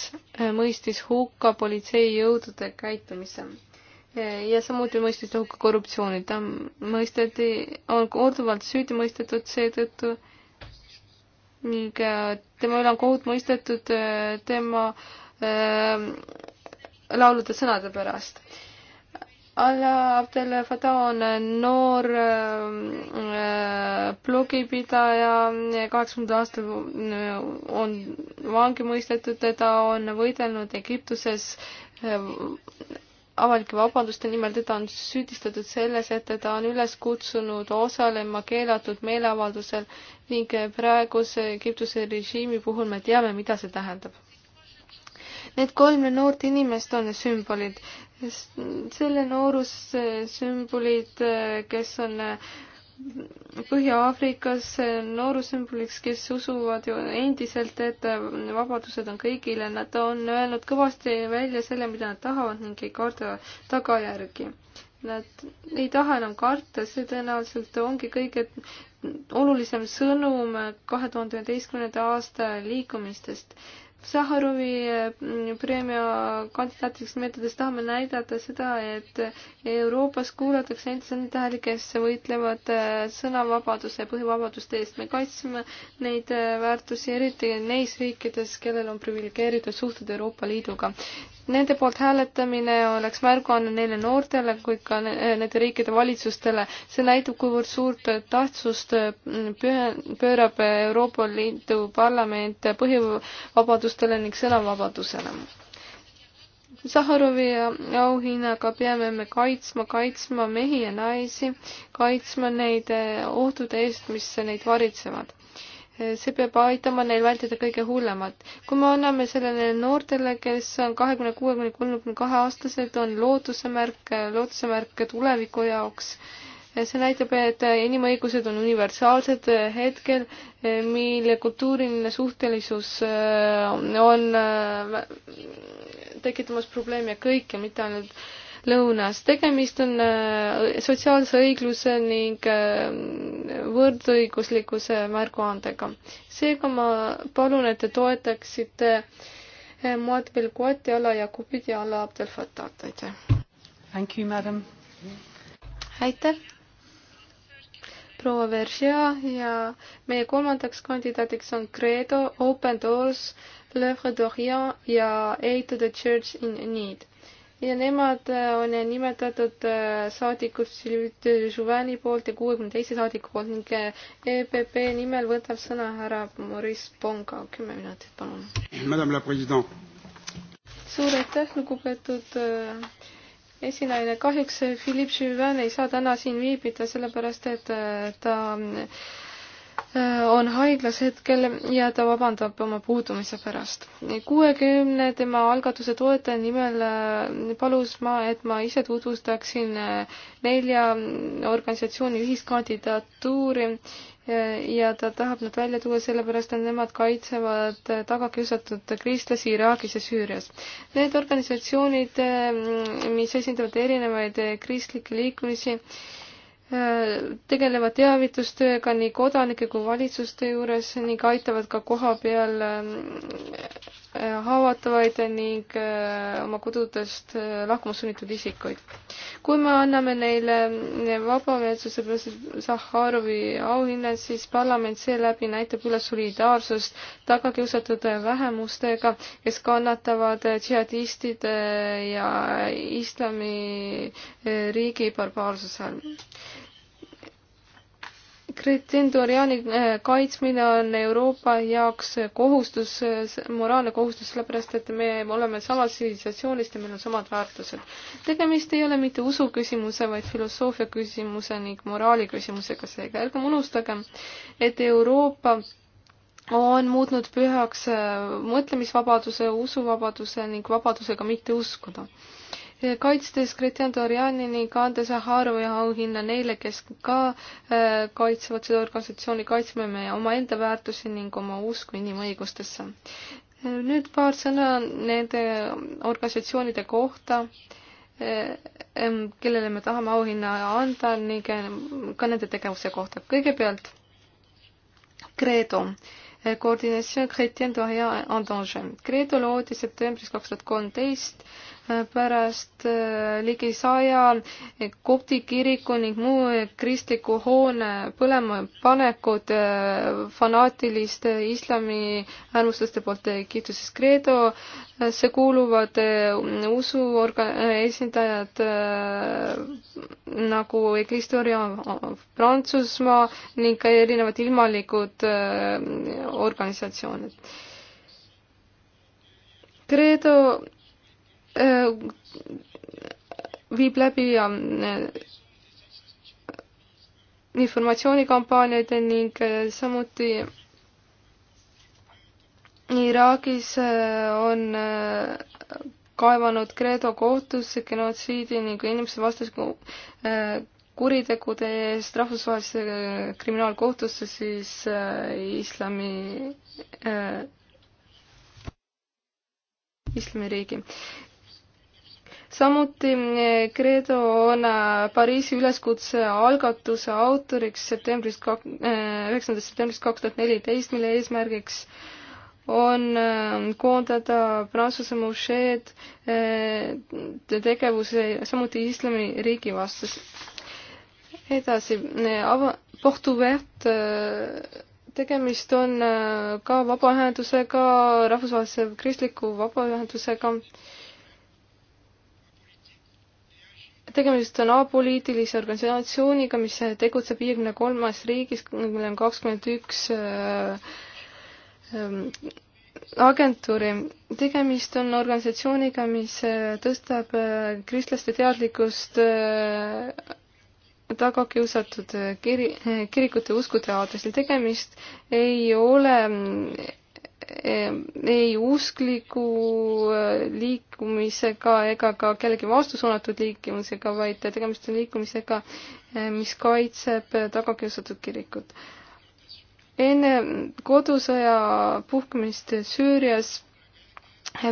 mõistis hukka politseijõudude käitumise. ja samuti mõistis ta hukka korruptsiooni, ta mõisteti, on korduvalt süüdi mõistetud seetõttu, ning äh, tema üle on kohut mõistetud äh, tema äh, laulude sõnade pärast. Alla Abdel Fattah on noor äh, blogipidaja, kaheksakümnendal aastal äh, on vangi mõistetud, ta on võidelnud Egiptuses äh, avalike vabanduste nimel teda on süüdistatud selles, et teda on üles kutsunud osalema keelatud meeleavaldusel ning praeguse Egiptuse režiimi puhul me teame, mida see tähendab. Need kolm noort inimest on sümbolid. selle noorus sümbolid, kes on Põhja-Aafrikas noorusümboliks, kes usuvad ju endiselt, et vabadused on kõigile, nad on öelnud kõvasti välja selle, mida nad tahavad ning ei karda tagajärgi. Nad ei taha enam karta, see tõenäoliselt ongi kõige olulisem sõnum kahe tuhande üheteistkümnenda aasta liikumistest Saharovi mm, preemia kandidaatiks nimetades tahame näidata seda, et Euroopas kuulatakse endiselt neid hääli, kes võitlevad äh, sõnavabaduse ja põhivabaduste eest. me kaitseme neid äh, väärtusi eriti neis riikides, kellel on priviligeeritud suhted Euroopa Liiduga. Nende poolt hääletamine oleks märguanne neile noortele kui ka äh, nende riikide valitsustele. see näitab, kuivõrd suurt tähtsust mm, pöörab Euroopa Liidu parlament põhivabadustele vabadustele ning sõnavabadusele. Saharovi auhinnaga peame me kaitsma, kaitsma mehi ja naisi, kaitsma neid eh, ohtude eest, mis neid varitsevad eh, see peab aitama neil vältida kõige hullemat. kui me anname sellele noortele, kes on kahekümne kuue kuni kolmekümne kahe aastased, on lootuse märk, lootuse märk tuleviku jaoks see näitab, et inimõigused on universaalsed hetkel, mil kultuuriline suhtelisus äh, on äh, tekitamas probleeme kõike, mitte ainult lõunas. tegemist on äh, sotsiaalse õigluse ning võrdõiguslikkuse märguandega. seega ma palun, et te toetaksite Muad Belguati ala Jakubid ja ala Abdel Fattat, aitäh! Thank you, madam! aitäh! proua Veržea ja meie kolmandaks kandidaadiks on Credo, Open Doors, L'Oeuvre d'Orient ja Aid to the Church in Need. ja nemad äh, on nimetatud äh, saadikud Juveni poolt ja kuuekümne teise saadiku poolt ning äh, EPP nimel võtab sõna härra Maurice Ponga, kümme minutit, palun. suur aitäh, lugupeetud äh, esinaine. kahjuks Philippe Chauvin ei saa täna siin viibida, sellepärast et äh, ta äh, on haiglas hetkel ja ta vabandab oma puudumise pärast. kuuekümne tema algatuse toetaja nimel äh, palus ma, et ma ise tutvustaksin nelja organisatsiooni ühiskandidatuuri ja ta tahab nad välja tuua, sellepärast et nemad kaitsevad tagakiusatud kristlasi Iraagis ja Süürias. Need organisatsioonid, mis esindavad erinevaid kristlikke liikumisi, tegelevad teavitustööga nii kodanike kui valitsuste juures ning aitavad ka kohapeal haavatavaid ning äh, oma kodudest äh, lahkuma sunnitud isikuid. kui me anname neile vabameelsuse Sahharovi auhinna, siis parlament seeläbi näitab üles solidaarsust tagakiusatud vähemustega, kes kannatavad džihadistide ja islamiriigi äh, barbaarsuse all. Kretin Doriani äh, kaitsmine on Euroopa jaoks kohustus, äh, moraalne kohustus, sellepärast et me oleme samas tsivilisatsioonist ja meil on samad väärtused. tegemist ei ole mitte usu küsimuse, vaid filosoofia küsimuse ning moraali küsimusega, seega ärgem unustagem, et Euroopa on muutnud pühaks äh, mõtlemisvabaduse, usuvabaduse ning vabadusega mitte uskuda kaitstes Gretjan Dorjani ning andes Haroja auhinna neile, kes ka äh, kaitsevad seda organisatsiooni, kaitseme me omaenda väärtusi ning oma usku inimõigustesse. nüüd paar sõna nende organisatsioonide kohta, äh, kellele me tahame auhinna anda ning äh, ka nende tegevuse kohta. kõigepealt Credo koordinatsioon Chrétien Doria en danger. Credo loodi septembris kaks tuhat kolmteist pärast äh, ligi sajal kopti kiriku ning muu kristliku hoone põlema panekud äh, fanaatiliste islami äärmuslaste poolt Egiptuses äh, Kreedo, see kuuluvad usuorga-, esindajad nagu Eglistoria Prantsusmaa ning ka erinevad ilmalikud organisatsioonid. Kreedo Äh, viib läbi ähm, äh, informatsioonikampaaniaid ning äh, samuti Iraagis on kaevanud Kreedo kohtusse genotsiidi ning inimeste vastase kuritegude eest rahvusvahelisse kriminaalkohtusse siis äh, islami äh,, islamiriigi samuti eh, Credo on eh, Pariisi üleskutse algatuse autoriks septembrist kak-, eh, üheksandast septembrist kaks tuhat neliteist, mille eesmärgiks on koondada Prantsuse mošeed tegevuse samuti islamiriigi vastas. edasi, ava-, Porto Vert tegemist on ka vabaühendusega, rahvusvahelise kristliku vabaühendusega, tegemist on apoliitilise organisatsiooniga, mis tegutseb viiekümne kolmes riigis, meil on kakskümmend üks äh, äh, agentuuri. tegemist on organisatsiooniga, mis äh, tõstab kristlaste teadlikkust tagakiusatud kiri, kirikute uskude aadressil. tegemist ei ole mm, ei uskliku äh, liikumisega ega ka kellegi vastu suunatud liikumisega, vaid tegemist on liikumisega, äh, mis kaitseb tagakiusatud kirikut. enne kodusõja puhkemist Süürias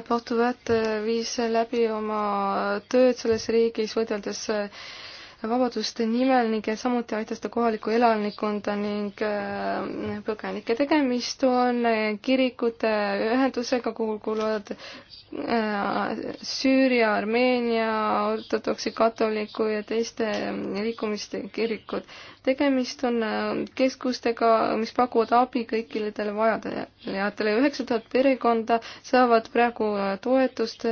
Batuvat äh, viis läbi oma tööd selles riigis, võideldes vabaduste nimel ning samuti aitas ta kohalikku elanikkonda ning äh, põgenikke. tegemist on äh, kirikute ühendusega, kuhu kuuluvad äh, Süüria, Armeenia, ortodoksi, katoliku ja teiste liikumiste kirikud. tegemist on keskustega, mis pakuvad abi kõikidele vajadajatele ja üheksa tuhat perekonda saavad praegu toetust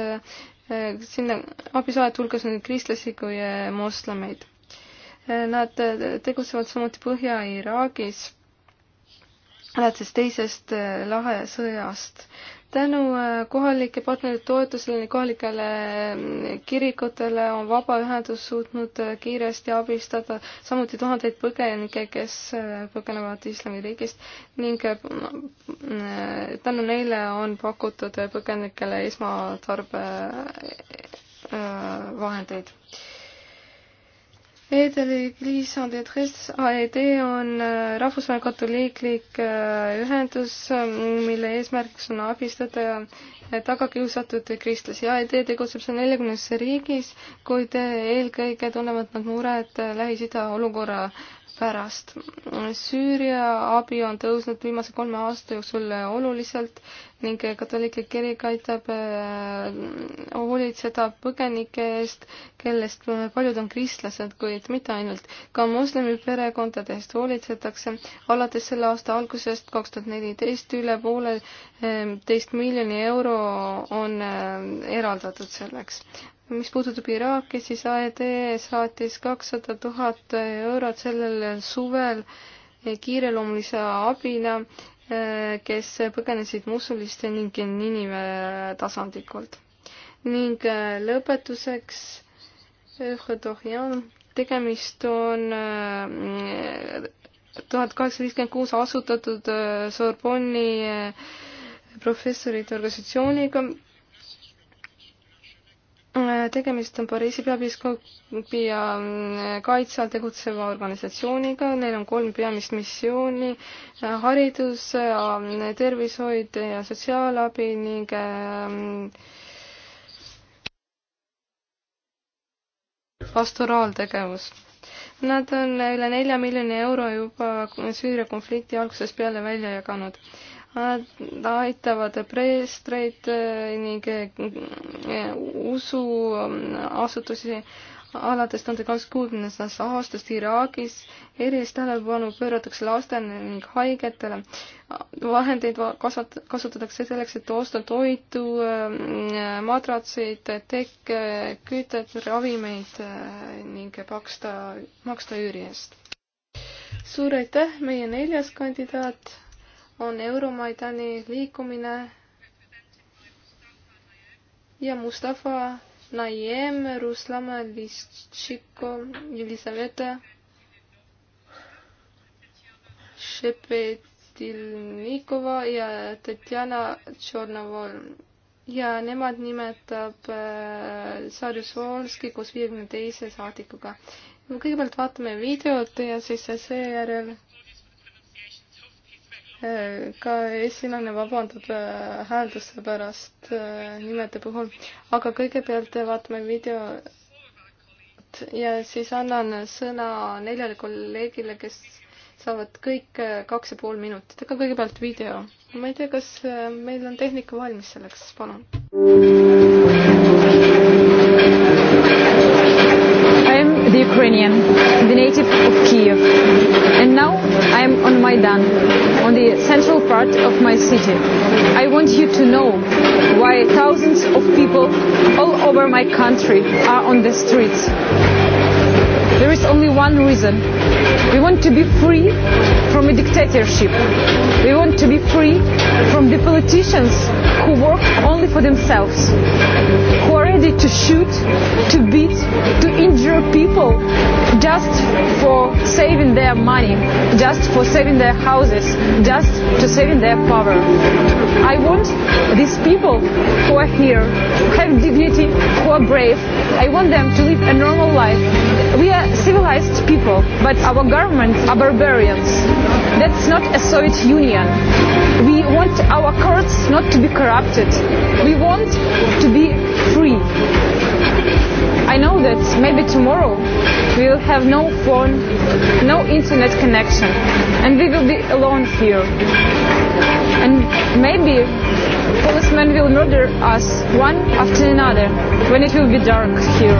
Äh, sinna abisaajate hulgas on kristlasi kui moslemeid. Äh, nad äh, tegutsevad samuti Põhja-Iraagis alates teisest lahesõjast tänu äh, kohalike partnerite toetusele, kohalikele mm, kirikutele on vabaühendus suutnud äh, kiiresti abistada samuti tuhandeid põgenikke, kes äh, põgenevad islamiriigist ning mm, tänu neile on pakutud põgenikele esmatarbevahendeid äh, Edeli Glissant de Tres AED on äh, rahvusvaheline katoliiklik äh, ühendus, äh, mille eesmärgiks on abistada tagakiusatud kristlasi. AED tegutseb seal neljakümnes riigis, kuid eelkõige tunnevad nad muret Lähis-Ida olukorra pärast. Süüria abi on tõusnud viimase kolme aasta jooksul oluliselt ning katoliiklik kirik aitab äh, hoolitseda põgenike eest, kellest paljud on kristlased, kuid mitte ainult. ka moslemi perekondade eest hoolitsetakse. alates selle aasta algusest, kaks tuhat neliteist, üle poole äh, teist miljoni euro on äh, eraldatud selleks mis puudutab Iraaki, siis AED saatis kakssada tuhat eurot sellel suvel kiireloomulise abina, kes põgenesid Mosulist ning Ninive tasandikult. ning äh, lõpetuseks, tegemist on äh, tuhat kaheksasada viiskümmend kuus asutatud äh, Sorbonni professorite organisatsiooniga, Äh, tegemist on Pariisi peapiiskopi ja äh, kaitse all tegutseva organisatsiooniga, neil on kolm peamist missiooni, äh, haridus, tervishoid ja sotsiaalabi ning pastoraaltegevus. Nad on üle nelja miljoni euro juba Süüria konflikti algusest peale välja jaganud aitavad preestreid ning eh, usuasutusi mm, alates tuhande kaheksakümnendast aastast Iraagis erilist tähelepanu pööratakse lastele ning haigetele. vahendeid kasvat-, kasutatakse selleks, et osta toitu, mm, madratseid, tekke, kütet, ravimeid eh, ning paksta, maksta üüri eest. suur aitäh, meie neljas kandidaat on Euromaidani liikumine ja Mustafa Najem, Ruslama Liščiko, Elisaveta Šepetilnikova ja Tatjana Tšornovol ja nemad nimetab äh, Sarjus Volski koos viiekümne teise saadikuga. kõigepealt vaatame videot ja siis seejärel see ka esinaine vabandab äh, häälduse pärast äh, nimede puhul, aga kõigepealt vaatame videot ja siis annan sõna neljale kolleegile, kes saavad kõik äh, kaks ja pool minutit, aga kõigepealt video. ma ei tea, kas meil on tehnika valmis selleks, palun. I am the Ukrainian, the native of Kiev and now I am on Maidan central part of my city. I want you to know why thousands of people all over my country are on the streets There is only one reason. We want to be free from a dictatorship. We want to be free from the politicians who work only for themselves, who are ready to shoot, to beat, to injure people just for saving their money, just for saving their houses, just to saving their power. I want these people who are here, who have dignity, who are brave, I want them to live a normal life We are civilized people, but our governments are barbarians. That's not a Soviet Union. We want our courts not to be corrupted. We want to be free. I know that maybe tomorrow we will have no phone, no internet connection, and we will be alone here. And maybe policemen will murder us one after another when it will be dark here.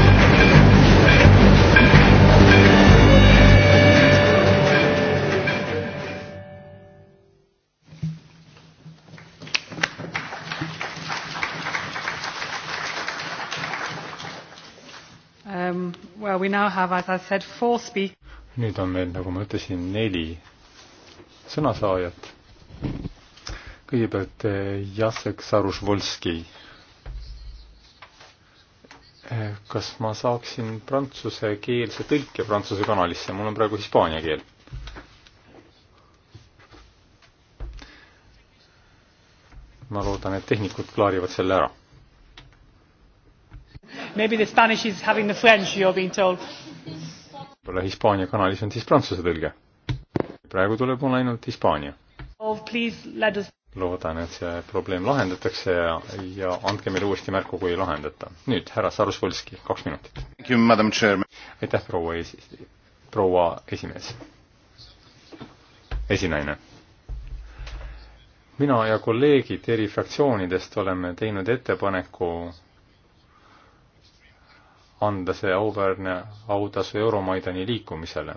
Well, uh, we now have, as I said, four speak-. nüüd on meil, nagu ma ütlesin, neli sõnasaajat. kõigepealt eh, Jacek Sarušvolski. Eh, kas ma saaksin prantsusekeelse tõlke Prantsuse kanalisse, mul on praegu hispaania keel. ma loodan, et tehnikud klaarivad selle ära Maybe the Spanish is having the French, you are being told. võib-olla Hispaania kanalis on siis prantsuse tõlge. praegu tuleb mul ainult Hispaania oh,. Us... loodan, et see probleem lahendatakse ja, ja andke meile uuesti märku, kui ei lahendata. nüüd härra Sarusvolski, kaks minutit. aitäh, proua esi-, proua esimees. esinaine mina ja kolleegid eri fraktsioonidest oleme teinud ettepaneku anda see auväärne autasu Euromaidani liikumisele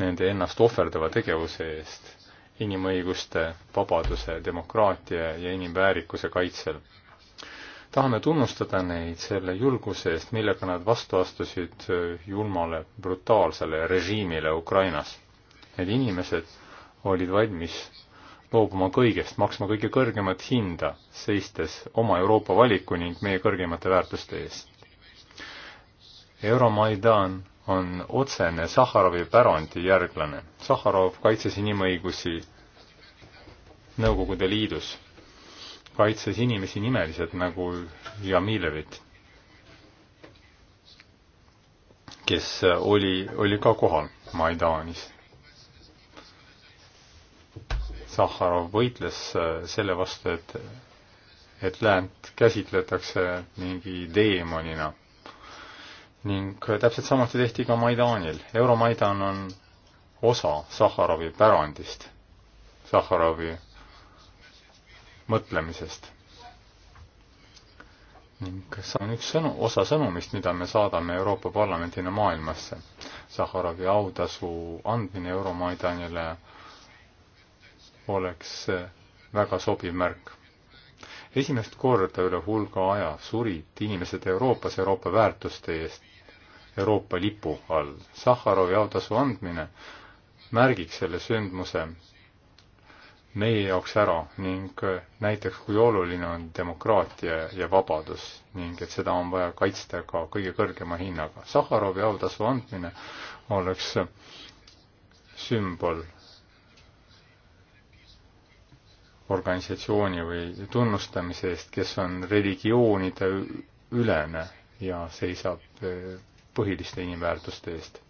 nende ennast ohverdava tegevuse eest inimõiguste, vabaduse, demokraatia ja inimväärikuse kaitsel. tahame tunnustada neid selle julguse eest, millega nad vastu astusid julmale, brutaalsele režiimile Ukrainas. Need inimesed olid valmis loobuma kõigest, maksma kõige kõrgemat hinda, seistes oma Euroopa valiku ning meie kõrgemate väärtuste eest Euromaidan on otsene Saharovi pärandi järglane. Saharov kaitses inimõigusi Nõukogude Liidus, kaitses inimesi nimeliselt nagu Jamilevit, kes oli, oli ka kohal Maidanis. Saharov võitles äh, selle vastu, et, et läänt käsitletakse mingi teemonina ning täpselt samuti tehti ka Maidanil. Euromaidan on osa Sahharovi pärandist, Sahharovi mõtlemisest. ning see on üks sõnu, osa sõnumist, mida me saadame Euroopa Parlamendina maailmasse. Sahharovi autasu andmine Euromaidanile oleks väga sobiv märk. esimest korda üle hulga aja surid inimesed Euroopas Euroopa väärtuste eest Euroopa lipu all. Sahharovi autasu andmine märgiks selle sündmuse meie jaoks ära ning näiteks, kui oluline on demokraatia ja vabadus ning et seda on vaja kaitsta ka kõige kõrgema hinnaga. Sahharovi autasu andmine oleks sümbol organisatsiooni või tunnustamise eest, kes on religioonide ülene ja seisab põhiliste inimväärtuste eest.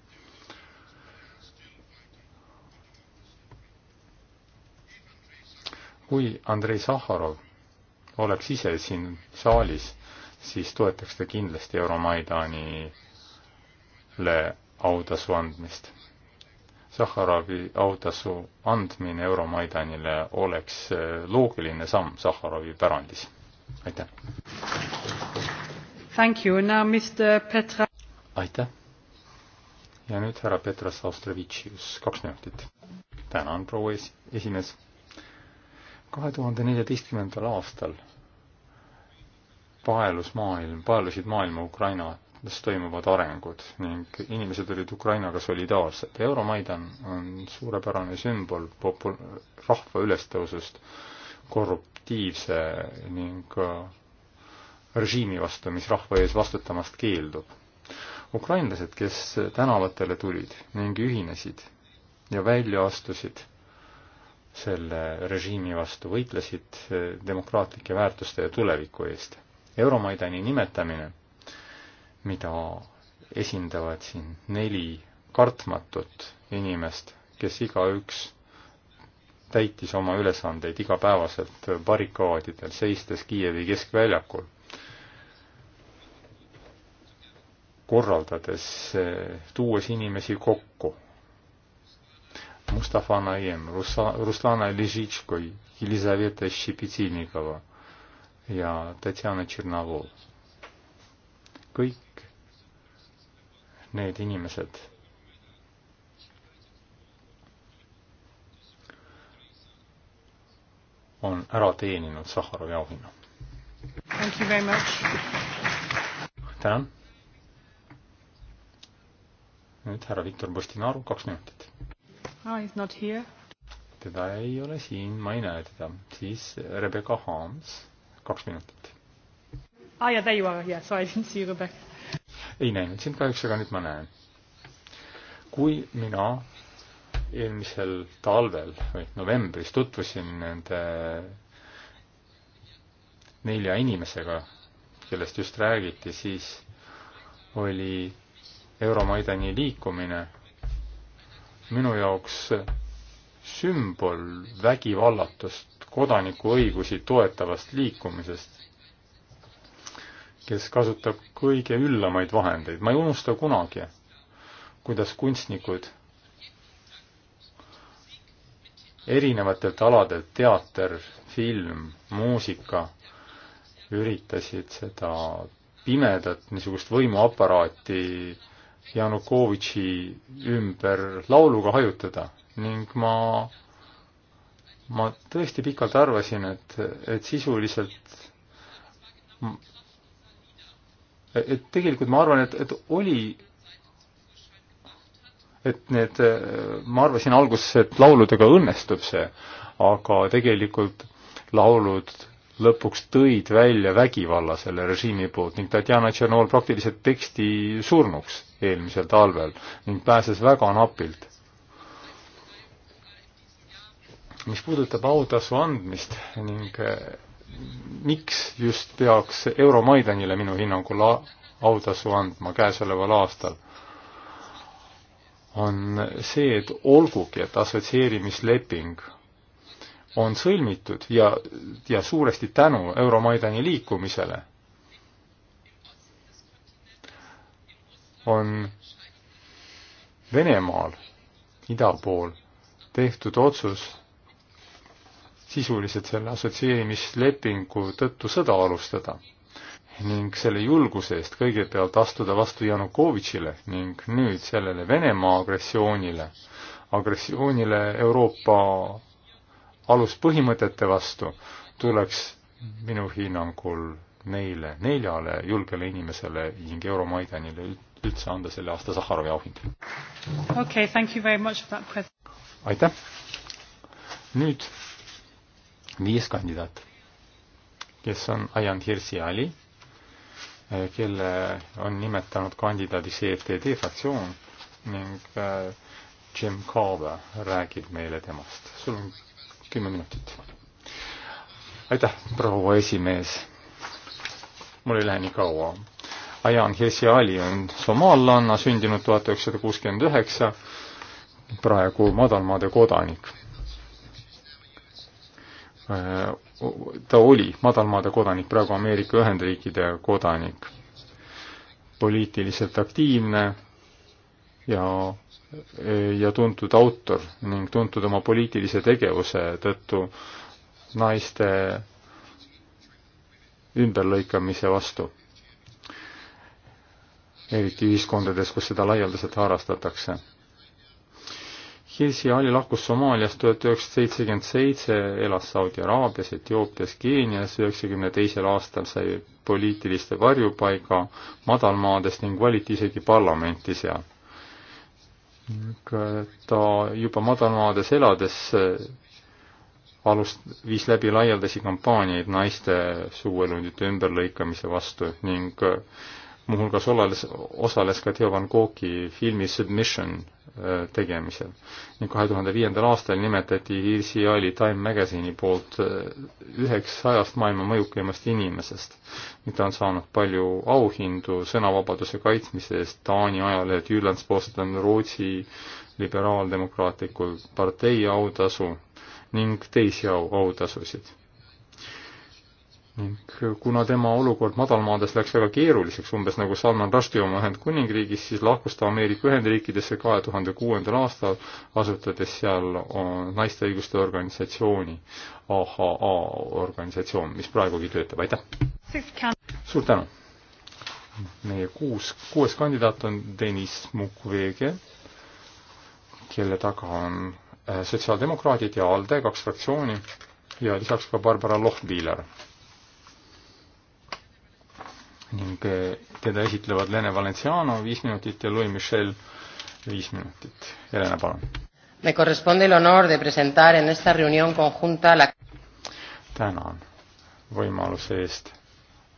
kui Andrei Sahharov oleks ise siin saalis, siis toetaks ta kindlasti Euromaidanile autasu andmist. Sahharovi autasu andmine Euromaidanile oleks eh, loogiline samm Sahharovi pärandis. aitäh! Thank you. Now Mr. Petra aitäh! ja nüüd härra Petras Austrovitšius, kaks minutit. tänan, proua es-, esimees. kahe tuhande neljateistkümnendal aastal paelus maailm, paelusid maailma Ukrainas toimuvad arengud ning inimesed olid Ukrainaga solidaarsed. Euromaidan on suurepärane sümbol popu-, rahva ülestõusust korruptiivse ning äh, režiimi vastu, mis rahva ees vastutamast keeldub ukrainlased, kes tänavatele tulid ning ühinesid ja välja astusid selle režiimi vastu, võitlesid eh, demokraatlike väärtuste ja tuleviku eest. Euromaidani nimetamine, mida esindavad siin neli kartmatut inimest, kes igaüks täitis oma ülesandeid igapäevaselt barrikaadidel, seistes Kiievi keskväljakul korraldades, eh, tuues inimesi kokku. Mustafa Naiem, Ruslana Ližitško, Elizaveta Šepitsinikova ja Tatjana Tšernavol. kõik need inimesed on ära teeninud Sahharovi auhinna. tänan nüüd härra Viktor Postinaru, kaks minutit. Ah, teda ei ole siin, ma ei näe teda. siis Rebecca Harms, kaks minutit. Ah, yeah, there you are. Yeah, sorry, I didn't see you, Rebecca. ei näinud sind kahjuks, aga nüüd ma näen. kui mina eelmisel talvel või novembris tutvusin nende nelja inimesega, kellest just räägiti, siis oli Euromaidani liikumine minu jaoks sümbol vägivallatust kodanikuõigusi toetavast liikumisest, kes kasutab kõige üllamaid vahendeid. ma ei unusta kunagi, kuidas kunstnikud erinevatelt aladelt, teater, film, muusika, üritasid seda pimedat niisugust võimuaparaati äh, Janukovitši ümber lauluga hajutada ning ma, ma tõesti pikalt arvasin, et, et sisuliselt et tegelikult ma arvan, et, et oli, et need, ma arvasin alguses, et lauludega õnnestub see, aga tegelikult laulud lõpuks tõid välja vägivalla selle režiimi poolt ning Tatjana Tšernol praktiliselt teksti surnuks eelmisel talvel ning pääses väga napilt. mis puudutab autasu andmist ning eh, miks just peaks Euromaidanile minu hinnangul autasu andma käesoleval aastal, on see, et olgugi, et assotsieerimisleping on sõlmitud ja, ja suuresti tänu Euromaidani liikumisele on Venemaal ida pool tehtud otsus sisuliselt selle assotsieerimislepingu tõttu sõda alustada ning selle julguse eest kõigepealt astuda vastu Janukovitšile ning nüüd sellele Venemaa agressioonile, agressioonile Euroopa aluspõhimõtete vastu, tuleks minu hinnangul neile neljale julgele inimesele ning Euromaidanile üldse anda selle aasta Sahharovi auhind. okei okay,, thank you very much for that present. aitäh. nüüd viies kandidaat, kes on Ayan Hirsi Ali, eh, kelle on nimetanud kandidaadiks EFTD fraktsioon ning eh, Jim Carver räägib meile temast. sul on kümme minutit. aitäh, proua esimees. mul ei lähe nii kaua Ayan Hirsi Ali on somaallanna, sündinud tuhat üheksasada kuuskümmend üheksa, praegu madalmaade kodanik. Äh, ta oli madalmaade kodanik, praegu Ameerika Ühendriikide kodanik. poliitiliselt aktiivne ja, ja tuntud autor ning tuntud oma poliitilise tegevuse tõttu naiste ümberlõikamise vastu eriti ühiskondades, kus seda laialdaselt harrastatakse. Hirsi Ali lahkus Somaaliast tuhat üheksasada seitsekümmend seitse, elas Saudi Araabias, Etioopias, Keenias, üheksakümne teisel aastal sai poliitiliste varjupaiga madalmaadest ning valiti isegi parlamenti seal. Äh, ta juba madalmaades elades äh, alust-, viis läbi laialdasi kampaaniaid naiste suuelundite ümberlõikamise vastu ning äh, muuhulgas osales, osales ka Theo Van Goghi filmi Submission äh, tegemisel. ning kahe tuhande viiendal aastal nimetati ECI-li Time Magazine'i poolt äh, üheks sajast maailma mõjukaimast inimesest. nüüd ta on saanud palju auhindu sõnavabaduse kaitsmise eest Taani ajalehed Jyllandsposten, Rootsi liberaaldemokraatliku partei autasu ning teisi au, autasusid ning äh, kuna tema olukord madalmaades läks väga keeruliseks, umbes nagu Salman Rushdie oma Ühendkuningriigis, siis lahkus ta Ameerika Ühendriikidesse kahe tuhande kuuendal aastal, asutades seal äh, naiste õiguste organisatsiooni, AHA organisatsioon, mis praegugi töötab, aitäh! suur tänu! meie kuus, kuues kandidaat on Deniss Mukwege, kelle taga on äh, sotsiaaldemokraadid ja ALDE, kaks fraktsiooni, ja lisaks ka Barbara Lohbiiler ning teda eh, esitlevad Lene Valenciano viis minutit ja Louis Michel viis minutit. Helena, palun. Me corresponde el honor de presentar en esta reunión conjunta la tänan võimaluse eest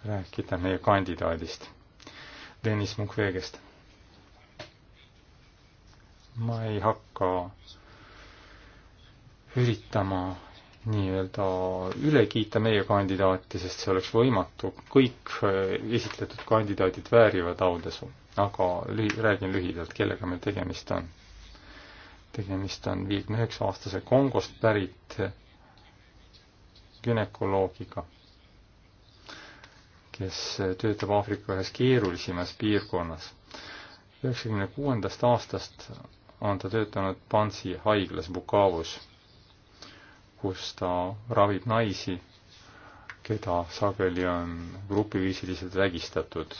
rääkida meie kandidaadist, Deniss Mukwegest. ma ei hakka üritama nii-öelda üle kiita meie kandidaati, sest see oleks võimatu, kõik äh, esitletud kandidaadid väärivad autasu. aga lühi-, räägin lühidalt, kellega meil tegemist on. tegemist on viiekümne üheksa aastase Kongost pärit günekoloogiga, kes töötab Aafrika ühes keerulisemas piirkonnas. üheksakümne kuuendast aastast on ta töötanud Pansi haiglas Bukavus kus ta ravib naisi, keda sageli on grupiviisiliselt vägistatud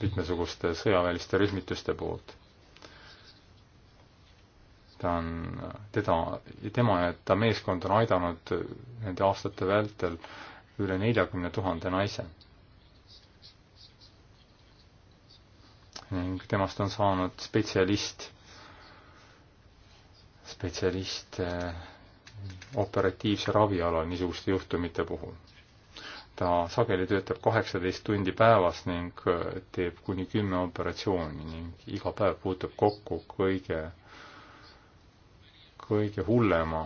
mitmesuguste sõjaväeliste rühmituste poolt. ta on, teda, tema ja ta meeskond on aidanud nende aastate vältel üle neljakümne tuhande naise. ning temast on saanud spetsialist, spetsialist äh, operatiivse ravi alal niisuguste juhtumite puhul. ta sageli töötab kaheksateist tundi päevas ning äh, teeb kuni kümme operatsiooni ning iga päev puutub kokku kõige, kõige hullema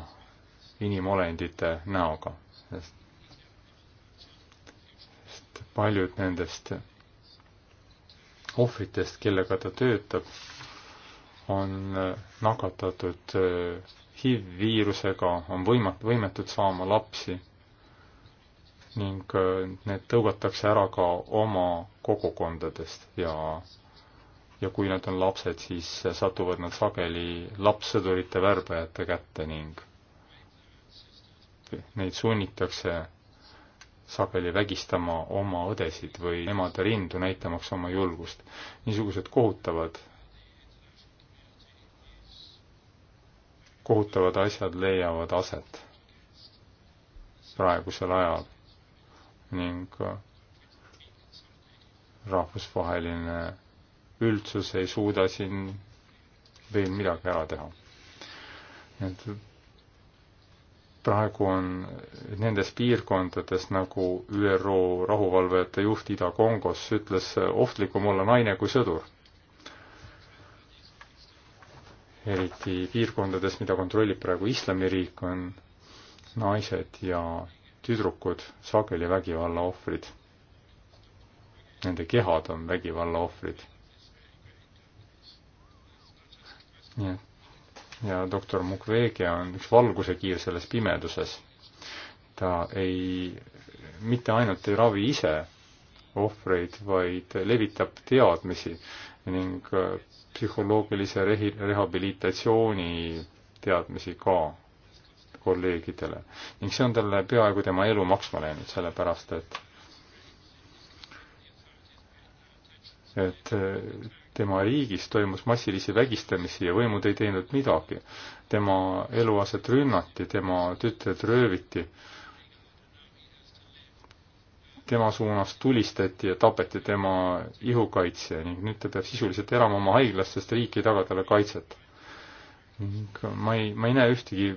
inimolendite näoga, sest, sest paljud nendest ohvritest, kellega ta töötab, on äh, nakatatud äh, HIV-viirusega on võimat-, võimetud saama lapsi ning äh, need tõugatakse ära ka oma kogukondadest ja, ja kui nad on lapsed, siis satuvad nad sageli lapssõdurite värbajate kätte ning neid sunnitakse sageli vägistama oma õdesid või emade rindu, näitamaks oma julgust. niisugused kohutavad kohutavad asjad leiavad aset praegusel ajal ning äh, rahvusvaheline üldsus ei suuda siin veel midagi ära teha. et praegu on nendes piirkondades, nagu ÜRO rahuvalvajate juht Ida-Kongos ütles, ohtlikum olla naine kui sõdur eriti piirkondades, mida kontrollib praegu islamiriik, on naised ja tüdrukud sageli vägivalla ohvrid. Nende kehad on vägivalla ohvrid. nii et ja doktor Mukwege on üks valgusekiir selles pimeduses. ta ei, mitte ainult ei ravi ise ohvreid, vaid levitab teadmisi ning psühholoogilise rehi-, rehabilitatsiooni teadmisi ka kolleegidele. ning see on talle peaaegu tema elu maksma läinud, sellepärast et et tema riigis toimus massilisi vägistamisi ja võimud ei teinud midagi. tema eluaset rünnati, tema tütred rööviti äh, tema suunas tulistati ja tapeti tema ihukaitsja ning nüüd ta peab sisuliselt elama oma haiglas, sest riik ei taga talle kaitset. ning ma ei, ma ei näe ühtegi,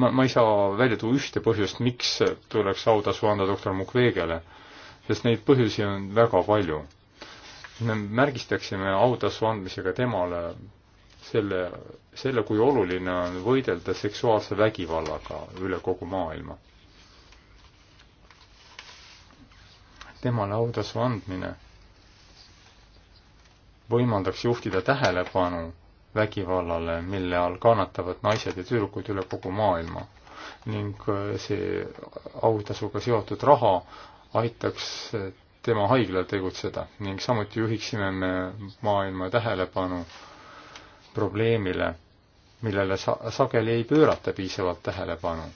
ma, ma ei saa välja tuua ühte põhjust, miks tuleks autasu anda doktor Mukwegele, sest neid põhjusi on väga palju. me märgistaksime autasu andmisega temale selle, selle, kui oluline on võidelda seksuaalse vägivallaga üle kogu maailma temale autasu andmine võimaldaks juhtida tähelepanu vägivallale, mille all kannatavad naised ja tüdrukud üle kogu maailma. ning äh, see autasuga seotud raha aitaks äh, tema haiglal tegutseda ning samuti juhiksime me maailma tähelepanu probleemile, millele sa-, sageli ei pöörata piisavalt tähelepanu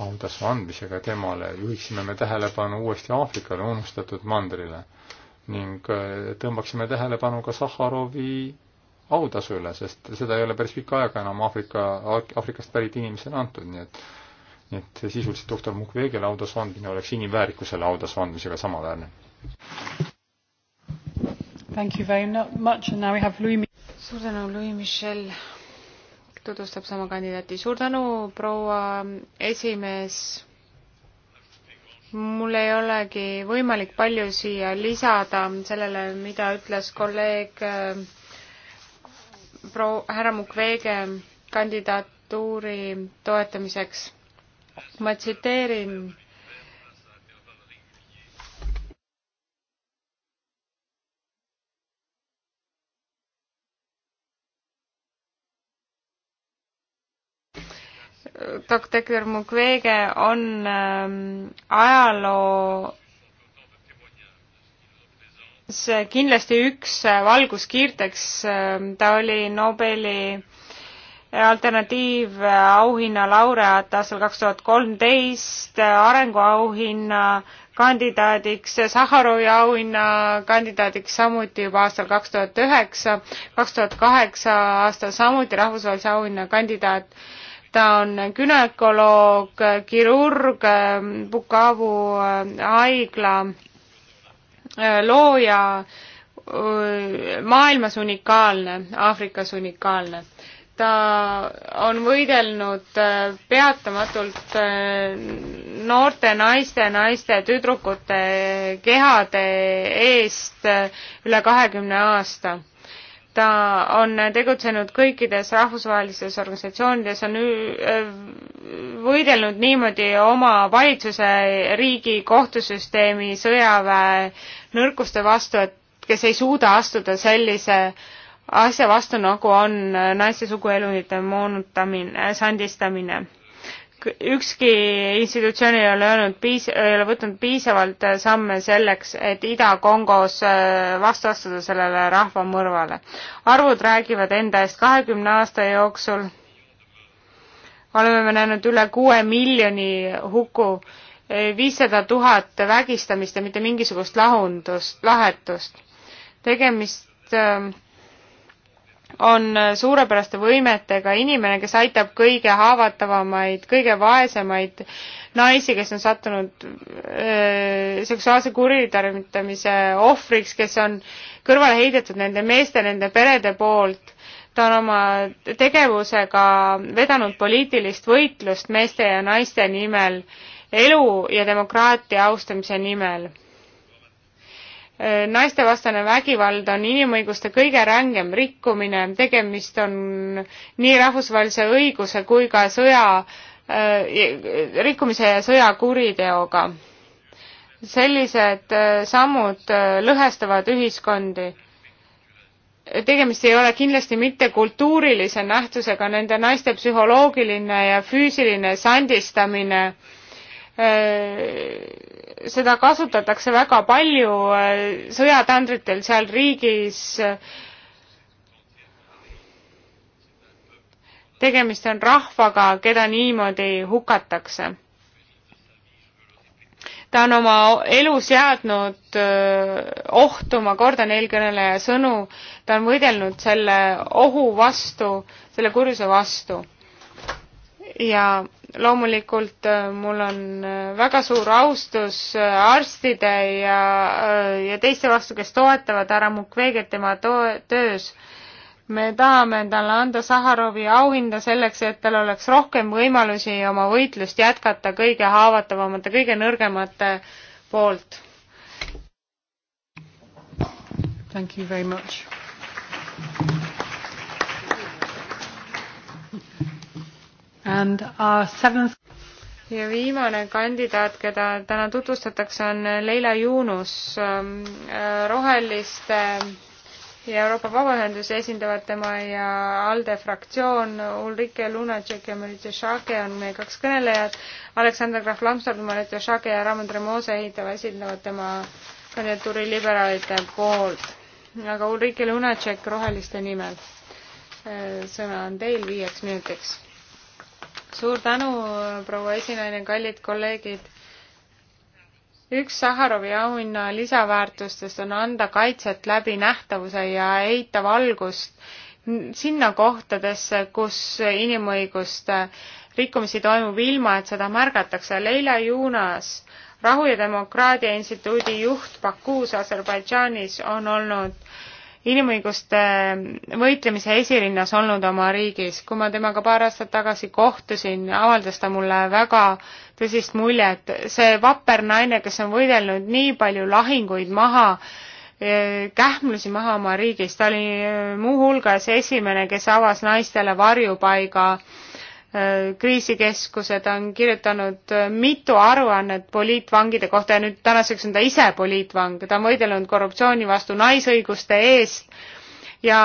audasu andmisega temale, juhiksime me tähelepanu uuesti Aafrikale, unustatud mandrile ning äh, tõmbaksime tähelepanu ka Sahharovi autasule, sest seda ei ole päris pikka aega enam Aafrika, Aafrikast pärit inimesele antud, nii et nii et sisuliselt doktor Mukwegele autasu andmine oleks inimväärikusele autasu andmisega samaväärne. suur tänu, Louis Michel tutvustab sama kandidaati. suur tänu, proua esimees. mul ei olegi võimalik palju siia lisada sellele, mida ütles kolleeg äh, proua härra Mukwege kandidaatuuri toetamiseks. ma tsiteerin doktor Mukwege on ähm, ajaloo see kindlasti üks äh, valguskiirteks, ähm, ta oli Nobeli äh, alternatiivauhinna äh, laureaat aastal kaks tuhat kolmteist, arenguauhinna kandidaadiks, Sahharovi auhinna kandidaadiks samuti juba aastal kaks tuhat üheksa, kaks tuhat kaheksa aastal samuti rahvusvahelise auhinna kandidaat ta on gümnakoloog, kirurg, Bukavu äh, haigla äh, looja, äh, maailmas unikaalne, Aafrikas unikaalne. ta on võidelnud peatamatult noorte naiste, naiste, tüdrukute kehade eest üle kahekümne aasta ta on tegutsenud kõikides rahvusvahelistes organisatsioonides, on äh, võidelnud niimoodi oma valitsuse, riigi, kohtusüsteemi, sõjaväe nõrkuste vastu, et kes ei suuda astuda sellise asja vastu, nagu on naiste suguelundite moonutamine, sandistamine ükski institutsioon ei ole öelnud piis-, ei ole võtnud piisavalt äh, samme selleks, et Ida-Kongos äh, vastu astuda sellele rahvamõrvale. arvud räägivad enda eest kahekümne aasta jooksul oleme me näinud üle kuue miljoni huku, äh, viissada tuhat vägistamist ja mitte mingisugust lahundust, lahetust. tegemist äh, on suurepäraste võimetega inimene, kes aitab kõige haavatavamaid, kõige vaesemaid naisi, kes on sattunud öö, seksuaalse kuritarvitamise ohvriks, kes on kõrvale heidetud nende meeste, nende perede poolt. ta on oma tegevusega vedanud poliitilist võitlust meeste ja naiste nimel, elu ja demokraatia austamise nimel Äh, naistevastane vägivald on inimõiguste kõige rängem rikkumine, tegemist on nii rahvusvahelise õiguse kui ka sõja äh,, rikkumise ja sõjakuriteoga. sellised äh, sammud äh, lõhestavad ühiskondi. tegemist ei ole kindlasti mitte kultuurilise nähtusega, nende naiste psühholoogiline ja füüsiline sandistamine äh, seda kasutatakse väga palju äh, sõjatandritel seal riigis. tegemist on rahvaga, keda niimoodi hukatakse. ta on oma elu seadnud äh, ohtu, ma kordan eelkõneleja sõnu, ta on võidelnud selle ohu vastu, selle kurjuse vastu ja loomulikult äh, mul on äh, väga suur austus äh, arstide ja, ja teiste vastu, kes toetavad härra Mukweget tema to-, töös. me tahame talle anda Saharovi auhinda selleks, et tal oleks rohkem võimalusi oma võitlust jätkata kõige haavatavamate, kõige nõrgemate poolt. Thank you very much. Seventh... ja viimane kandidaat, keda täna tutvustatakse, on Leila Juunus, ähm, äh, Roheliste ja Euroopa Vabaühendusi esindavad tema ja ALDE fraktsioon, Ulrike Lunatšek ja Maritja Šake on meie kaks kõnelejat, Aleksander Graf Lambsdorff, Maritja Šake ja Raimond Remose ehitavad, esindavad tema kandidatuuri liberaalide poolt. aga Ulrike Lunatšek roheliste nimel. Äh, sõna on teil viieks minutiks suur tänu, proua esinaine, kallid kolleegid üks Saharovi auhinna lisaväärtustest on anda kaitset läbi nähtavuse ja heita valgust sinna kohtadesse, kus inimõiguste rikkumisi toimub ilma, et seda märgatakse. Leila Junas, Rahu ja Demokraatia Instituudi juht Bakuus Aserbaidžaanis on olnud inimõiguste võitlemise esirinnas olnud oma riigis. kui ma temaga paar aastat tagasi kohtusin, avaldas ta mulle väga tõsist muljet. see vapper naine, kes on võidelnud nii palju lahinguid maha, kähmlusi maha oma riigis, ta oli muuhulgas esimene, kes avas naistele varjupaiga äh, Äh, kriisikeskused on kirjutanud äh, mitu aruannet poliitvangide kohta ja nüüd tänaseks on ta ise poliitvang, ta on võidelnud korruptsiooni vastu naisõiguste eest ja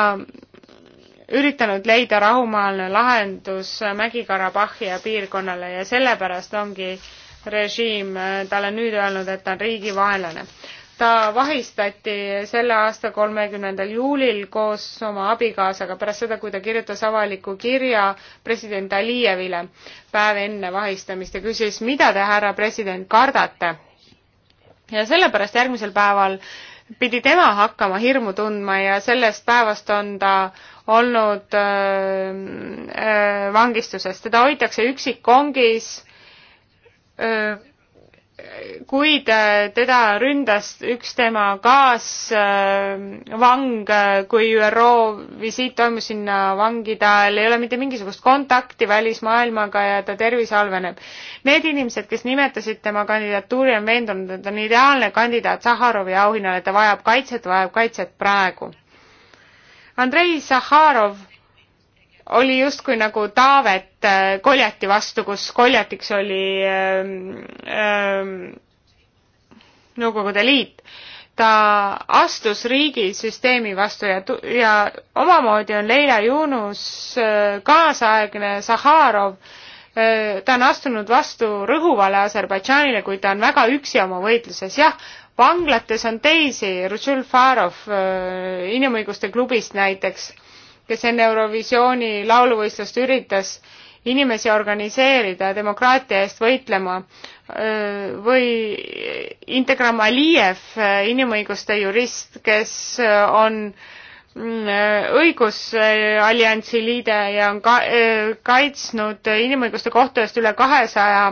üritanud leida rahumaalne lahendus Mägi-Karabahhi ja piirkonnale ja sellepärast ongi režiim äh, talle nüüd öelnud, et ta on riigivaenlane ta vahistati selle aasta kolmekümnendal juulil koos oma abikaasaga pärast seda, kui ta kirjutas avaliku kirja president Alijevile päev enne vahistamist ja küsis, mida te, härra president, kardate. ja sellepärast järgmisel päeval pidi tema hakkama hirmu tundma ja sellest päevast on ta olnud öö, äh, öö, äh, vangistuses. teda hoitakse üksikkongis öö, äh, kuid äh, teda ründas üks tema kaasvang, äh, kui ÜRO visiit toimus sinna vangi, tal ei ole mitte mingisugust kontakti välismaailmaga ja ta tervis halveneb. Need inimesed, kes nimetasid tema kandidatuuri, on veendunud, et on ideaalne kandidaat Saharovi auhinnale, ta vajab kaitset, vajab kaitset praegu. Andrei Saharov oli justkui nagu taavet äh, koljati vastu, kus koljatiks oli ähm, ähm, Nõukogude Liit. ta astus riigisüsteemi vastu ja, ja omamoodi on Leila Junus äh, kaasaegne Saharov, äh, ta on astunud vastu rõhuvale Aserbaidžaanile, kuid ta on väga üksi oma võitluses, jah, vanglates on teisi, Rutšul Farov Inimõiguste klubist näiteks kes enne Eurovisiooni lauluvõistlust üritas inimesi organiseerida ja demokraatia eest võitlema või Integram Aliyev, inimõiguste jurist, kes on mm, õigusalliansi liide ja on ka, kaitsnud inimõiguste kohtu eest üle kahesaja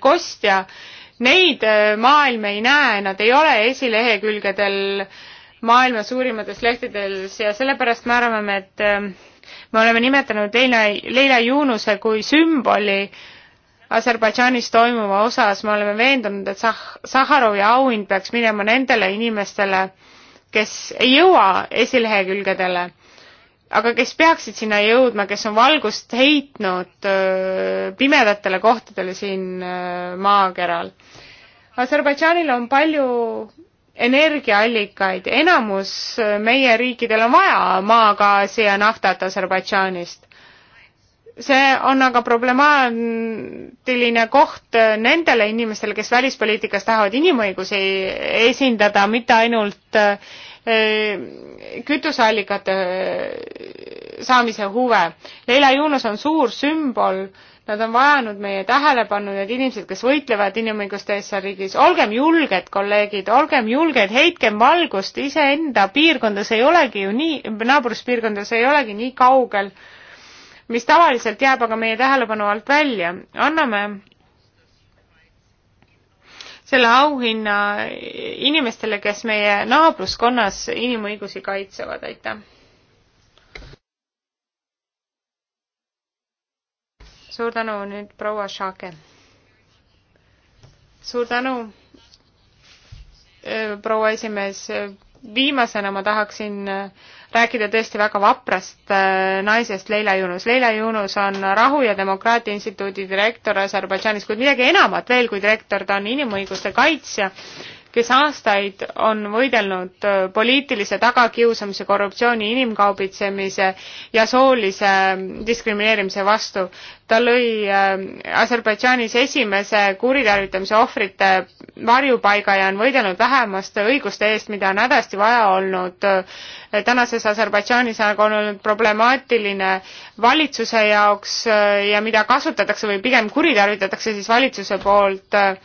kostja. Neid maailm ei näe, nad ei ole esilehekülgedel äh, maailma suurimates lehtedes ja sellepärast me arvame, et ähm, me oleme nimetanud Leila, Leila Juunuse kui sümboli Aserbaidžaanis toimuva osas, me oleme veendunud, et Sah-, Saharovi auhind peaks minema nendele inimestele, kes ei jõua esilehekülgedele, aga kes peaksid sinna jõudma, kes on valgust heitnud äh, pimedatele kohtadele siin äh, maakeral. Aserbaidžaanil on palju energiaallikaid, enamus meie riikidel on vaja maagaasi ja naftat Aserbaidžaanist. see on aga problemaatiline koht nendele inimestele, kes välispoliitikas tahavad inimõigusi esindada, mitte ainult eh, kütuseallikate saamise huve. Leila Juunus on suur sümbol äh, Nad on vajanud meie tähelepanu, need inimesed, kes võitlevad inimõiguste eest seal riigis. olgem julged, kolleegid, olgem julged, heitkem valgust iseenda piirkondades ei olegi ju nii, naabruspiirkondades ei olegi nii kaugel, mis tavaliselt jääb aga meie tähelepanu alt välja. anname selle auhinna inimestele, kes meie naabruskonnas inimõigusi kaitsevad, aitäh! suur tänu, nüüd proua Šake. suur tänu, äh, proua esimees. viimasena ma tahaksin äh, rääkida tõesti väga vaprast äh, naisest Leila Yunus. Leila Yunus on Rahu ja Demokraatia Instituudi direktor Aserbaidžaanis, kuid midagi enamat veel kui direktor, ta on inimõiguste kaitsja kes aastaid on võidelnud äh, poliitilise tagakiusamise, korruptsiooni, inimkaubitsemise ja soolise mm, diskrimineerimise vastu. ta lõi äh, Aserbaidžaanis esimese kuritarvitamise ohvrite varjupaiga ja on võidelnud vähemaste õiguste eest, mida on hädasti vaja olnud. Äh, tänases Aserbaidžaanis on olnud problemaatiline valitsuse jaoks ja mida kasutatakse või pigem kuritarvitatakse siis valitsuse poolt äh,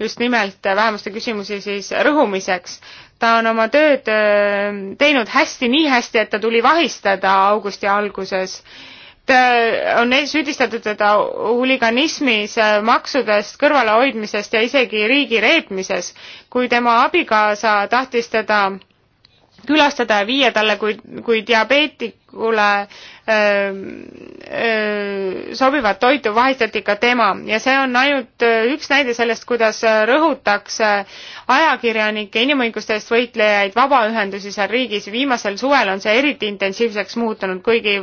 just nimelt vähemuste küsimusi siis rõhumiseks. ta on oma tööd äh, teinud hästi, nii hästi, et ta tuli vahistada augusti alguses. ta on süüdistatud teda huliganismis, äh, maksudest kõrvalehoidmisest ja isegi riigi reetmises, kui tema abikaasa tahtis teda külastada ja viia talle kui, kui diabeetik kodanikule öö, öö, sobivat toitu vahistati ka tema ja see on ainult äh, üks näide sellest, kuidas äh, rõhutakse ajakirjanikke, inimõiguste eest võitlejaid, vabaühendusi seal riigis. viimasel suvel on see eriti intensiivseks muutunud, kuigi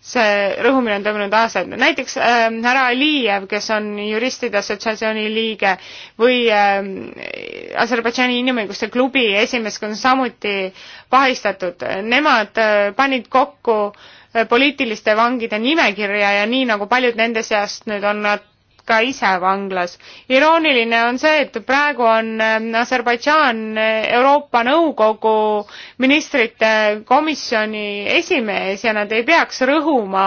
see rõhumine on toimunud aastaid. näiteks ähm, härra Aliyev, kes on juristide assotsiatsiooni liige või ähm, Aserbaidžaani inimõiguste klubi esimees, kes on samuti öö, vahistatud. Nemad äh, panid kokku äh, poliitiliste vangide nimekirja ja nii nagu paljud nende seast nüüd on nad ka ise vanglas. irooniline on see, et praegu on äh, Aserbaidžaan Euroopa Nõukogu ministrite komisjoni esimees ja nad ei peaks rõhuma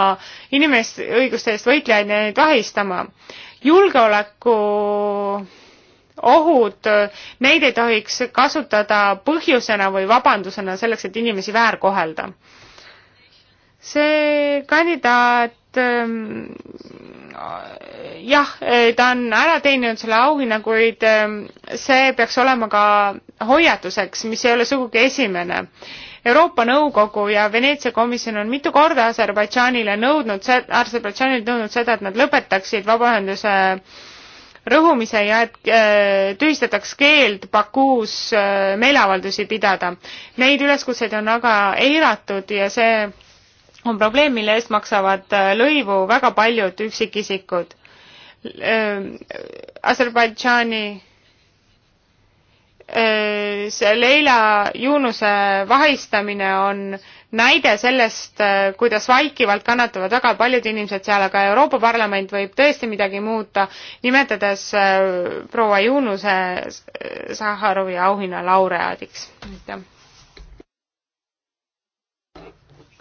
inimeste õiguste eest võitlejaid ja neid vahistama. julgeoleku ohud, neid ei tohiks kasutada põhjusena või vabandusena selleks, et inimesi väärkohelda. see kandidaat ähm, jah, ta on ära teeninud selle auhinna, kuid ähm, see peaks olema ka hoiatuseks, mis ei ole sugugi esimene. Euroopa Nõukogu ja Veneetsia komisjon on mitu korda Aserbaidžaanile nõudnud, Aserbaidžaanilt nõudnud seda, et nad lõpetaksid vabaühenduse äh, rõhumise ja et äh, tühistataks keeld Bakuus äh, meeleavaldusi pidada. Neid üleskutseid on aga eiratud ja see on probleem, mille eest maksavad äh, lõivu väga paljud üksikisikud. Aserbaidžaani Leila Juunuse vahistamine on äh, näide sellest, äh, kuidas vaikivalt kannatavad väga paljud inimesed seal, aga Euroopa Parlament võib tõesti midagi muuta, nimetades äh, proua Juunuse äh, Sahharovi auhinna laureaadiks. aitäh!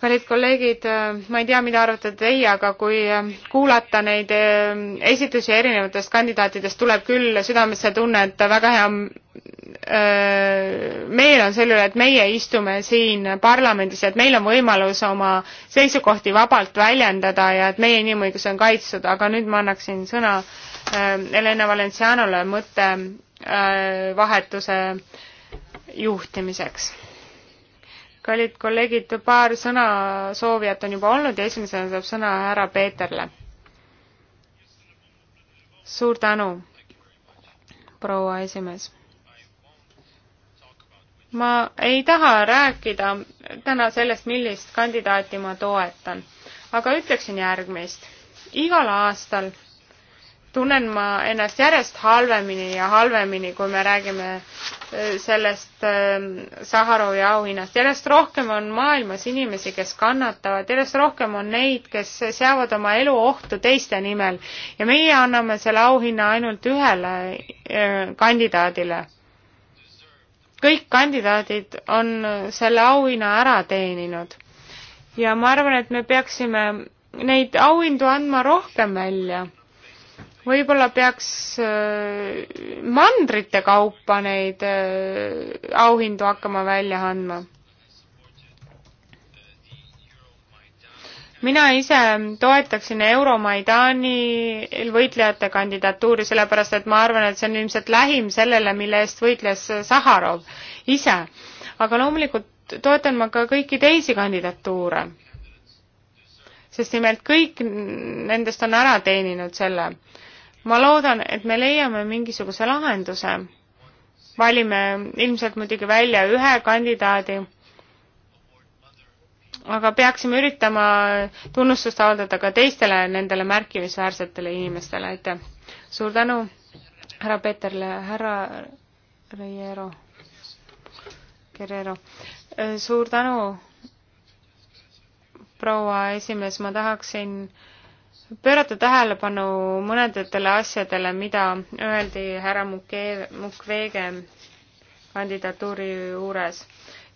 kallid kolleegid, ma ei tea, mida arvate teie, aga kui eh, kuulata neid eh, esitusi erinevatest kandidaatidest, tuleb küll südamesse tunne, et väga hea eh, meel on selle üle, et meie istume siin parlamendis, et meil on võimalus oma seisukohti vabalt väljendada ja et meie inimõigus on kaitstud, aga nüüd ma annaksin sõna Helena Valencianole mõttevahetuse juhtimiseks kallid kolleegid, paar sõna soovijat on juba olnud ja esimesena saab sõna härra Peeterle. suur tänu, proua esimees. ma ei taha rääkida täna sellest, millist kandidaati ma toetan, aga ütleksin järgmist. igal aastal tunnen ma ennast järjest halvemini ja halvemini, kui me räägime äh, sellest ähm, Saharovi auhinnast. järjest rohkem on maailmas inimesi, kes kannatavad, järjest rohkem on neid, kes seavad oma elu ohtu teiste nimel ja meie anname selle auhinna ainult ühele äh, kandidaadile. kõik kandidaadid on selle auhinna ära teeninud ja ma arvan, et me peaksime neid auhindu andma rohkem välja võib-olla peaks äh, mandrite kaupa neid äh, auhindu hakkama välja andma. mina ise toetaksin Euromaidani võitlejate kandidatuuri, sellepärast et ma arvan, et see on ilmselt lähim sellele, mille eest võitles Saharov ise. aga loomulikult toetan ma ka kõiki teisi kandidatuure. sest nimelt kõik nendest on ära teeninud selle ma loodan, et me leiame mingisuguse lahenduse. valime ilmselt muidugi välja ühe kandidaadi, aga peaksime üritama tunnustust avaldada ka teistele nendele märkimisväärsetele inimestele, aitäh. suur tänu härra Peeterle, härra Reiero, Guerrero. suur tänu, proua esimees, ma tahaksin äh, pöörata tähelepanu mõnedele asjadele, mida öeldi härra Muke-, Mukwege kandidatuuri juures.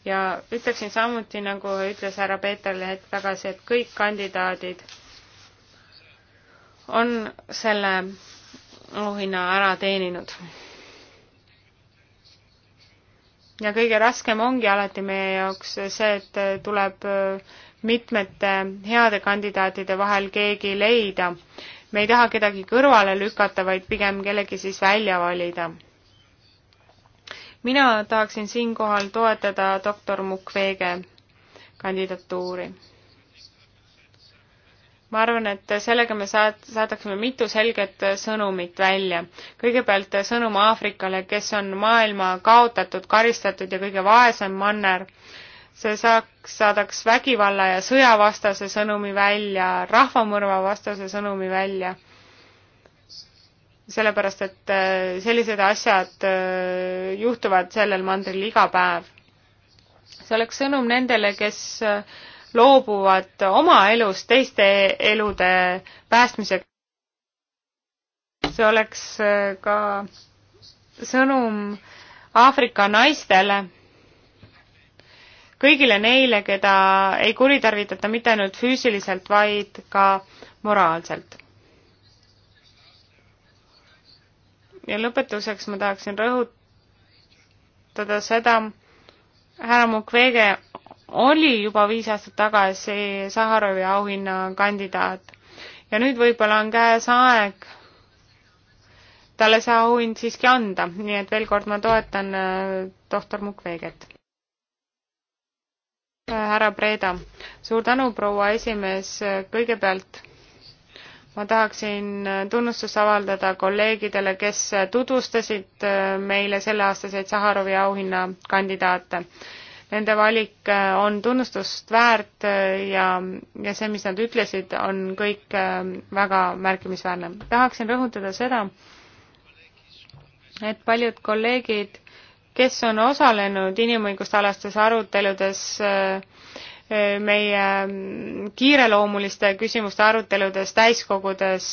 ja ütleksin samuti, nagu ütles härra Peeterle hetk tagasi, et kõik kandidaadid on selle auhinna ära teeninud. ja kõige raskem ongi alati meie jaoks see, et tuleb äh, mitmete heade kandidaatide vahel keegi leida. me ei taha kedagi kõrvale lükata, vaid pigem kellegi siis välja valida. mina tahaksin siinkohal toetada doktor Mukwege kandidatuuri. ma arvan, et sellega me saad-, saadaksime mitu selget sõnumit välja. kõigepealt sõnum Aafrikale, kes on maailma kaotatud, karistatud ja kõige vaesem manner see saaks, saadaks vägivalla ja sõjavastase sõnumi välja, rahvamõrva vastase sõnumi välja. sellepärast, et äh, sellised asjad äh, juhtuvad sellel mandril iga päev. see oleks sõnum nendele, kes äh, loobuvad oma elust teiste elude päästmisega. see oleks ka sõnum Aafrika naistele kõigile neile, keda ei kuritarvitata mitte ainult füüsiliselt, vaid ka moraalselt. ja lõpetuseks ma tahaksin rõhutada seda, härra Mukwege oli juba viis aastat tagasi Saharovi auhinna kandidaat ja nüüd võib-olla on käes aeg talle see auhind siiski anda, nii et veel kord ma toetan äh, doktor Mukweget. Äh, härra Preeda, suur tänu, proua esimees, kõigepealt ma tahaksin äh, tunnustust avaldada kolleegidele, kes äh, tutvustasid meile selleaastaseid Saharovi auhinna kandidaate. Nende valik on tunnustust väärt ja, ja see, mis nad ütlesid, on kõik väga märkimisväärne. tahaksin rõhutada seda, et paljud kolleegid kes on osalenud inimõiguste alastes aruteludes äh, meie kiireloomuliste küsimuste aruteludes täiskogudes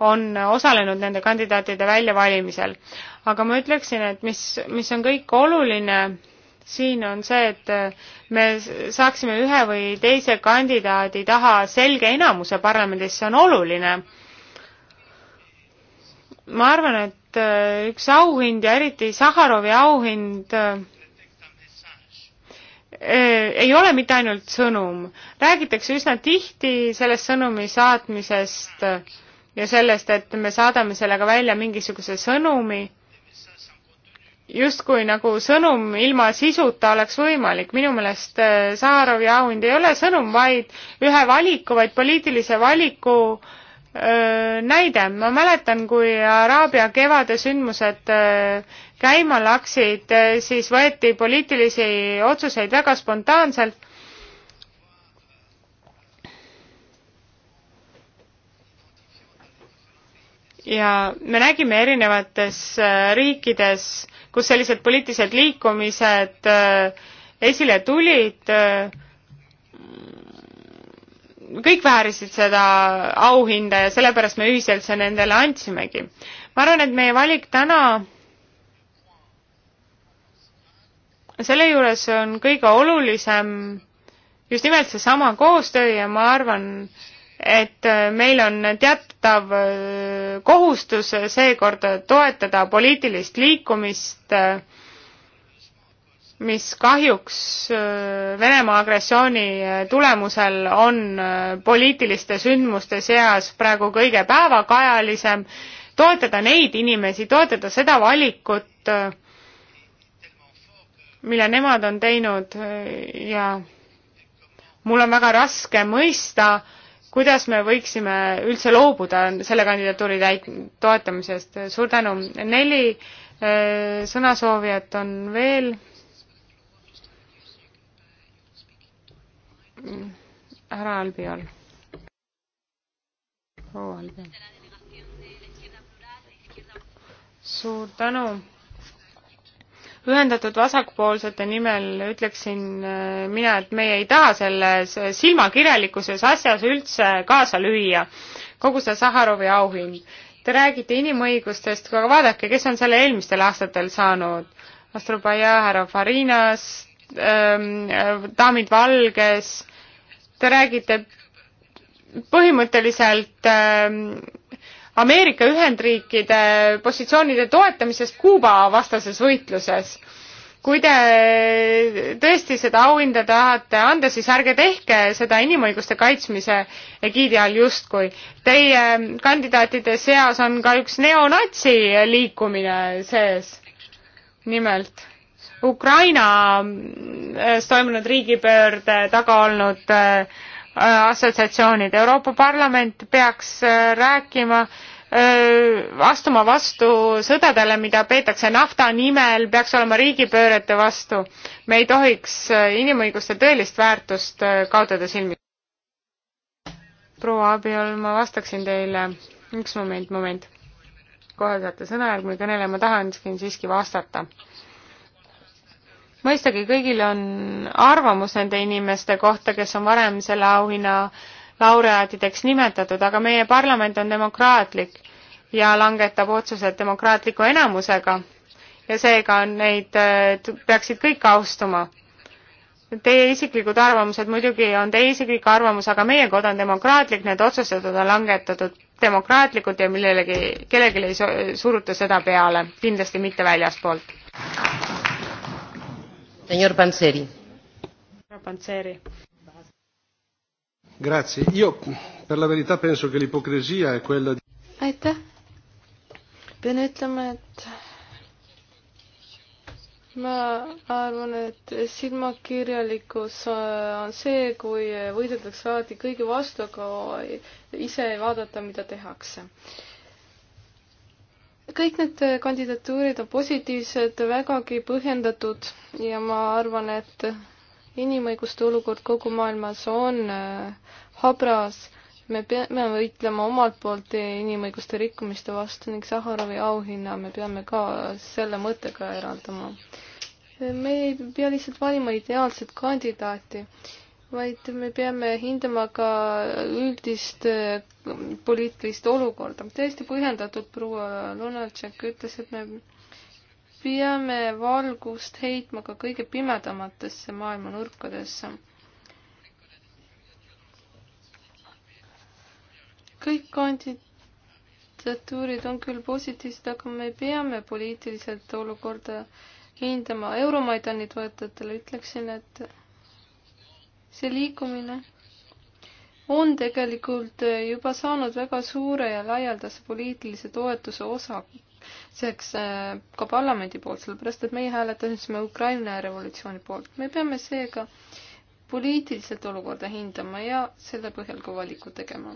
on osalenud nende kandidaatide väljavalimisel. aga ma ütleksin, et mis, mis on kõik oluline siin, on see, et me saaksime ühe või teise kandidaadi taha selge enamuse parlamendis, see on oluline. ma arvan, et Äh, üks auhind ja eriti Saharovi auhind äh, äh, ei ole mitte ainult sõnum, räägitakse üsna tihti sellest sõnumi saatmisest ja sellest, et me saadame sellega välja mingisuguse sõnumi, justkui nagu sõnum ilma sisuta oleks võimalik. minu meelest Saharovi auhind ei ole sõnum, vaid ühe valiku, vaid poliitilise valiku äh, näide, ma mäletan, kui Araabia kevade sündmused käima läksid, siis võeti poliitilisi otsuseid väga spontaanselt. ja me nägime erinevates riikides, kus sellised poliitilised liikumised esile tulid, kõik väärisid seda auhinda ja sellepärast me ühiselt see nendele andsimegi. ma arvan, et meie valik täna selle juures on kõige olulisem just nimelt seesama koostöö ja ma arvan, et meil on teatav äh, kohustus seekord toetada poliitilist liikumist äh, mis kahjuks äh, Venemaa agressiooni äh, tulemusel on äh, poliitiliste sündmuste seas praegu kõige päevakajalisem, toetada neid inimesi, toetada seda valikut, mille nemad on teinud ja mul on väga raske mõista, kuidas me võiksime üldse loobuda selle kandidatuuri täit-, toetamisest. suur tänu. neli sõnasoovijat on veel härra Albiol. proua Albiol. suur tänu. ühendatud vasakpoolsete nimel ütleksin äh, mina, et meie ei taha selles silmakirjalikkuses asjas üldse kaasa lüüa, kogu see Saharovi auhind. Te räägite inimõigustest, aga vaadake, kes on selle eelmistel aastatel saanud. Astrobaia, härra Farinas ähm,, äh, daamid Valges te räägite põhimõtteliselt äh, Ameerika Ühendriikide positsioonide toetamisest Kuuba vastases võitluses. kui te tõesti seda auhinda tahate anda, siis ärge tehke seda inimõiguste kaitsmise egiidi all justkui. Teie kandidaatide seas on ka üks neonatsi liikumine sees, nimelt Ukrainas äh, toimunud riigipöörde taga olnud äh, assotsiatsioonid. Euroopa Parlament peaks äh, rääkima astuma vastu sõdadele, mida peetakse nafta nimel, peaks olema riigipöörete vastu. me ei tohiks inimõiguste tõelist väärtust kaotada silmi. proua Abiol, ma vastaksin teile, üks moment, moment. kohe saate sõna, järgmine kõneleja, ma tahan siiski vastata mõistagi kõigil on arvamus nende inimeste kohta, kes on varem selle auhinna laureaadideks nimetatud, aga meie parlament on demokraatlik ja langetab otsused demokraatliku enamusega ja seega on neid, äh, peaksid kõik austuma. Teie isiklikud arvamused muidugi on teie isiklik arvamus, aga meie kod on demokraatlik, need otsused on langetatud demokraatlikult ja millelegi, kellelegi ei suruta seda peale, kindlasti mitte väljaspoolt signor Panzeri. Panzeri. Grazie. Io per la verità penso che l'ipocrisia è quella di... Aitäh. pean ütlema, et ma arvan, et silmakirjalikkus äh, on see, kui võideldakse alati kõige vastu, aga ise ei vaadata, mida tehakse kõik need kandidatuurid on positiivsed, vägagi põhjendatud ja ma arvan, et inimõiguste olukord kogu maailmas on äh, habras. me peame võitlema omalt poolt inimõiguste rikkumiste vastu ning Saharovi auhinna me peame ka selle mõttega eraldama. me ei pea lihtsalt valima ideaalset kandidaati vaid me peame hindama ka üldist eh, poliitilist olukorda. täiesti põhjendatud proua Lunatšek ütles, et me peame valgust heitma ka kõige pimedamatesse maailma nurkadesse. kõik kandidatuurid on küll positiivsed, aga me peame poliitiliselt olukorda hindama. Euromaidanit võetajatele ütleksin, et see liikumine on tegelikult äh, juba saanud väga suure ja laialdase poliitilise toetuse osaseks äh, ka parlamendi poolt, sellepärast et meie hääletasime Ukraina revolutsiooni poolt. me peame seega poliitiliselt olukorda hindama ja selle põhjal ka valiku tegema.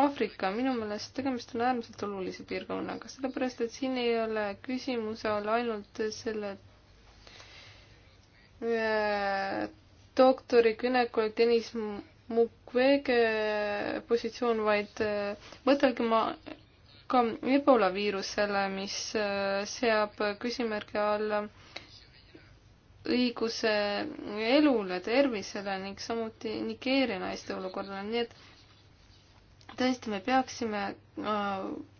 Aafrika, minu meelest tegemist on äärmiselt olulise piirkonnaga, sellepärast et siin ei ole küsimuse all ainult selle doktori gümnakool Deniss Mukwege positsioon, vaid äh, mõtelge ma ka ebola viirusele, mis äh, seab küsimärgi alla õiguse elule, tervisele ning samuti Nigeeria naiste olukorrale, nii et tõesti, me peaksime äh,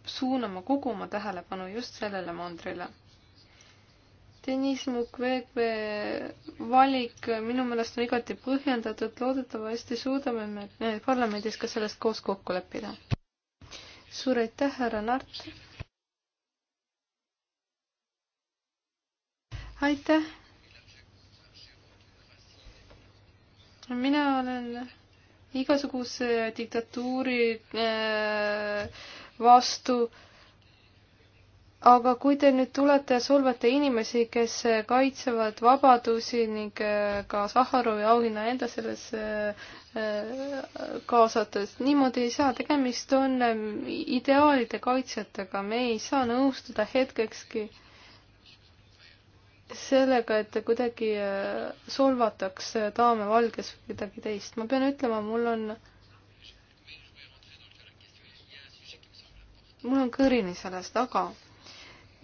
suunama kogu oma tähelepanu just sellele mandrile Deniss Mukwege valik minu meelest on igati põhjendatud, loodetavasti suudame me parlamendis ka sellest koos kokku leppida. suur aitäh, härra Nart. aitäh. mina olen igasuguse diktatuuri äh, vastu äh, aga kui te nüüd tulete ja solvate inimesi, kes äh, kaitsevad vabadusi ning äh, ka Sahharovi auhinna enda sellesse äh, kaasates, niimoodi ei saa, tegemist on ähm, ideaalide kaitsjatega, me ei saa nõustuda hetkekski sellega, et kuidagi solvatakse daame valges või kedagi teist. ma pean ütlema, mul on, mul on kõrini sellest, aga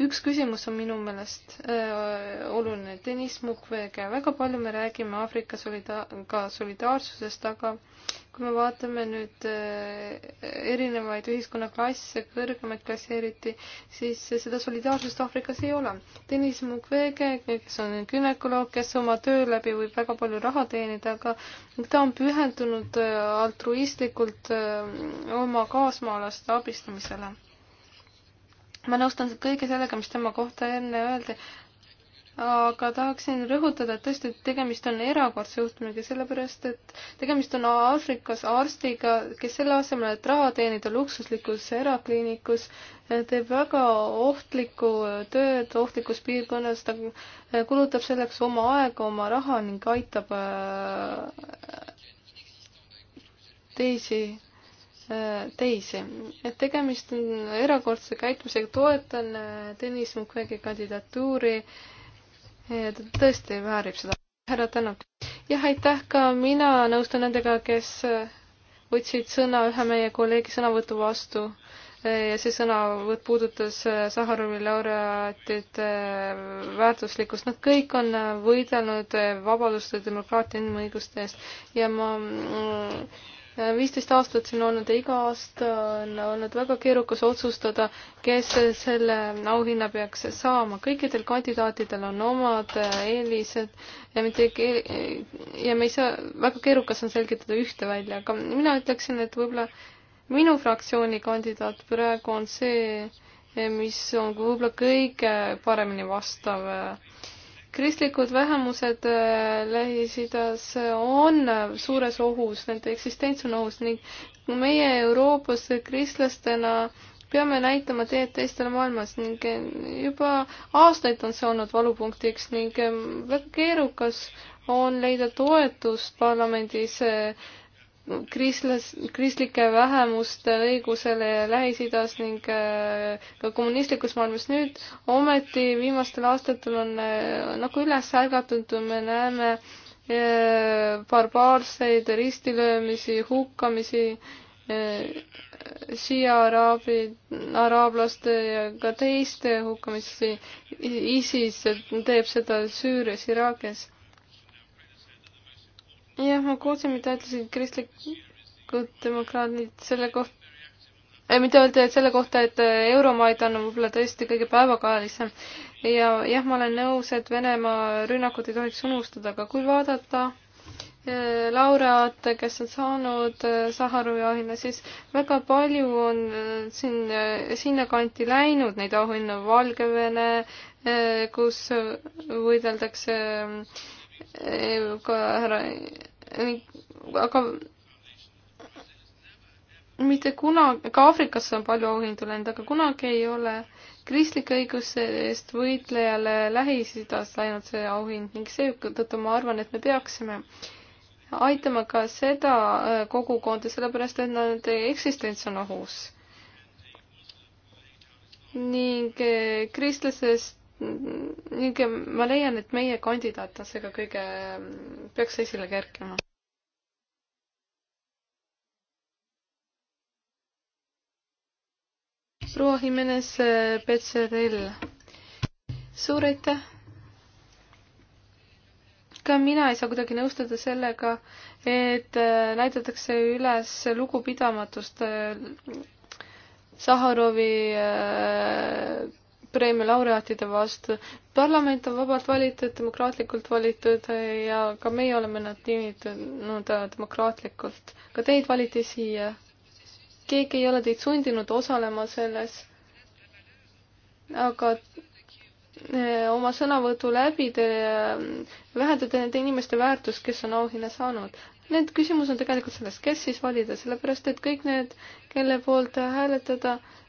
üks küsimus on minu meelest äh, oluline. Deniss Mukwege, väga palju me räägime Aafrika solida-, ka solidaarsusest, aga kui me vaatame nüüd äh, erinevaid ühiskonnaklasse, kõrgemaid klassi eriti, siis seda solidaarsust Aafrikas ei ole. Deniss Mukwege, kes on gümnakoloog, kes oma töö läbi võib väga palju raha teenida, aga ta on pühendunud äh, altruistlikult äh, oma kaasmaalaste abistamisele ma nõustun kõige sellega, mis tema kohta enne öeldi, aga tahaksin rõhutada, et tõesti, tegemist on erakordse juhtumiga, sellepärast et tegemist on Aafrikas arstiga, kes selle asemel, et raha teenida luksuslikus erakliinikus, teeb väga ohtlikku tööd ohtlikus piirkonnas, ta kulutab selleks oma aega, oma raha ning aitab äh, teisi Äh, teisi. et tegemist on erakordse käitumisega, toetan äh, Tõnis Mukwege kandidatuuri. Äh, ta tõesti väärib seda. härra Tänak. jah, aitäh ka mina nõustun nendega, kes võtsid sõna ühe meie kolleegi sõnavõtu vastu ja see sõnavõtt puudutas Saharovi laureaatide väärtuslikkust. Nad kõik on võidelnud vabaduste, demokraatia, inimõiguste eest ja ma mm, viisteist aastat siin olnud ja iga aasta on olnud väga keerukas otsustada, kes selle auhinna peaks saama. kõikidel kandidaatidel on omad eelised ja mitte keel- ja me ei saa, väga keerukas on selgitada ühte välja, aga mina ütleksin, et võib-olla minu fraktsiooni kandidaat praegu on see, mis on võib-olla kõige paremini vastav äh, kristlikud vähemused äh, Lähis-Idas äh, on äh, suures ohus, nende eksistents on ohus ning meie Euroopas kristlastena peame näitama teed teistele maailmas ning juba aastaid on see olnud valupunktiks ning väga keerukas on leida toetust parlamendis äh, kristlas, kristlike vähemuste õigusele Lähis-Idas ning äh, ka kommunistlikus maailmas nüüd. ometi viimastel aastatel on äh, nagu üles ärgatud, me näeme äh, barbaarseid ristilöömisi, hukkamisi, Shia araabi, araablaste ja ka teiste hukkamisi. ISIS teeb seda Süürias, Iraagis jah, ma kuulsin, mida ütlesid kristlikud demokraadid selle kohta, mida öelda selle kohta, et Euromaidan on võib-olla tõesti kõige päevakajalisem. ja jah, ma olen nõus, et Venemaa rünnakut ei tohiks unustada, aga kui vaadata eh, laureaate, kes on saanud eh, Saharovi auhinna, siis väga palju on eh, siin, sinnakanti läinud neid auhinnu, Valgevene, kus võideldakse äh, ka härra, aga mitte kunagi, ka Aafrikasse on palju auhindu läinud, aga kunagi ei ole kristlike õiguste eest võitlejale Lähis-Idas läinud see auhind ning seetõttu ma arvan, et me peaksime aitama ka seda äh, kogukonda, sellepärast et nende eksistents on ohus. ning äh, kristlasest ning ma leian, et meie kandidaat on seega kõige, mm, peaks esile kerkima. proua Jimenez eh, Petserell, suur aitäh! ka mina ei saa kuidagi nõustuda sellega, et eh, näidatakse üles lugupidamatust eh, Saharovi preemia laureaatide vastu. parlament on vabalt valitud, demokraatlikult valitud ja ka meie oleme nad kinnitanud demokraatlikult. ka teid valiti siia. keegi ei ole teid sundinud osalema selles. aga eh, oma sõnavõtu läbi te eh, vähendate nende inimeste väärtust, kes on auhinna saanud. Need küsimus on tegelikult selles, kes siis valida, sellepärast et kõik need, kelle poolt hääletada äh,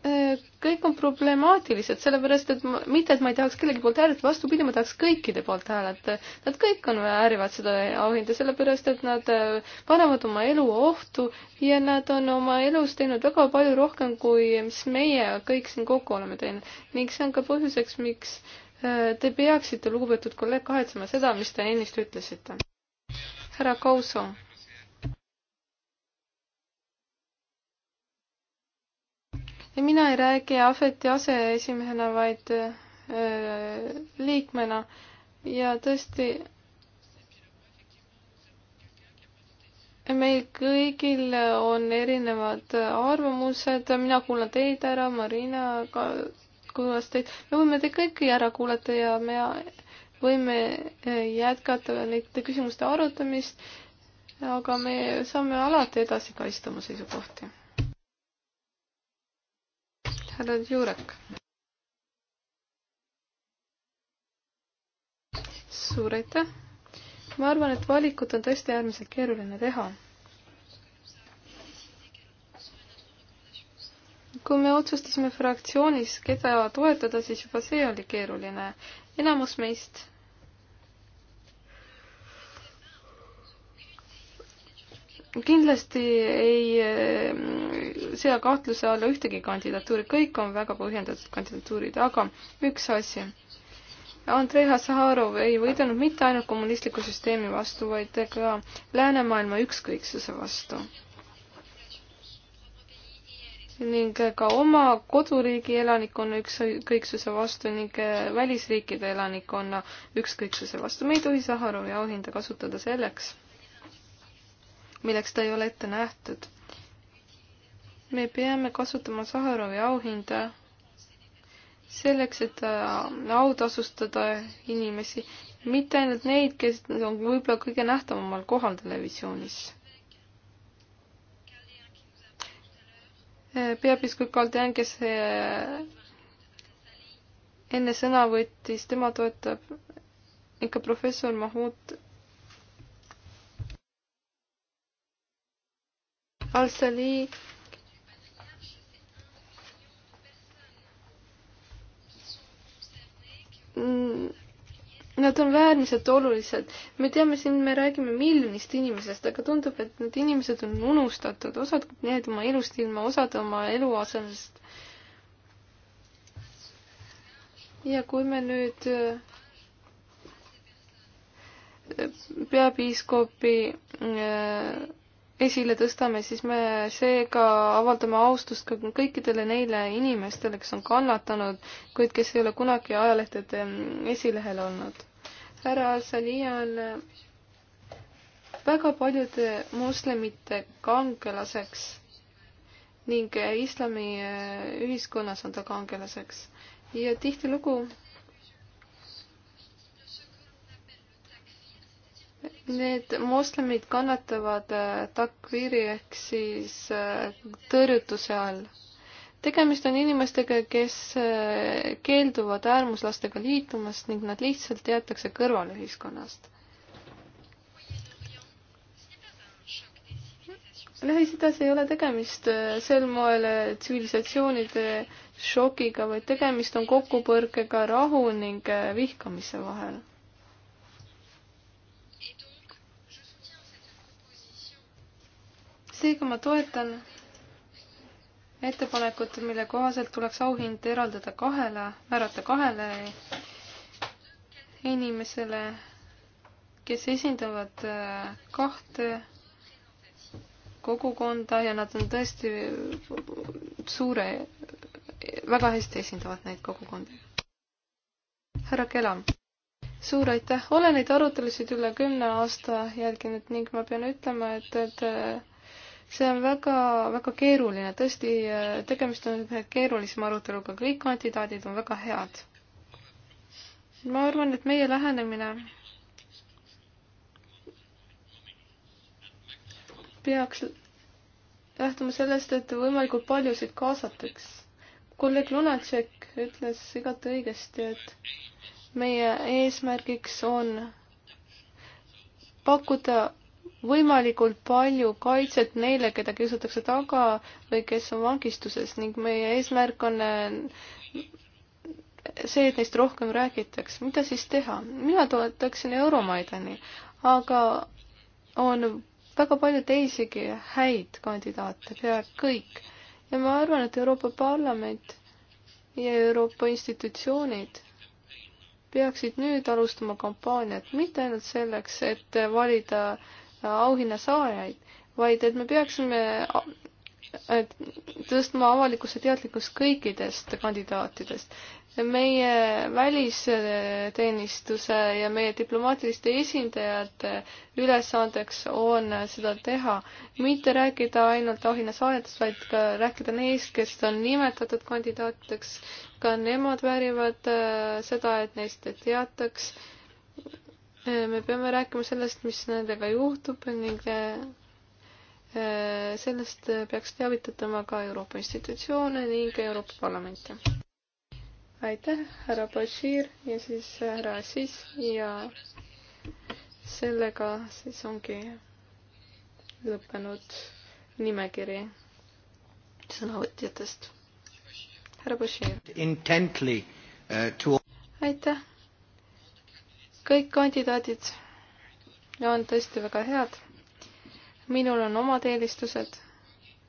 Äh, kõik on problemaatilised, sellepärast et ma, mitte, et ma ei tahaks kellegi poolt hääletada, vastupidi, ma tahaks kõikide poolt hääletada. Nad kõik on, väärivad seda auhinda, sellepärast et nad äh, panevad oma elu ohtu ja nad on oma elus teinud väga palju rohkem, kui mis meie kõik siin kokku oleme teinud. ning see on ka põhjuseks, miks äh, te peaksite, lugupeetud kolleeg, kahetsema seda, mis te ennist ütlesite. härra Kauso mina ei räägi Ahveti aseesimehena, vaid öö, äh, liikmena ja tõesti meil kõigil on erinevad arvamused, mina kuulan teid ära, Marina ka kuulas teid, me võime teid kõiki ära kuulata ja me võime äh, jätkata nende küsimuste arutamist, aga me saame alati edasi kaitsta oma seisukohti härra Jurek. suur aitäh. ma arvan, et valikut on tõesti äärmiselt keeruline teha. kui me otsustasime fraktsioonis, keda toetada, siis juba see oli keeruline. enamus meist kindlasti ei eh, sea kahtluse alla ühtegi kandidatuuri, kõik on väga põhjendatud kandidatuurid, aga üks asi. Andrei Hasarov ei võidelnud mitte ainult kommunistliku süsteemi vastu, vaid ka läänemaailma ükskõiksuse vastu. ning ka oma koduriigi elanikkonna ükskõiksuse vastu ning välisriikide elanikkonna ükskõiksuse vastu. me ei tohi Saharovi auhinda kasutada selleks milleks ta ei ole ette nähtud. me peame kasutama Saharovi auhinda selleks, et äh, autasustada inimesi, mitte ainult neid, kes on võib-olla kõige nähtavamal kohal televisioonis. Äh, peapiiskop Kaldean, kes äh, enne sõna võttis, tema toetab ikka professor Mahmud Al-Sali mm, Nad on äärmiselt olulised. me teame siin, me räägime miljonist inimesest, aga tundub, et need inimesed on unustatud, osad jäävad oma elust ilma, osad oma eluasemest. ja kui me nüüd äh, peapiiskopi äh, esile tõstame, siis me seega avaldame austust ka kõikidele neile inimestele, kes on kannatanud, kuid kes ei ole kunagi ajalehtede mm, esilehel olnud. härra Al-Sali on äh, väga paljude moslemite kangelaseks ning äh, islami äh, ühiskonnas on ta kangelaseks ja tihtilugu Need moslemid kannatavad äh, takviri ehk siis äh, tõrjutuse all. tegemist on inimestega, kes äh, keelduvad äärmuslastega liitumast ning nad lihtsalt jäetakse kõrvale ühiskonnast. Lähis-Idas ei ole tegemist sel moel tsivilisatsioonide šokiga, vaid tegemist on kokkupõrkega rahu ning vihkamise vahel seega ma toetan ettepanekut, mille kohaselt tuleks auhind eraldada kahele, määrata kahele inimesele, kes esindavad äh, kahte kogukonda ja nad on tõesti suure, väga hästi esindavad neid kogukondi. härra Kelam, suur aitäh, olen neid arutelusid üle kümne aasta jälginud ning ma pean ütlema, et, et see on väga, väga keeruline, tõesti, tegemist on ühe keerulisema aruteluga, kõik kandidaadid on väga head. ma arvan, et meie lähenemine peaks lähtuma sellest, et võimalikult paljusid kaasataks. kolleeg Lunatšek ütles igati õigesti, et meie eesmärgiks on pakkuda võimalikult palju kaitset neile, keda kiusatakse taga või kes on vangistuses ning meie eesmärk on eh, see, et neist rohkem räägitakse. mida siis teha? mina toetaksin Euromaidani, aga on väga palju teisigi häid kandidaate, peaaegu kõik. ja ma arvan, et Euroopa Parlament ja Euroopa institutsioonid peaksid nüüd alustama kampaaniat mitte ainult selleks, et valida äh, auhinna saajaid, vaid et me peaksime tõstma avalikkuse teadlikkust kõikidest kandidaatidest. meie välisteenistuse ja meie diplomaatiliste esindajate ülesandeks on seda teha, mitte rääkida ainult auhinna saajatest, vaid ka rääkida neist, kes on nimetatud kandidaatideks, ka nemad väärivad äh, seda, et neist teataks Äh, me peame rääkima sellest, mis nendega juhtub ning äh, äh, sellest peaks teavitatama ka Euroopa institutsioone ning Euroopa Parlamenti. aitäh, härra Bashir ja siis härra Assis ja sellega siis ongi lõppenud nimekiri sõnavõtjatest. härra Bashir. aitäh kõik kandidaadid on tõesti väga head. minul on omad eelistused.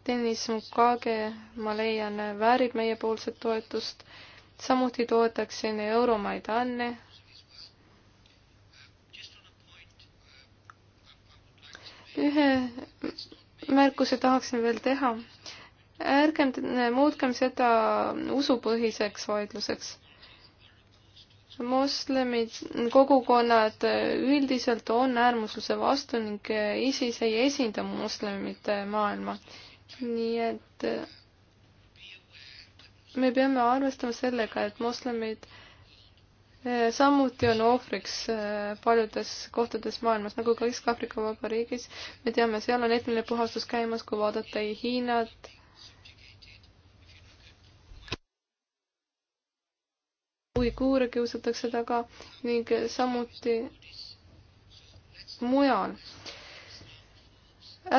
Tõnis Mukage, ma leian, väärib meiepoolset toetust. samuti toetaksin Euromaidani. ühe märkuse tahaksin veel teha. ärgem muutkem seda usupõhiseks vaidluseks moslemid, kogukonnad üldiselt on äärmusluse vastu ning ISIS ei esinda moslemite maailma. nii et me peame arvestama sellega, et moslemid eh, samuti on ohvriks eh, paljudes kohtades maailmas, nagu ka Kesk-Aafrika Vabariigis. me teame, seal on etniline puhastus käimas, kui vaadata Hiinat uiguure kiusatakse taga ning samuti mujal.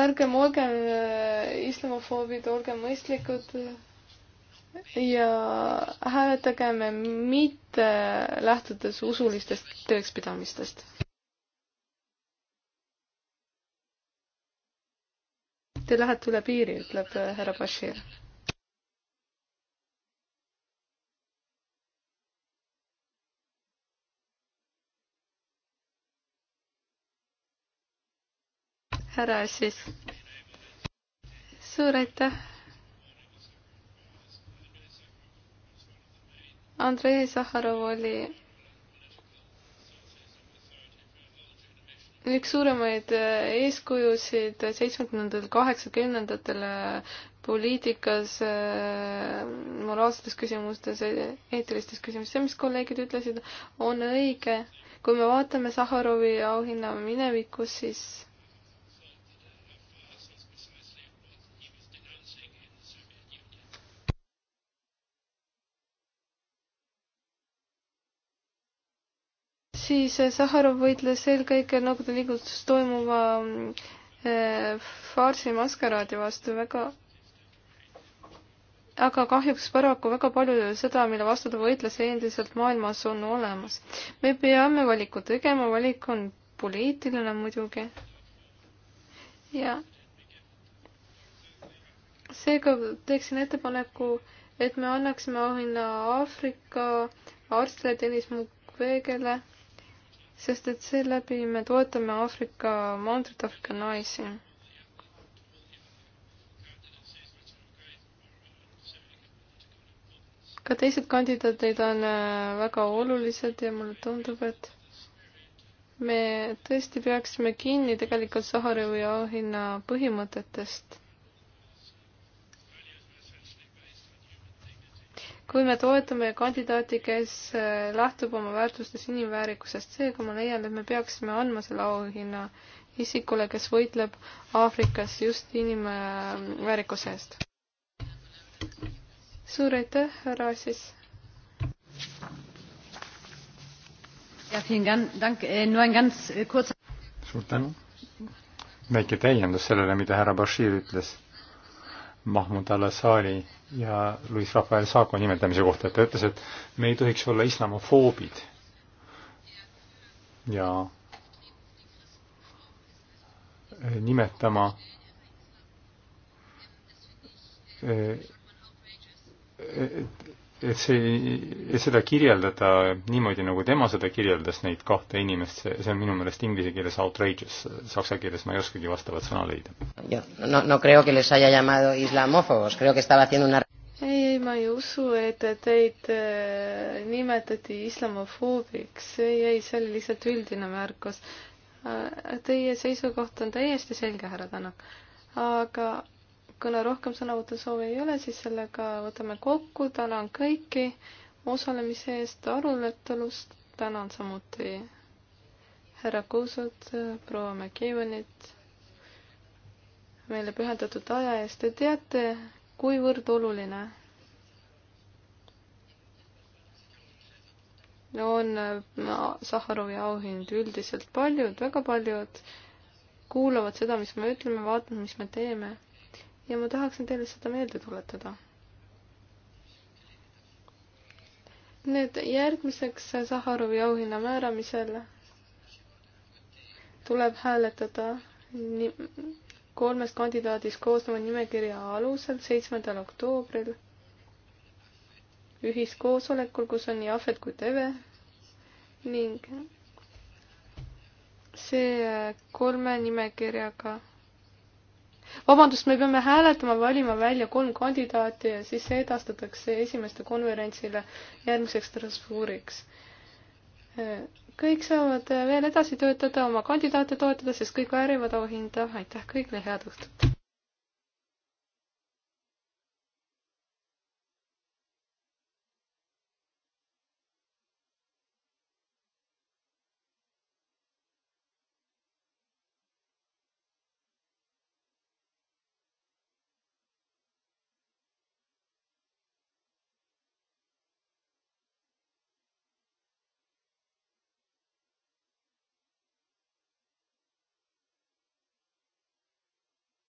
ärgem olgem äh, islamofoobid, olgem mõistlikud ja hääletagem mitte lähtudes usulistest tõekspidamistest. Te lähete üle piiri, ütleb äh, härra Bashir härra Assis. suur aitäh. Andrei Sahharov oli üks suuremaid eeskujusid seitsmekümnendatel, kaheksakümnendatel poliitikas äh,, moraalsetes küsimustes, eetilistes küsimustes, see, mis kolleegid ütlesid, on õige. kui me vaatame Sahharovi auhinna minevikus, siis siis eh, Saharov võitles eelkõige Nõukogude Liidus toimuva eh, farsi maskaraadi vastu väga aga kahjuks paraku väga palju seda, mille vastu ta võitles, endiselt maailmas on olemas. me peame valiku tegema, valik on poliitiline muidugi. ja seega teeksin ettepaneku, et me annaksime auhinna Aafrika arstile Tõnis Mukwegele sest et seeläbi me toetame Aafrika, mandrit Aafrika naisi. ka teised kandidaadid on äh, väga olulised ja mulle tundub, et me tõesti peaksime kinni tegelikult Sahara või auhinna põhimõtetest kui me toetame kandidaati, kes äh, lähtub oma väärtustes inimväärikusest, seega ma leian, et me peaksime andma selle auhinna isikule, kes võitleb Aafrikas just inimväärikuse eest. suur aitäh, härra Assis. Äh, äh, suur tänu. väike täiendus sellele, mida härra Bashir ütles Mahmud al-Assali ja Luis Rafael Saako nimetamise kohta, et ta ütles, et me ei tohiks olla islamofoobid. ja nimetama et eh, eh, et see, seda kirjeldada niimoodi, nagu tema seda kirjeldas, neid kahte inimest, see, see on minu meelest inglise keeles outrageous, saksa keeles ma ei oskagi vastavat sõna leida. No, no creo que les haya llamado islamofobos, creo que estaba haciendo una ei, ei, ma ei usu, et teid äh, nimetati islamofoobiks, ei, ei, see oli lihtsalt üldine märkus. Äh, teie seisukoht on täiesti selge, härra Tänak. aga kuna rohkem sõnavõtusoove ei ole, siis sellega võtame kokku, tänan kõiki osalemise eest aruletelust, tänan samuti härra Kuusut, proua McEvenit meile pühendatud aja eest. Te teate, kuivõrd oluline on äh, Sahharovi auhind üldiselt paljud, väga paljud kuulavad seda, mis me ütleme, vaatavad, mis me teeme ja ma tahaksin teile seda meelde tuletada. nüüd järgmiseks Saharovi auhinna määramisel tuleb hääletada nii, kolmest kandidaadist koosneva nimekirja alusel seitsmendal oktoobril ühiskoosolekul, kus on nii Ahvet kui Teve ning see kolme nimekirjaga vabandust, me peame hääletama, valima välja kolm kandidaati ja siis see edastatakse esimeste konverentsile järgmiseks Strasbourgiks. kõik saavad veel edasi töötada, oma kandidaate toetada, sest kõik väärivad auhinda. aitäh kõigile, head õhtut!